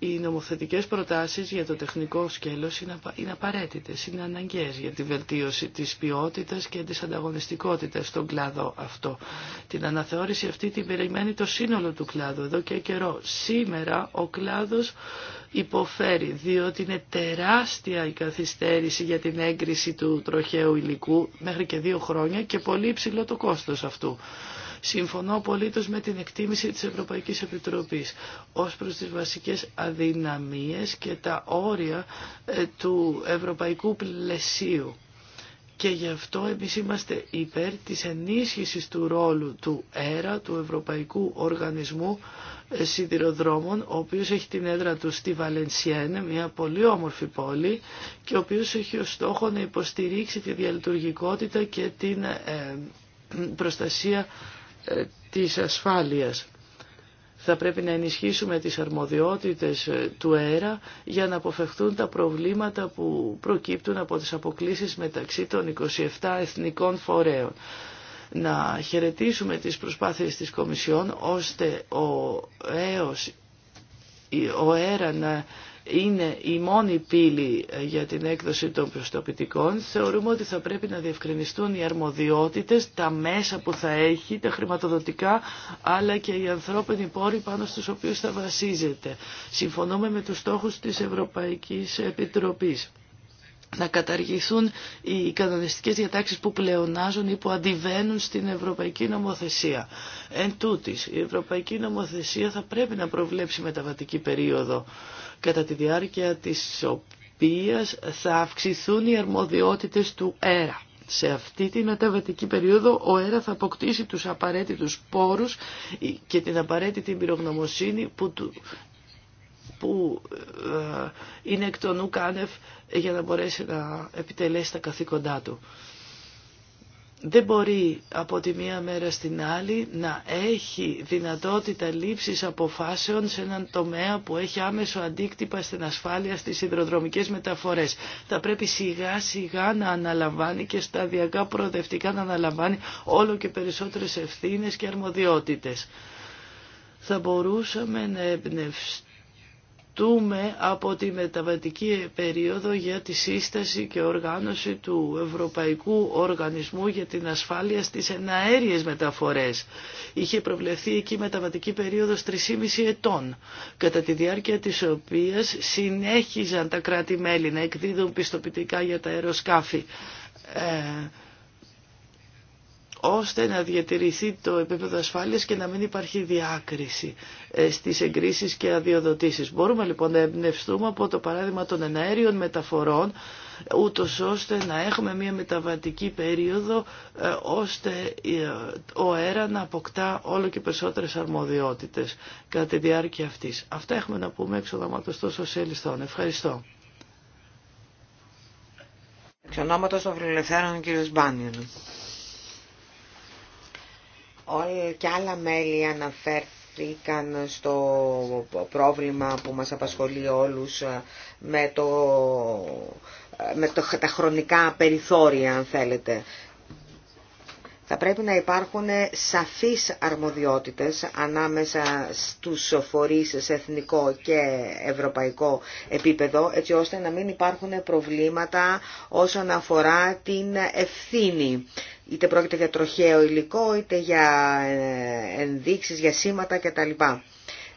οι νομοθετικές προτάσεις για το τεχνικό σκέλος είναι απαραίτητες, είναι αναγκαίες για τη βελτίωση της ποιότητας και της ανταγωνιστικότητας στον κλάδο αυτό. Την αναθεώρηση αυτή την περιμένει το σύνολο του κλάδου εδώ και καιρό. Σήμερα ο κλάδος υποφέρει διότι είναι τεράστια η καθυστέρηση για την έγκριση του τροχαίου υλικού μέχρι και δύο χρόνια και πολύ υψηλό το κόστος αυτού. Συμφωνώ πολύ με την εκτίμηση της Ευρωπαϊκής Επιτροπής ως προς τις βασικές αδυναμίες και τα όρια ε, του ευρωπαϊκού πλαισίου. Και γι' αυτό εμείς είμαστε υπέρ της ενίσχυσης του ρόλου του ΕΡΑ, του Ευρωπαϊκού Οργανισμού ε, Σιδηροδρόμων, ο οποίος έχει την έδρα του στη Βαλενσιέν, μια πολύ όμορφη πόλη, και ο οποίος έχει ως στόχο να υποστηρίξει τη διαλειτουργικότητα και την ε, προστασία ε, της ασφάλειας. Θα πρέπει να ενισχύσουμε τις αρμοδιότητες ε, του ΑΕΡΑ για να αποφευχθούν τα προβλήματα που προκύπτουν από τις αποκλίσεις μεταξύ των 27 εθνικών φορέων. Να χαιρετήσουμε τις προσπάθειες της Κομισιόν ώστε ο, ΕΟΣ, ο αέρα να είναι η μόνη πύλη ε, για την έκδοση των προστοποιητικών, θεωρούμε ότι θα πρέπει να διευκρινιστούν οι αρμοδιότητες, τα μέσα που θα έχει, τα χρηματοδοτικά, αλλά και οι ανθρώπινοι πόροι πάνω στους οποίους θα βασίζεται. Συμφωνούμε με τους στόχους της Ευρωπαϊκής Επιτροπής να καταργηθούν οι κανονιστικές διατάξεις που πλεονάζουν ή που αντιβαίνουν στην Ευρωπαϊκή Νομοθεσία. Εν τούτης, η Ευρωπαϊκή Νομοθεσία θα πρέπει να προβλέψει μεταβατική περίοδο κατά τη διάρκεια της οποίας θα αυξηθούν οι αρμοδιότητες του ΕΡΑ. Σε αυτή τη μεταβατική περίοδο ο ΕΡΑ θα αποκτήσει τους απαραίτητους πόρους και την απαραίτητη εμπειρογνωμοσύνη που του που ε, είναι εκ των για να μπορέσει να επιτελέσει τα καθήκοντά του. Δεν μπορεί από τη μία μέρα στην άλλη να έχει δυνατότητα λήψης αποφάσεων σε έναν τομέα που έχει άμεσο αντίκτυπα στην ασφάλεια στις υδροδρομικές μεταφορές. Θα πρέπει σιγά σιγά να αναλαμβάνει και σταδιακά προοδευτικά να αναλαμβάνει όλο και περισσότερες ευθύνες και αρμοδιότητες. Θα μπορούσαμε να εμπνευστούμε ζητούμε από τη μεταβατική περίοδο για τη σύσταση και οργάνωση του Ευρωπαϊκού Οργανισμού για την Ασφάλεια στις εναέριες μεταφορές. Είχε προβλεφθεί εκεί μεταβατική περίοδος 3,5 ετών, κατά τη διάρκεια της οποίας συνέχιζαν τα κράτη-μέλη να εκδίδουν πιστοποιητικά για τα αεροσκάφη. Ε, ώστε να διατηρηθεί το επίπεδο ασφάλειας και να μην υπάρχει διάκριση ε, στις εγκρίσεις και αδειοδοτήσεις. Μπορούμε λοιπόν να εμπνευστούμε από το παράδειγμα των εναέριων μεταφορών, ούτω ώστε να έχουμε μια μεταβατική περίοδο, ε, ώστε ε, ο αέρα να αποκτά όλο και περισσότερες αρμοδιότητες κατά τη διάρκεια αυτής. Αυτά έχουμε να πούμε ονόματο των σοσιαλιστών. Ευχαριστώ. Εξ ονόματος των φιλελευθέρων κ και άλλα μέλη αναφέρθηκαν στο πρόβλημα που μας απασχολεί όλους με, το, με το, τα χρονικά περιθώρια, αν θέλετε. Θα πρέπει να υπάρχουν σαφείς αρμοδιότητες ανάμεσα στους φορείς σε εθνικό και ευρωπαϊκό επίπεδο, έτσι ώστε να μην υπάρχουν προβλήματα όσον αφορά την ευθύνη είτε πρόκειται για τροχαίο υλικό, είτε για ε, ενδείξεις, για σήματα κτλ.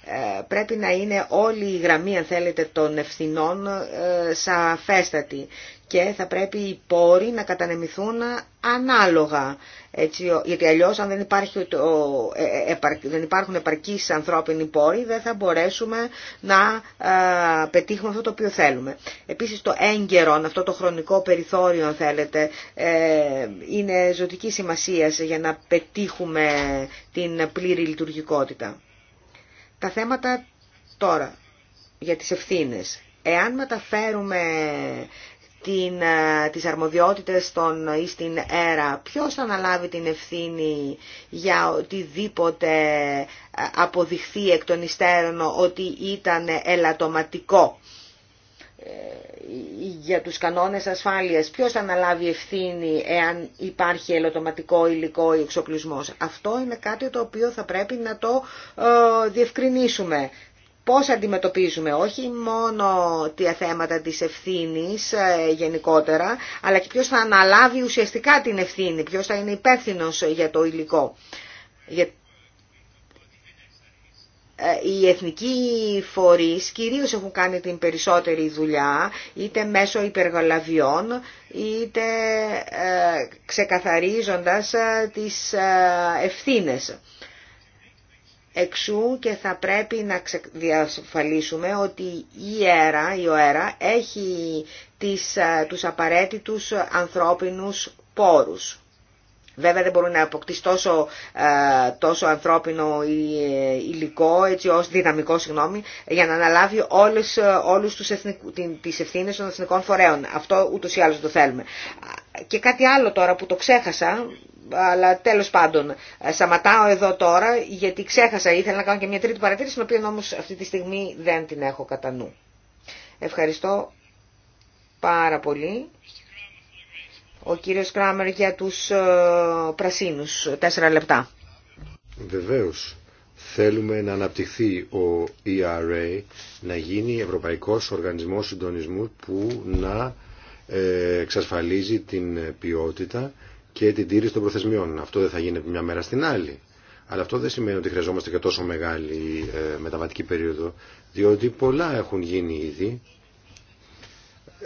Ε, πρέπει να είναι όλη η γραμμή, αν θέλετε, των ευθυνών ε, σαφέστατη και θα πρέπει οι πόροι να κατανεμηθούν ανάλογα. Έτσι, γιατί αλλιώς αν δεν, υπάρχει το, ε, ε, δεν υπάρχουν επαρκείς ανθρώπινοι πόροι δεν θα μπορέσουμε να ε, πετύχουμε αυτό το οποίο θέλουμε. Επίσης το έγκαιρο, αυτό το χρονικό περιθώριο αν θέλετε, είναι ζωτική σημασία για να πετύχουμε την πλήρη λειτουργικότητα. Τα θέματα τώρα για τις ευθύνες. Εάν μεταφέρουμε την, ε, τις αρμοδιότητες των, ή ε, στην ΕΡΑ, ποιος θα αναλάβει την ευθύνη για οτιδήποτε ε, αποδειχθεί εκ των υστέρων ότι ήταν ελαττωματικό για τους κανόνες ασφάλειας, ποιος θα αναλάβει ευθύνη εάν υπάρχει ελαττωματικό υλικό ή εξοπλισμός. Αυτό είναι κάτι το οποίο θα πρέπει να το ε, διευκρινίσουμε πώς αντιμετωπίζουμε όχι μόνο τα θέματα της ευθύνης ε, γενικότερα, αλλά και ποιος θα αναλάβει ουσιαστικά την ευθύνη, ποιος θα είναι υπεύθυνο για το υλικό. Ε, οι εθνικοί φορείς κυρίως έχουν κάνει την περισσότερη δουλειά, είτε μέσω υπεργολαβιών, είτε ε, ξεκαθαρίζοντας τις ευθύνες. Εξού και θα πρέπει να διασφαλίσουμε ότι η αέρα η ΟΕΡΑ έχει τις, ε, τους απαραίτητους ανθρώπινους πόρους. Βέβαια δεν μπορεί να αποκτήσει τόσο, ε, τόσο ανθρώπινο ε, υλικό, έτσι ως δυναμικό συγγνώμη, για να αναλάβει όλες, όλους τους τις ευθύνες των εθνικών φορέων. Αυτό ούτως ή άλλως το θέλουμε και κάτι άλλο τώρα που το ξέχασα, αλλά τέλος πάντων σταματάω εδώ τώρα γιατί ξέχασα, ήθελα να κάνω και μια τρίτη παρατήρηση, την οποία όμως αυτή τη στιγμή δεν την έχω κατά νου. Ευχαριστώ πάρα πολύ. Ο κύριος Κράμερ για τους ε, πρασίνους, τέσσερα λεπτά. Βεβαίως, θέλουμε να αναπτυχθεί ο ERA, να γίνει Ευρωπαϊκός Οργανισμός Συντονισμού που να ε, εξασφαλίζει την ποιότητα και την τήρηση των προθεσμιών. Αυτό δεν θα γίνει από μια μέρα στην άλλη. Αλλά αυτό δεν σημαίνει ότι χρειαζόμαστε και τόσο μεγάλη ε, μεταβατική περίοδο, διότι πολλά έχουν γίνει ήδη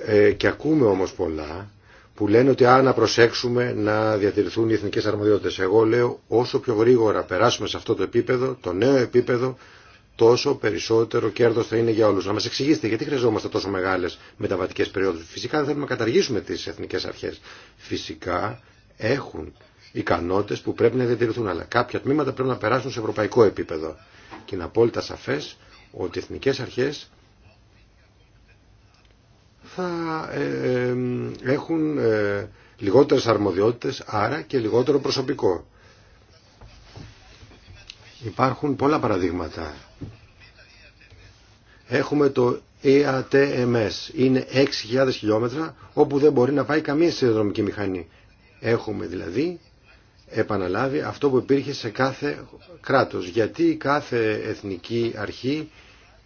ε, και ακούμε όμως πολλά που λένε ότι αν να προσέξουμε να διατηρηθούν οι εθνικές αρμοδιότητες. Εγώ λέω όσο πιο γρήγορα περάσουμε σε αυτό το επίπεδο, το νέο επίπεδο, τόσο περισσότερο κέρδο θα είναι για όλου. Να μα εξηγήσετε γιατί χρειαζόμαστε τόσο μεγάλε μεταβατικέ περιόδου. Φυσικά δεν θέλουμε να καταργήσουμε τι εθνικέ αρχέ. Φυσικά έχουν ικανότητε που πρέπει να διατηρηθούν, αλλά κάποια τμήματα πρέπει να περάσουν σε ευρωπαϊκό επίπεδο. Και είναι απόλυτα σαφέ ότι οι εθνικέ αρχέ θα ε, ε, έχουν ε, λιγότερες αρμοδιότητες, άρα και λιγότερο προσωπικό. Υπάρχουν πολλά παραδείγματα Έχουμε το EATMS, είναι 6.000 χιλιόμετρα όπου δεν μπορεί να πάει καμία σιδηροδρομική μηχανή. Έχουμε δηλαδή επαναλάβει αυτό που υπήρχε σε κάθε κράτος. Γιατί κάθε εθνική αρχή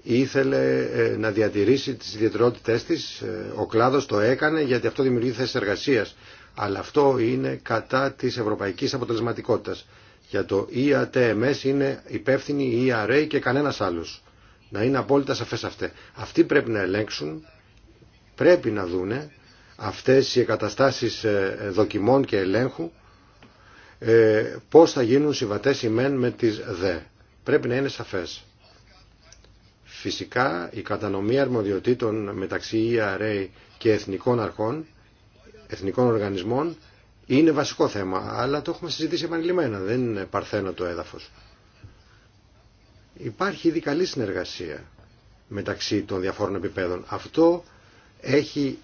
ήθελε ε, να διατηρήσει τις ιδιαιτερότητές της, ε, ο κλάδος το έκανε γιατί αυτό δημιουργεί θέσεις εργασίας. Αλλά αυτό είναι κατά της ευρωπαϊκής αποτελεσματικότητας. Για το EATMS είναι υπεύθυνη η ERA και κανένας άλλος. Να είναι απόλυτα σαφές αυτέ. Αυτοί πρέπει να ελέγξουν, πρέπει να δούνε αυτές οι εγκαταστάσεις ε, ε, δοκιμών και ελέγχου ε, πώς θα γίνουν συμβατές οι με τις δε. Πρέπει να είναι σαφές. Φυσικά η κατανομή αρμοδιοτήτων μεταξύ ERA και εθνικών αρχών, εθνικών οργανισμών είναι βασικό θέμα, αλλά το έχουμε συζητήσει επανειλημμένα, δεν είναι παρθένο το έδαφος. Υπάρχει ήδη καλή συνεργασία μεταξύ των διαφόρων επιπέδων. Αυτό έχει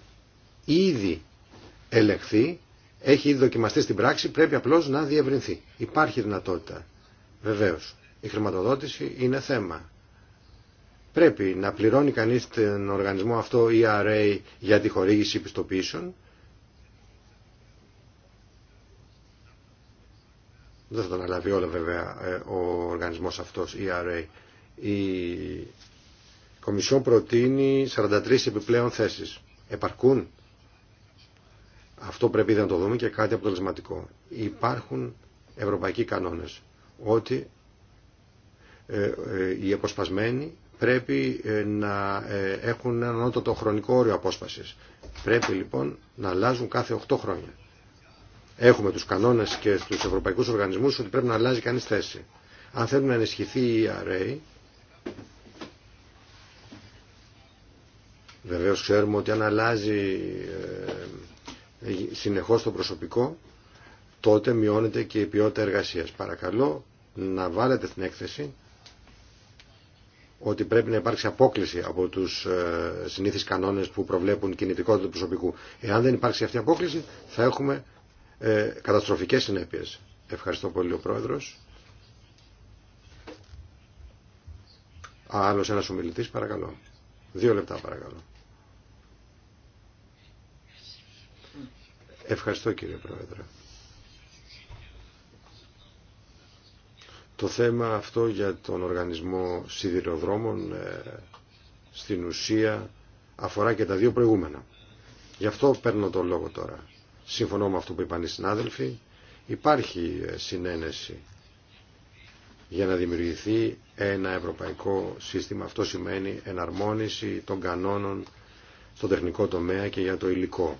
ήδη ελεγχθεί, έχει ήδη δοκιμαστεί στην πράξη, πρέπει απλώς να διευρυνθεί. Υπάρχει δυνατότητα. Βεβαίως, η χρηματοδότηση είναι θέμα. Πρέπει να πληρώνει κανείς τον οργανισμό αυτό ERA για τη χορήγηση πιστοποίησεων Δεν θα τα αναλάβει όλα βέβαια ε, ο οργανισμός αυτός, η ERA. Η Κομισιόν προτείνει 43 επιπλέον θέσεις. Επαρκούν. Αυτό πρέπει να το δούμε και κάτι αποτελεσματικό. Υπάρχουν ευρωπαϊκοί κανόνες ότι ε, ε, οι αποσπασμένοι πρέπει να έχουν έναν ανώτατο χρονικό όριο απόσπασης. Πρέπει λοιπόν να αλλάζουν κάθε 8 χρόνια έχουμε τους κανόνες και στους ευρωπαϊκούς οργανισμούς ότι πρέπει να αλλάζει κανείς θέση. Αν θέλουν να ενισχυθεί η ERA, βεβαίως ξέρουμε ότι αν αλλάζει ε, ε, συνεχώς το προσωπικό, τότε μειώνεται και η ποιότητα εργασίας. Παρακαλώ να βάλετε στην έκθεση ότι πρέπει να υπάρξει απόκληση από του ε, συνήθει κανόνε που προβλέπουν κινητικότητα του προσωπικού. Εάν δεν υπάρξει αυτή η απόκληση, θα έχουμε ε, καταστροφικές συνέπειες. Ευχαριστώ πολύ ο Πρόεδρος. άλλος ένας ομιλητής, παρακαλώ. Δύο λεπτά, παρακαλώ. Ευχαριστώ, κύριε Πρόεδρε. Το θέμα αυτό για τον οργανισμό σιδηροδρόμων ε, στην ουσία αφορά και τα δύο προηγούμενα. Γι' αυτό παίρνω τον λόγο τώρα. Συμφωνώ με αυτό που είπαν οι συνάδελφοι. Υπάρχει ε, συνένεση για να δημιουργηθεί ένα ευρωπαϊκό σύστημα. Αυτό σημαίνει εναρμόνιση των κανόνων στο τεχνικό τομέα και για το υλικό.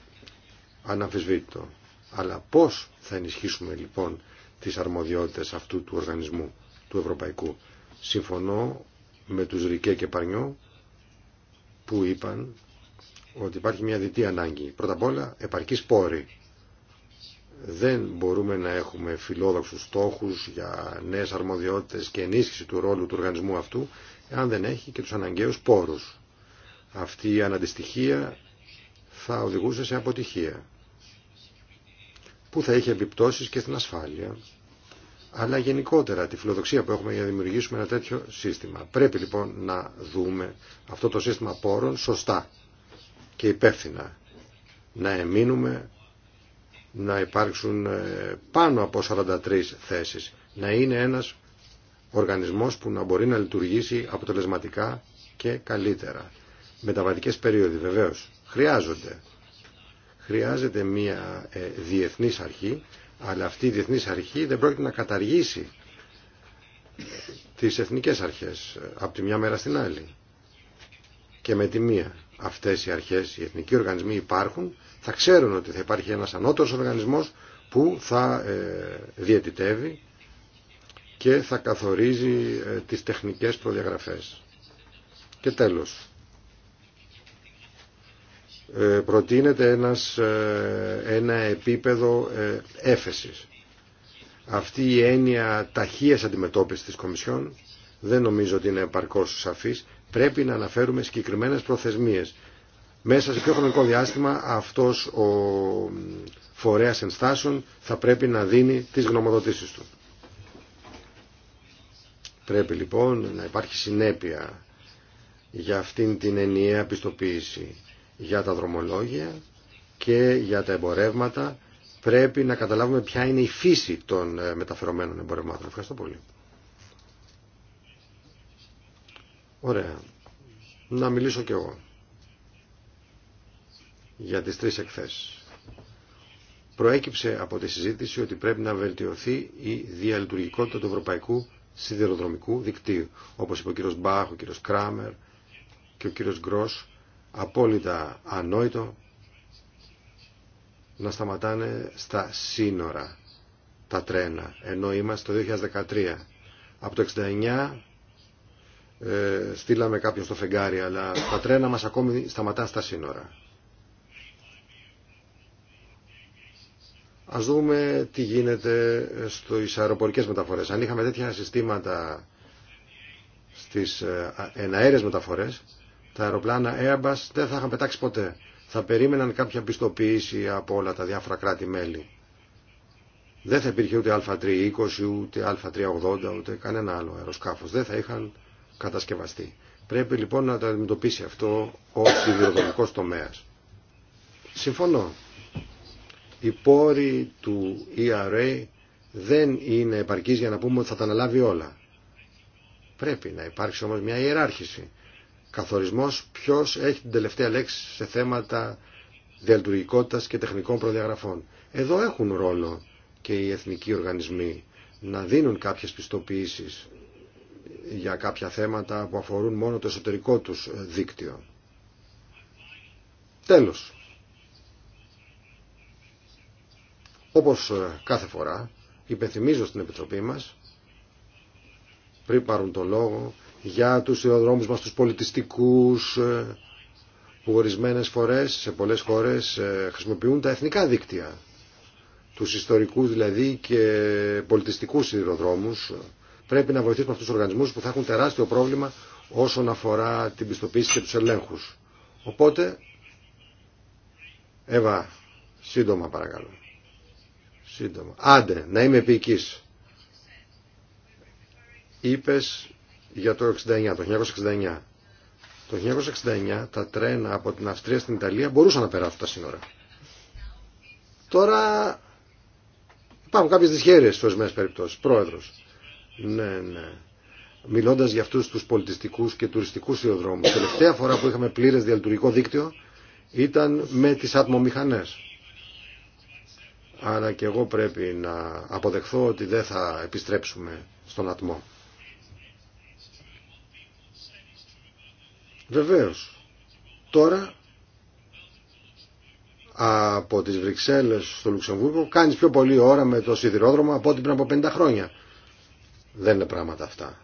Αναμφισβήτητο. Αλλά πώς θα ενισχύσουμε λοιπόν τις αρμοδιότητες αυτού του οργανισμού, του ευρωπαϊκού. Συμφωνώ με τους Ρικέ και Παρνιό που είπαν ότι υπάρχει μια διτή ανάγκη. Πρώτα απ' όλα επαρκής πόρη δεν μπορούμε να έχουμε φιλόδοξους στόχους για νέες αρμοδιότητες και ενίσχυση του ρόλου του οργανισμού αυτού, αν δεν έχει και τους αναγκαίους πόρους. Αυτή η αναντιστοιχία θα οδηγούσε σε αποτυχία, που θα είχε επιπτώσεις και στην ασφάλεια, αλλά γενικότερα τη φιλοδοξία που έχουμε για να δημιουργήσουμε ένα τέτοιο σύστημα. Πρέπει λοιπόν να δούμε αυτό το σύστημα πόρων σωστά και υπεύθυνα. Να εμείνουμε να υπάρξουν ε, πάνω από 43 θέσεις. Να είναι ένας οργανισμός που να μπορεί να λειτουργήσει αποτελεσματικά και καλύτερα. Μεταβατικές περίοδοι βεβαίως χρειάζονται. Χρειάζεται μια ε, διεθνής αρχή, αλλά αυτή η διεθνής αρχή δεν πρόκειται να καταργήσει ε, τις εθνικές αρχές ε, από τη μια μέρα στην άλλη. Και με τη μία αυτές οι αρχές, οι εθνικοί οργανισμοί υπάρχουν θα ξέρουν ότι θα υπάρχει ένας ανώτερος οργανισμός που θα ε, διαιτητεύει και θα καθορίζει ε, τις τεχνικές προδιαγραφές. Και τέλος, ε, προτείνεται ένας, ένα επίπεδο έφεσης. Αυτή η έννοια ταχείας αντιμετώπισης της Κομισιόν δεν νομίζω ότι είναι επαρκώς σαφής. Πρέπει να αναφέρουμε συγκεκριμένες προθεσμίες μέσα σε πιο χρονικό διάστημα αυτός ο φορέας ενστάσεων θα πρέπει να δίνει τις γνωμοδοτήσεις του. Πρέπει λοιπόν να υπάρχει συνέπεια για αυτήν την ενιαία πιστοποίηση για τα δρομολόγια και για τα εμπορεύματα πρέπει να καταλάβουμε ποια είναι η φύση των ε, μεταφερομένων εμπορευμάτων. Ευχαριστώ πολύ. Ωραία. Να μιλήσω κι εγώ για τις τρεις εκθέσεις. Προέκυψε από τη συζήτηση ότι πρέπει να βελτιωθεί η διαλειτουργικότητα του ευρωπαϊκού σιδηροδρομικού δικτύου. Όπως είπε ο κύριος Μπάχ, ο κύριος Κράμερ και ο κύριος Γκρός, απόλυτα ανόητο να σταματάνε στα σύνορα τα τρένα, ενώ είμαστε το 2013. Από το 69 ε, στείλαμε κάποιον στο φεγγάρι, αλλά τα τρένα μας ακόμη σταματάνε στα σύνορα. Α δούμε τι γίνεται στι αεροπορικέ μεταφορές. Αν είχαμε τέτοια συστήματα στις ε, εναέριες μεταφορές, τα αεροπλάνα Airbus δεν θα είχαν πετάξει ποτέ. Θα περίμεναν κάποια πιστοποίηση από όλα τα διάφορα κράτη-μέλη. Δεν θα υπήρχε ούτε Α320, ούτε Α380, ούτε κανένα άλλο αεροσκάφος. Δεν θα είχαν κατασκευαστεί. Πρέπει λοιπόν να το αντιμετωπίσει αυτό ο σιδηροδρομικός τομέα. Συμφωνώ οι πόροι του ERA δεν είναι επαρκείς για να πούμε ότι θα τα αναλάβει όλα. Πρέπει να υπάρξει όμως μια ιεράρχηση. Καθορισμός ποιος έχει την τελευταία λέξη σε θέματα διαλειτουργικότητας και τεχνικών προδιαγραφών. Εδώ έχουν ρόλο και οι εθνικοί οργανισμοί να δίνουν κάποιες πιστοποιήσεις για κάποια θέματα που αφορούν μόνο το εσωτερικό τους δίκτυο. Τέλος. Όπως ε, κάθε φορά, υπενθυμίζω στην Επιτροπή μας, πριν πάρουν το λόγο, για τους ιδεοδρόμους μας, τους πολιτιστικούς, ε, που ορισμένες φορές σε πολλές χώρες ε, χρησιμοποιούν τα εθνικά δίκτυα. Τους ιστορικούς δηλαδή και πολιτιστικούς ιδιοδρόμους. Πρέπει να βοηθήσουμε αυτούς τους οργανισμούς που θα έχουν τεράστιο πρόβλημα όσον αφορά την πιστοποίηση και τους ελέγχους. Οπότε, Εύα, σύντομα παρακαλώ σύντομα. Άντε, να είμαι επίκη. Είπε για το 69, το 1969. Το 1969 τα τρένα από την Αυστρία στην Ιταλία μπορούσαν να περάσουν τα σύνορα. Τώρα υπάρχουν κάποιες δυσχέρειε στι ορισμένε περιπτώσει, Πρόεδρος. Ναι, ναι. Μιλώντας για αυτού τους πολιτιστικούς και τουριστικούς ιδιοδρόμους, τελευταία φορά που είχαμε πλήρε διαλειτουργικό δίκτυο ήταν με τις ατμομηχανές αλλά και εγώ πρέπει να αποδεχθώ ότι δεν θα επιστρέψουμε στον ατμό. Βεβαίως, τώρα από τις Βρυξέλλες στο Λουξεμβούργο κάνεις πιο πολύ ώρα με το σιδηρόδρομο από ό,τι πριν από 50 χρόνια. Δεν είναι πράγματα αυτά.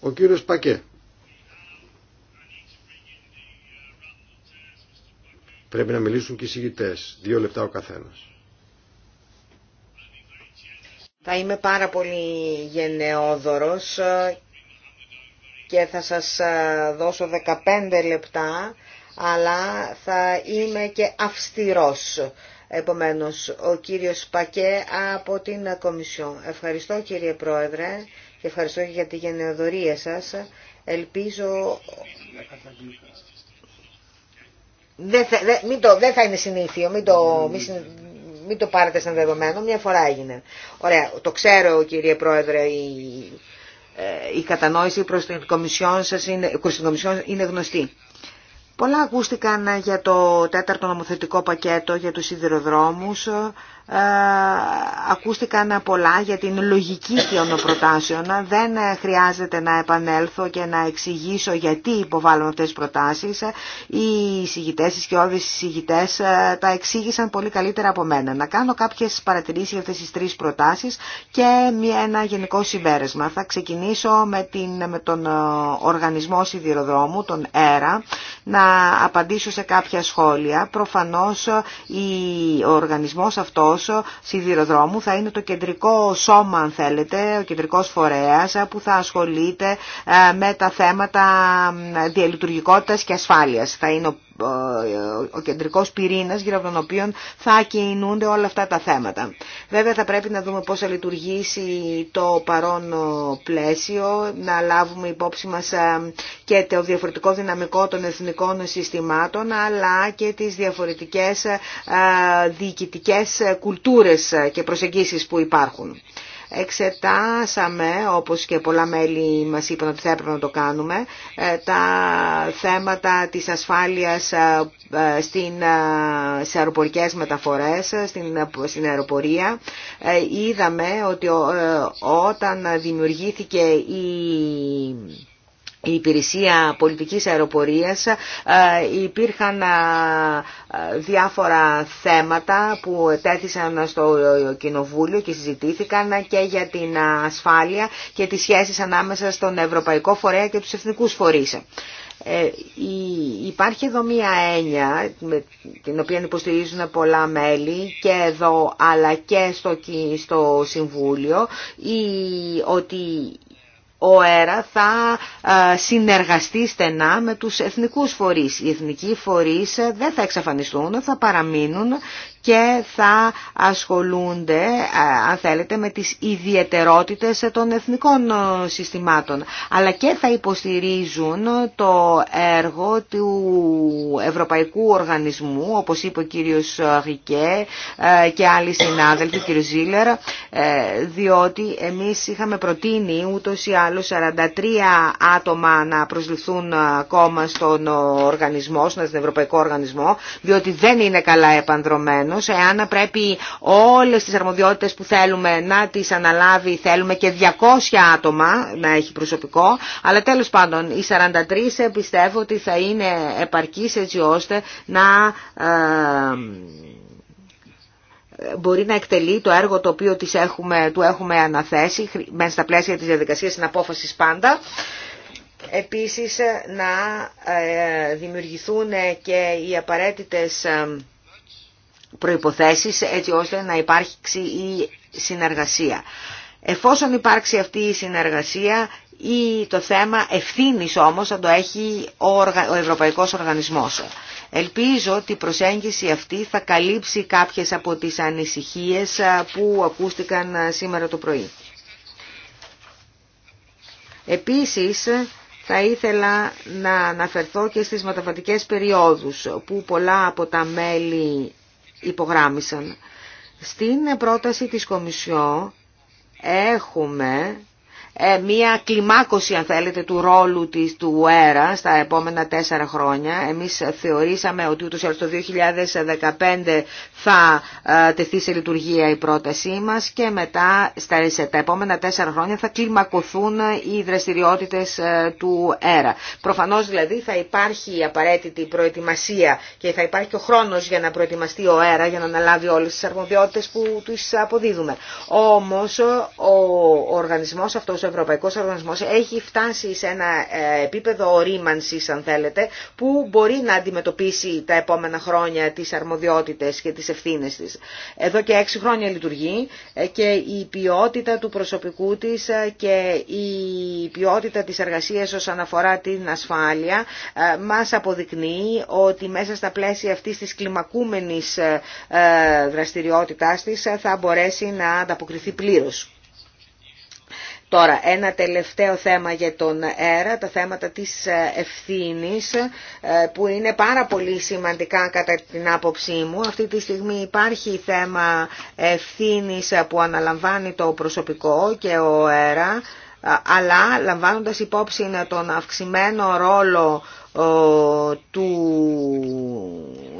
Ο κύριος Πακέ. Πρέπει να μιλήσουν και οι συγητές. Δύο λεπτά ο καθένας. Θα είμαι πάρα πολύ γενναιόδωρος και θα σας ε, δώσω 15 λεπτά, αλλά θα είμαι και αυστηρός. Επομένως, ο κύριος Πακέ από την Κομισιόν. Ευχαριστώ κύριε Πρόεδρε και ευχαριστώ για τη γενναιοδορία σας. Ελπίζω δεν θα, δεν είναι συνήθιο, mm. μην το, πάρετε σαν δεδομένο, μια φορά έγινε. Ωραία, το ξέρω κύριε Πρόεδρε, η, ε, η κατανόηση προς την Κομισιόν σας είναι, προς την Κομισιόν είναι γνωστή. Πολλά ακούστηκαν για το τέταρτο νομοθετικό πακέτο για τους σιδηροδρόμους, ε, ακούστηκαν πολλά για την λογική των προτάσεων. Δεν χρειάζεται να επανέλθω και να εξηγήσω γιατί υποβάλλουν αυτές τις προτάσεις. Οι συγητές, οι σκιώδεις συγητές ε, τα εξήγησαν πολύ καλύτερα από μένα. Να κάνω κάποιες παρατηρήσεις για αυτές τις τρεις προτάσεις και ένα γενικό συμπέρασμα. Θα ξεκινήσω με, την, με τον ε, οργανισμό σιδηροδρόμου, τον ΕΡΑ, να απαντήσω σε κάποια σχόλια. Προφανώς ο οργανισμός αυτός οδηγός σιδηροδρόμου θα είναι το κεντρικό σώμα αν θέλετε, ο κεντρικός φορέας που θα ασχολείται με τα θέματα διαλειτουργικότητας και ασφάλειας. Θα είναι ο ο κεντρικός πυρήνας γύρω από τον οποίο θα κινούνται όλα αυτά τα θέματα. Βέβαια θα πρέπει να δούμε πώς θα λειτουργήσει το παρόν πλαίσιο, να λάβουμε υπόψη μας ε, και το διαφορετικό δυναμικό των εθνικών συστημάτων, αλλά και τις διαφορετικές ε, διοικητικές ε, κουλτούρες και προσεγγίσεις που υπάρχουν. Εξετάσαμε, όπως και πολλά μέλη μας είπαν ότι θα έπρεπε να το κάνουμε, ε, τα θέματα της ασφάλειας ε, ε, στην, σε αεροπορικές μεταφορές, στην, στην αεροπορία. Είδαμε ότι όταν δημιουργήθηκε η η υπηρεσία πολιτικής αεροπορίας ε, υπήρχαν ε, διάφορα θέματα που τέθησαν στο Κοινοβούλιο και συζητήθηκαν και για την ασφάλεια και τις σχέσεις ανάμεσα στον Ευρωπαϊκό Φορέα και τους Εθνικούς Φορείς. Ε, υπάρχει εδώ μία έννοια την οποία υποστηρίζουν πολλά μέλη και εδώ αλλά και στο Συμβούλιο ότι ο ΕΡΑ θα ε, συνεργαστεί στενά με τους εθνικούς φορείς. Οι εθνικοί φορείς ε, δεν θα εξαφανιστούν, θα παραμείνουν και θα ασχολούνται, αν θέλετε, με τις ιδιαιτερότητες των εθνικών ε, συστημάτων, αλλά και θα υποστηρίζουν το έργο του Ευρωπαϊκού Οργανισμού, όπως είπε ο κύριος Ρικέ ε, και άλλοι συνάδελφοι, ο κύριος Ζήλερ, ε, διότι εμείς είχαμε προτείνει ούτως ή άλλως 43 άτομα να προσληφθούν ακόμα στον οργανισμό, στον Ευρωπαϊκό Οργανισμό, διότι δεν είναι καλά επανδρομένο εάν πρέπει όλες τις αρμοδιότητες που θέλουμε να τις αναλάβει, θέλουμε και 200 άτομα να έχει προσωπικό, αλλά τέλος πάντων οι 43 πιστεύω ότι θα είναι επαρκής έτσι ώστε να ε, μπορεί να εκτελεί το έργο το οποίο έχουμε, του έχουμε αναθέσει μέσα στα πλαίσια της διαδικασίας απόφασης πάντα. Επίσης να ε, δημιουργηθούν και οι απαραίτητες ε, προϋποθέσεις έτσι ώστε να υπάρξει η συνεργασία. Εφόσον υπάρξει αυτή η συνεργασία ή το θέμα ευθύνης όμως θα το έχει ο Ευρωπαϊκός Οργανισμός. Ελπίζω ότι η προσέγγιση αυτή θα καλύψει κάποιες από τις ανησυχίες που ακούστηκαν σήμερα το πρωί. Επίσης, θα ήθελα να αναφερθώ και στις μεταβατικές περιόδους που πολλά από τα μέλη υπογράμμισαν. Στην πρόταση της Κομισιό έχουμε ε, μία κλιμάκωση αν θέλετε του ρόλου της, του ΕΡΑ στα επόμενα τέσσερα χρόνια. Εμείς θεωρήσαμε ότι ούτως το 2015 θα ε, τεθεί σε λειτουργία η πρότασή μας και μετά στα, επόμενα τέσσερα χρόνια θα κλιμακωθούν οι δραστηριότητες ε, του ΕΡΑ. Προφανώς δηλαδή θα υπάρχει η απαραίτητη προετοιμασία και θα υπάρχει και ο χρόνος για να προετοιμαστεί ο ΕΡΑ για να αναλάβει όλες τις αρμοδιότητες που τους αποδίδουμε. Όμως ο οργανισμός αυτός Ευρωπαϊκός Οργανισμός έχει φτάσει σε ένα ε, επίπεδο ορίμανσης, αν θέλετε, που μπορεί να αντιμετωπίσει τα επόμενα χρόνια τις αρμοδιότητες και τις ευθύνες της. Εδώ και έξι χρόνια λειτουργεί ε, και η ποιότητα του προσωπικού της ε, και η ποιότητα της εργασίας όσον αφορά την ασφάλεια μας αποδεικνύει ότι μέσα στα πλαίσια αυτής της κλιμακούμενης δραστηριότητάς της θα μπορέσει να ανταποκριθεί πλήρως. Τώρα, ένα τελευταίο θέμα για τον ΕΡΑ, τα θέματα της ε, ευθύνης, ε, που είναι πάρα πολύ σημαντικά κατά την άποψή μου. Αυτή τη στιγμή υπάρχει θέμα ευθύνης που αναλαμβάνει το προσωπικό και ο ΕΡΑ, ε, αλλά λαμβάνοντας υπόψη τον αυξημένο ρόλο ε, του,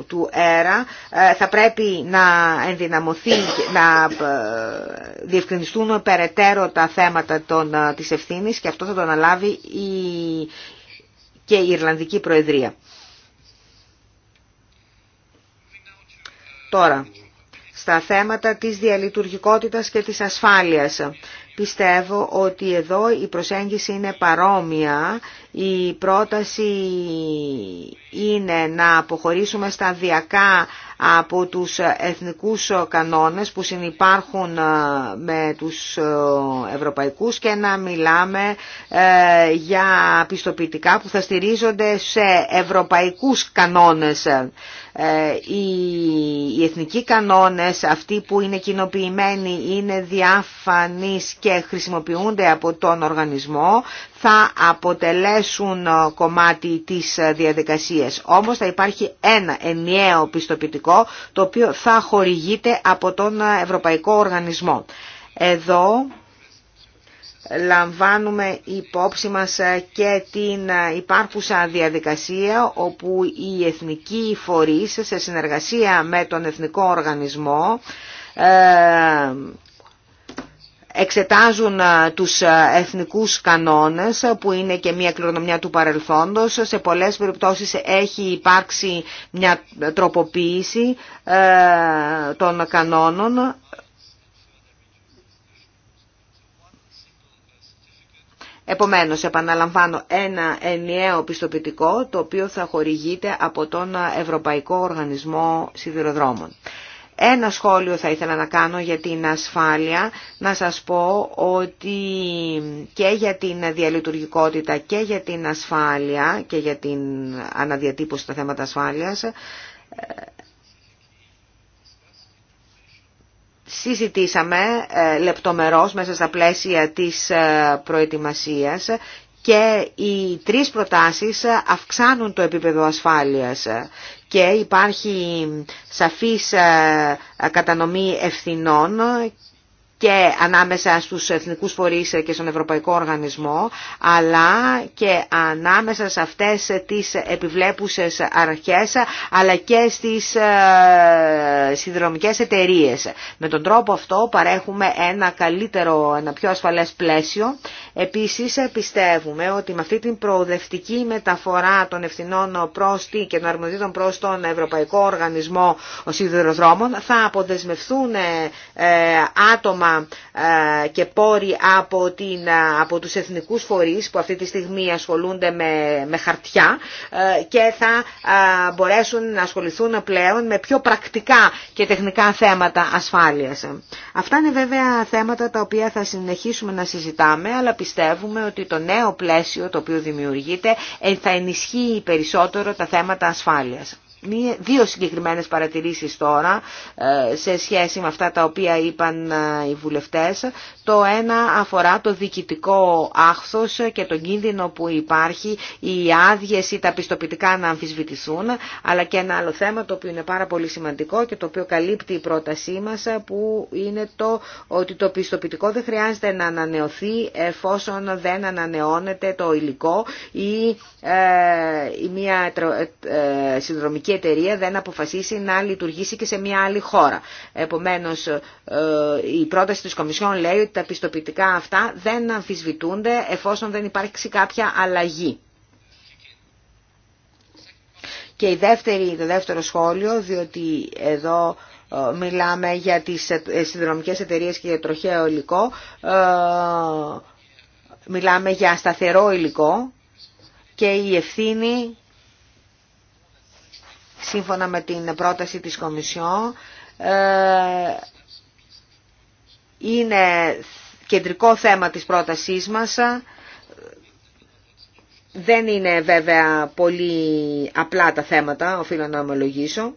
του ΕΡΑ ε, θα πρέπει να ενδυναμωθεί, να ε, διευκρινιστούν περαιτέρω τα θέματα των, της ευθύνης και αυτό θα το αναλάβει και η Ιρλανδική Προεδρία. Τώρα, στα θέματα της διαλειτουργικότητας και της ασφάλειας. Πιστεύω ότι εδώ η προσέγγιση είναι παρόμοια η πρόταση είναι να αποχωρήσουμε σταδιακά από τους εθνικούς κανόνες που συνυπάρχουν ε, με τους ε, ευρωπαϊκούς και να μιλάμε ε, για πιστοποιητικά που θα στηρίζονται σε ευρωπαϊκούς κανόνες. Οι εθνικοί κανόνες, αυτοί που είναι κοινοποιημένοι, είναι διάφανείς και χρησιμοποιούνται από τον οργανισμό, θα αποτελέσουν κομμάτι της διαδικασίας Όμω Όμως θα υπάρχει ένα ενιαίο πιστοποιητικό το οποίο θα χορηγείται από τον Ευρωπαϊκό Οργανισμό. Εδώ λαμβάνουμε υπόψη μας και την υπάρχουσα διαδικασία όπου η εθνικοί φορείς σε συνεργασία με τον Εθνικό Οργανισμό ε, εξετάζουν τους εθνικούς κανόνες που είναι και μια κληρονομιά του παρελθόντος. Σε πολλές περιπτώσεις έχει υπάρξει μια τροποποίηση ε, των κανόνων. Επομένως, επαναλαμβάνω ένα ενιαίο πιστοποιητικό το οποίο θα χορηγείται από τον Ευρωπαϊκό Οργανισμό Σιδηροδρόμων. Ένα σχόλιο θα ήθελα να κάνω για την ασφάλεια, να σας πω ότι και για την διαλειτουργικότητα και για την ασφάλεια και για την αναδιατύπωση στα θέματα ασφάλειας ε, συζητήσαμε ε, λεπτομερώς μέσα στα πλαίσια της ε, προετοιμασίας και οι τρεις προτάσεις αυξάνουν το επίπεδο ασφάλειας και υπάρχει σαφής ε, κατανομή ευθυνών και ανάμεσα στους εθνικούς φορείς και στον Ευρωπαϊκό Οργανισμό, αλλά και ανάμεσα σε αυτές τις επιβλέπουσες αρχές, αλλά και στις ε, συνδρομικές εταιρείες. Με τον τρόπο αυτό παρέχουμε ένα καλύτερο, ένα πιο ασφαλές πλαίσιο. Επίσης πιστεύουμε ότι με αυτή την προοδευτική μεταφορά των ευθυνών προς τη και των αρμοδίτων προς τον Ευρωπαϊκό Οργανισμό Σιδηροδρόμων θα αποδεσμευθούν ε, ε, άτομα ε, και πόροι από, την, ε, από τους εθνικούς φορείς που αυτή τη στιγμή ασχολούνται με, με χαρτιά ε, και θα μπορέσουν να ασχοληθούν πλέον με πιο πρακτικά και τεχνικά θέματα ασφάλειας. Αυτά είναι βέβαια θέματα τα οποία θα συνεχίσουμε να συζητάμε, αλλά πιστεύουμε ότι το νέο πλαίσιο το οποίο δημιουργείται θα ενισχύει περισσότερο τα θέματα ασφάλειας μία, δύο συγκεκριμένες παρατηρήσεις τώρα ε, σε σχέση με αυτά τα οποία είπαν ε, οι βουλευτές. Το ένα αφορά το διοικητικό άχθος και τον κίνδυνο που υπάρχει οι άδειε ή τα πιστοποιητικά να αμφισβητηθούν, αλλά και ένα άλλο θέμα το οποίο είναι πάρα πολύ σημαντικό και το οποίο καλύπτει η πρότασή μας ε, που είναι το ότι το πιστοποιητικό δεν χρειάζεται να ανανεωθεί εφόσον δεν ανανεώνεται το υλικό ή μια συνδρομική η εταιρεία δεν αποφασίσει να λειτουργήσει και σε μια άλλη χώρα. Επομένως, ε, η πρόταση τη Κομισιόν λέει ότι τα πιστοποιητικά αυτά δεν αμφισβητούνται εφόσον δεν υπάρξει κάποια αλλαγή. Και η δεύτερη, το δεύτερο σχόλιο, διότι εδώ ε, μιλάμε για τις ε, συνδρομικές εταιρείες και για τροχαίο υλικό, μιλάμε για σταθερό υλικό και η ευθύνη σύμφωνα με την πρόταση της Κομισιόν ε, είναι κεντρικό θέμα της πρότασής μας. Δεν είναι βέβαια πολύ απλά τα θέματα, οφείλω να ομολογήσω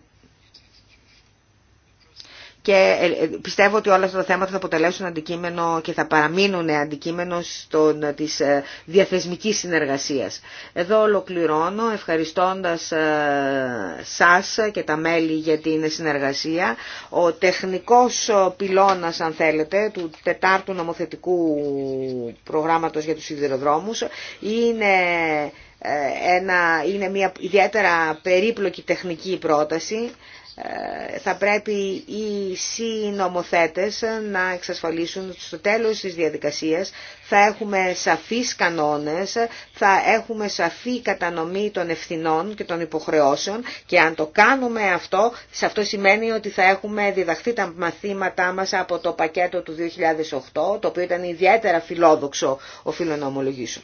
και ε, ε, πιστεύω ότι όλα αυτά τα θέματα θα αποτελέσουν αντικείμενο και θα παραμείνουν αντικείμενο στον, ε, της διαθεσμικής συνεργασίας. Εδώ ολοκληρώνω ευχαριστώντας σας και τα μέλη για την συνεργασία. Ο τεχνικός πυλώνας, αν θέλετε, του τετάρτου νομοθετικού προγράμματος για τους σιδηροδρόμους είναι... Ένα, είναι μια ιδιαίτερα περίπλοκη τεχνική πρόταση θα πρέπει οι συνομοθέτες να εξασφαλίσουν ότι στο τέλος της διαδικασίας θα έχουμε σαφείς κανόνες, θα έχουμε σαφή κατανομή των ευθυνών και των υποχρεώσεων και αν το κάνουμε αυτό, σε αυτό σημαίνει ότι θα έχουμε διδαχθεί τα μαθήματά μας από το πακέτο του 2008, το οποίο ήταν ιδιαίτερα φιλόδοξο, οφείλω να ομολογήσω.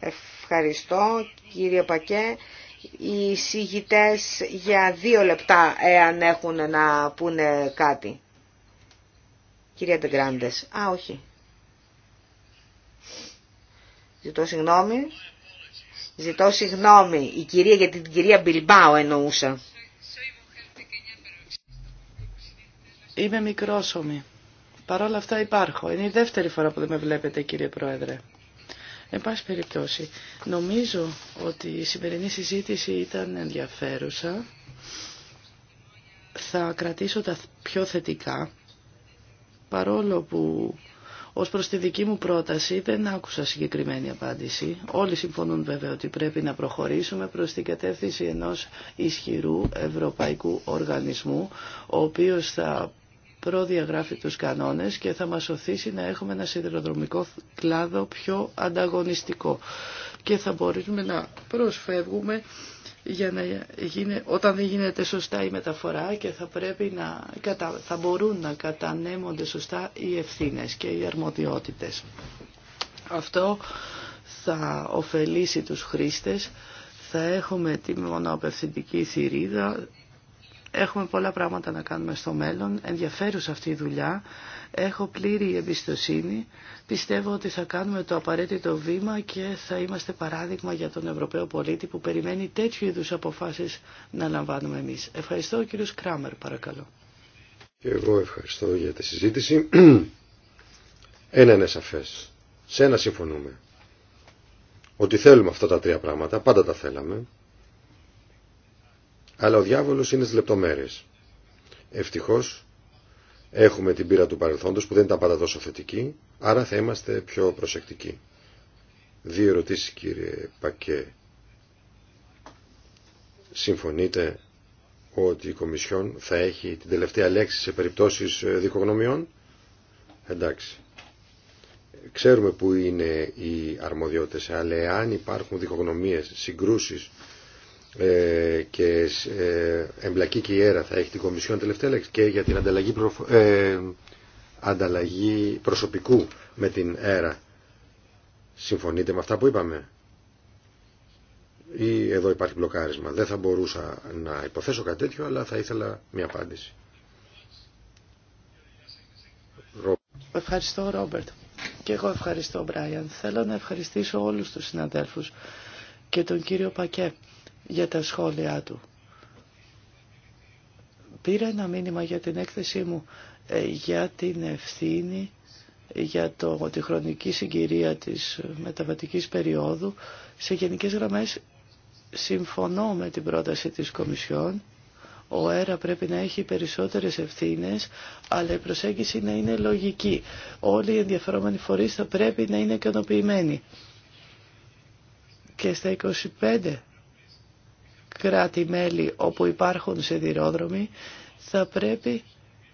Ευχαριστώ κύριε Πακέ οι συγητές για δύο λεπτά εάν έχουν να πούνε κάτι. Κυρία Ντεγκράντες. Α, όχι. Ζητώ συγγνώμη. Ζητώ συγγνώμη. Η κυρία, για την κυρία Μπιλμπάου εννοούσα. Είμαι μικρόσωμη. Παρ' όλα αυτά υπάρχω. Είναι η δεύτερη φορά που δεν με βλέπετε κύριε Πρόεδρε. Εν πάση περιπτώσει, νομίζω ότι η σημερινή συζήτηση ήταν ενδιαφέρουσα. Θα κρατήσω τα πιο θετικά, παρόλο που ως προς τη δική μου πρόταση δεν άκουσα συγκεκριμένη απάντηση. Όλοι συμφωνούν βέβαια ότι πρέπει να προχωρήσουμε προς την κατεύθυνση ενός ισχυρού ευρωπαϊκού οργανισμού, ο οποίος θα προδιαγράφει τους κανόνες και θα μας οθήσει να έχουμε ένα σιδηροδρομικό κλάδο πιο ανταγωνιστικό και θα μπορούμε να προσφεύγουμε για να γίνει, όταν δεν γίνεται σωστά η μεταφορά και θα, πρέπει να, θα μπορούν να κατανέμονται σωστά οι ευθύνες και οι αρμοδιότητες. Αυτό θα ωφελήσει τους χρήστες, θα έχουμε τη μονοαπευθυντική θηρίδα, Έχουμε πολλά πράγματα να κάνουμε στο μέλλον, ενδιαφέρουσα αυτή η δουλειά, έχω πλήρη εμπιστοσύνη, πιστεύω ότι θα κάνουμε το απαραίτητο βήμα και θα είμαστε παράδειγμα για τον Ευρωπαίο πολίτη που περιμένει τέτοιου είδους αποφάσεις να λαμβάνουμε εμείς. Ευχαριστώ ο κύριος Κράμερ παρακαλώ. Και εγώ ευχαριστώ για τη συζήτηση. Ένα είναι σαφές, σε ένα συμφωνούμε, ότι θέλουμε αυτά τα τρία πράγματα, πάντα τα θέλαμε αλλά ο διάβολος είναι στις λεπτομέρειες. Ευτυχώς έχουμε την πύρα του παρελθόντος που δεν ήταν πάντα τόσο θετική, άρα θα είμαστε πιο προσεκτικοί. Δύο ερωτήσεις κύριε Πακέ. Συμφωνείτε ότι η Κομισιόν θα έχει την τελευταία λέξη σε περιπτώσεις ε, δικογνωμιών. Εντάξει. Ξέρουμε που είναι οι αρμοδιότητες, αλλά εάν υπάρχουν δικογνωμίες, συγκρούσεις ε, και ε, εμπλακή και η ΕΡΑ θα έχει την Κομισιόν τελευταία λέξη και για την ανταλλαγή, ε, ανταλλαγή προσωπικού με την ΕΡΑ. Συμφωνείτε με αυτά που είπαμε. Ή εδώ υπάρχει μπλοκάρισμα. Δεν θα μπορούσα να υποθέσω κάτι τέτοιο, αλλά θα ήθελα μια απάντηση. Ευχαριστώ Ρόμπερτ. Και εγώ ευχαριστώ Μπράιαν. Θέλω να ευχαριστήσω όλους τους συναδέλφους και τον κύριο Πακέ για τα σχόλιά του. Πήρα ένα μήνυμα για την έκθεσή μου ε, για την ευθύνη για το, τη χρονική συγκυρία της μεταβατικής περίοδου. Σε γενικές γραμμές συμφωνώ με την πρόταση της Κομισιόν. Ο ΕΡΑ πρέπει να έχει περισσότερες ευθύνες, αλλά η προσέγγιση να είναι λογική. Όλοι οι ενδιαφερόμενοι φορείς θα πρέπει να είναι ικανοποιημένοι. Και στα 25 κράτη-μέλη όπου υπάρχουν σιδηρόδρομοι, θα πρέπει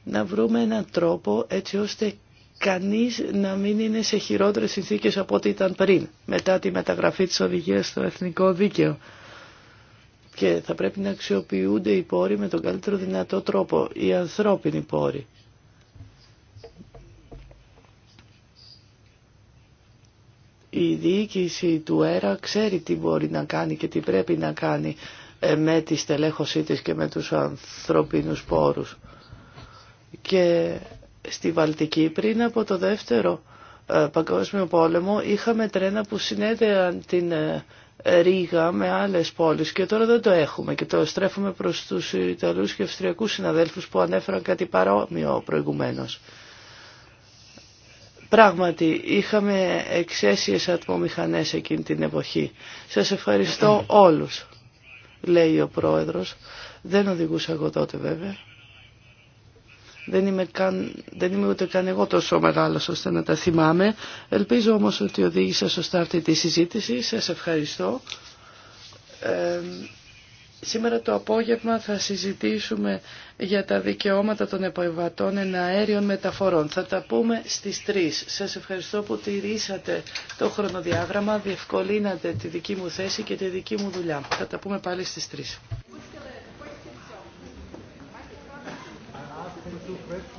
να βρούμε έναν τρόπο έτσι ώστε κανείς να μην είναι σε χειρότερες συνθήκες από ό,τι ήταν πριν, μετά τη μεταγραφή της οδηγίας στο εθνικό δίκαιο. Και θα πρέπει να αξιοποιούνται οι πόροι με τον καλύτερο δυνατό τρόπο, οι ανθρώπινοι πόροι. Η διοίκηση του ΕΡΑ ξέρει τι μπορεί να κάνει και τι πρέπει να κάνει ε, με τη στελέχωσή της και με τους ανθρωπίνους πόρους. Και στη Βαλτική πριν από το δεύτερο ε, Παγκόσμιο Πόλεμο είχαμε τρένα που συνέδεαν την ε, Ρήγα με άλλες πόλεις και τώρα δεν το έχουμε και το στρέφουμε προς τους Ιταλούς και Αυστριακούς συναδέλφους που ανέφεραν κάτι παρόμοιο προηγουμένως. Πράγματι, είχαμε εξαίσιες ατμομηχανές εκείνη την εποχή. Σας ευχαριστώ όλους λέει ο πρόεδρος. Δεν οδηγούσα εγώ τότε βέβαια. Δεν είμαι, καν, δεν είμαι ούτε καν εγώ τόσο μεγάλος ώστε να τα θυμάμαι. Ελπίζω όμως ότι οδήγησα σωστά αυτή τη συζήτηση. Σας ευχαριστώ. Ε, Σήμερα το απόγευμα θα συζητήσουμε για τα δικαιώματα των εν αέριων μεταφορών. Θα τα πούμε στις 3. Σας ευχαριστώ που τηρήσατε το χρονοδιάγραμμα, διευκολύνατε τη δική μου θέση και τη δική μου δουλειά. Θα τα πούμε πάλι στις 3.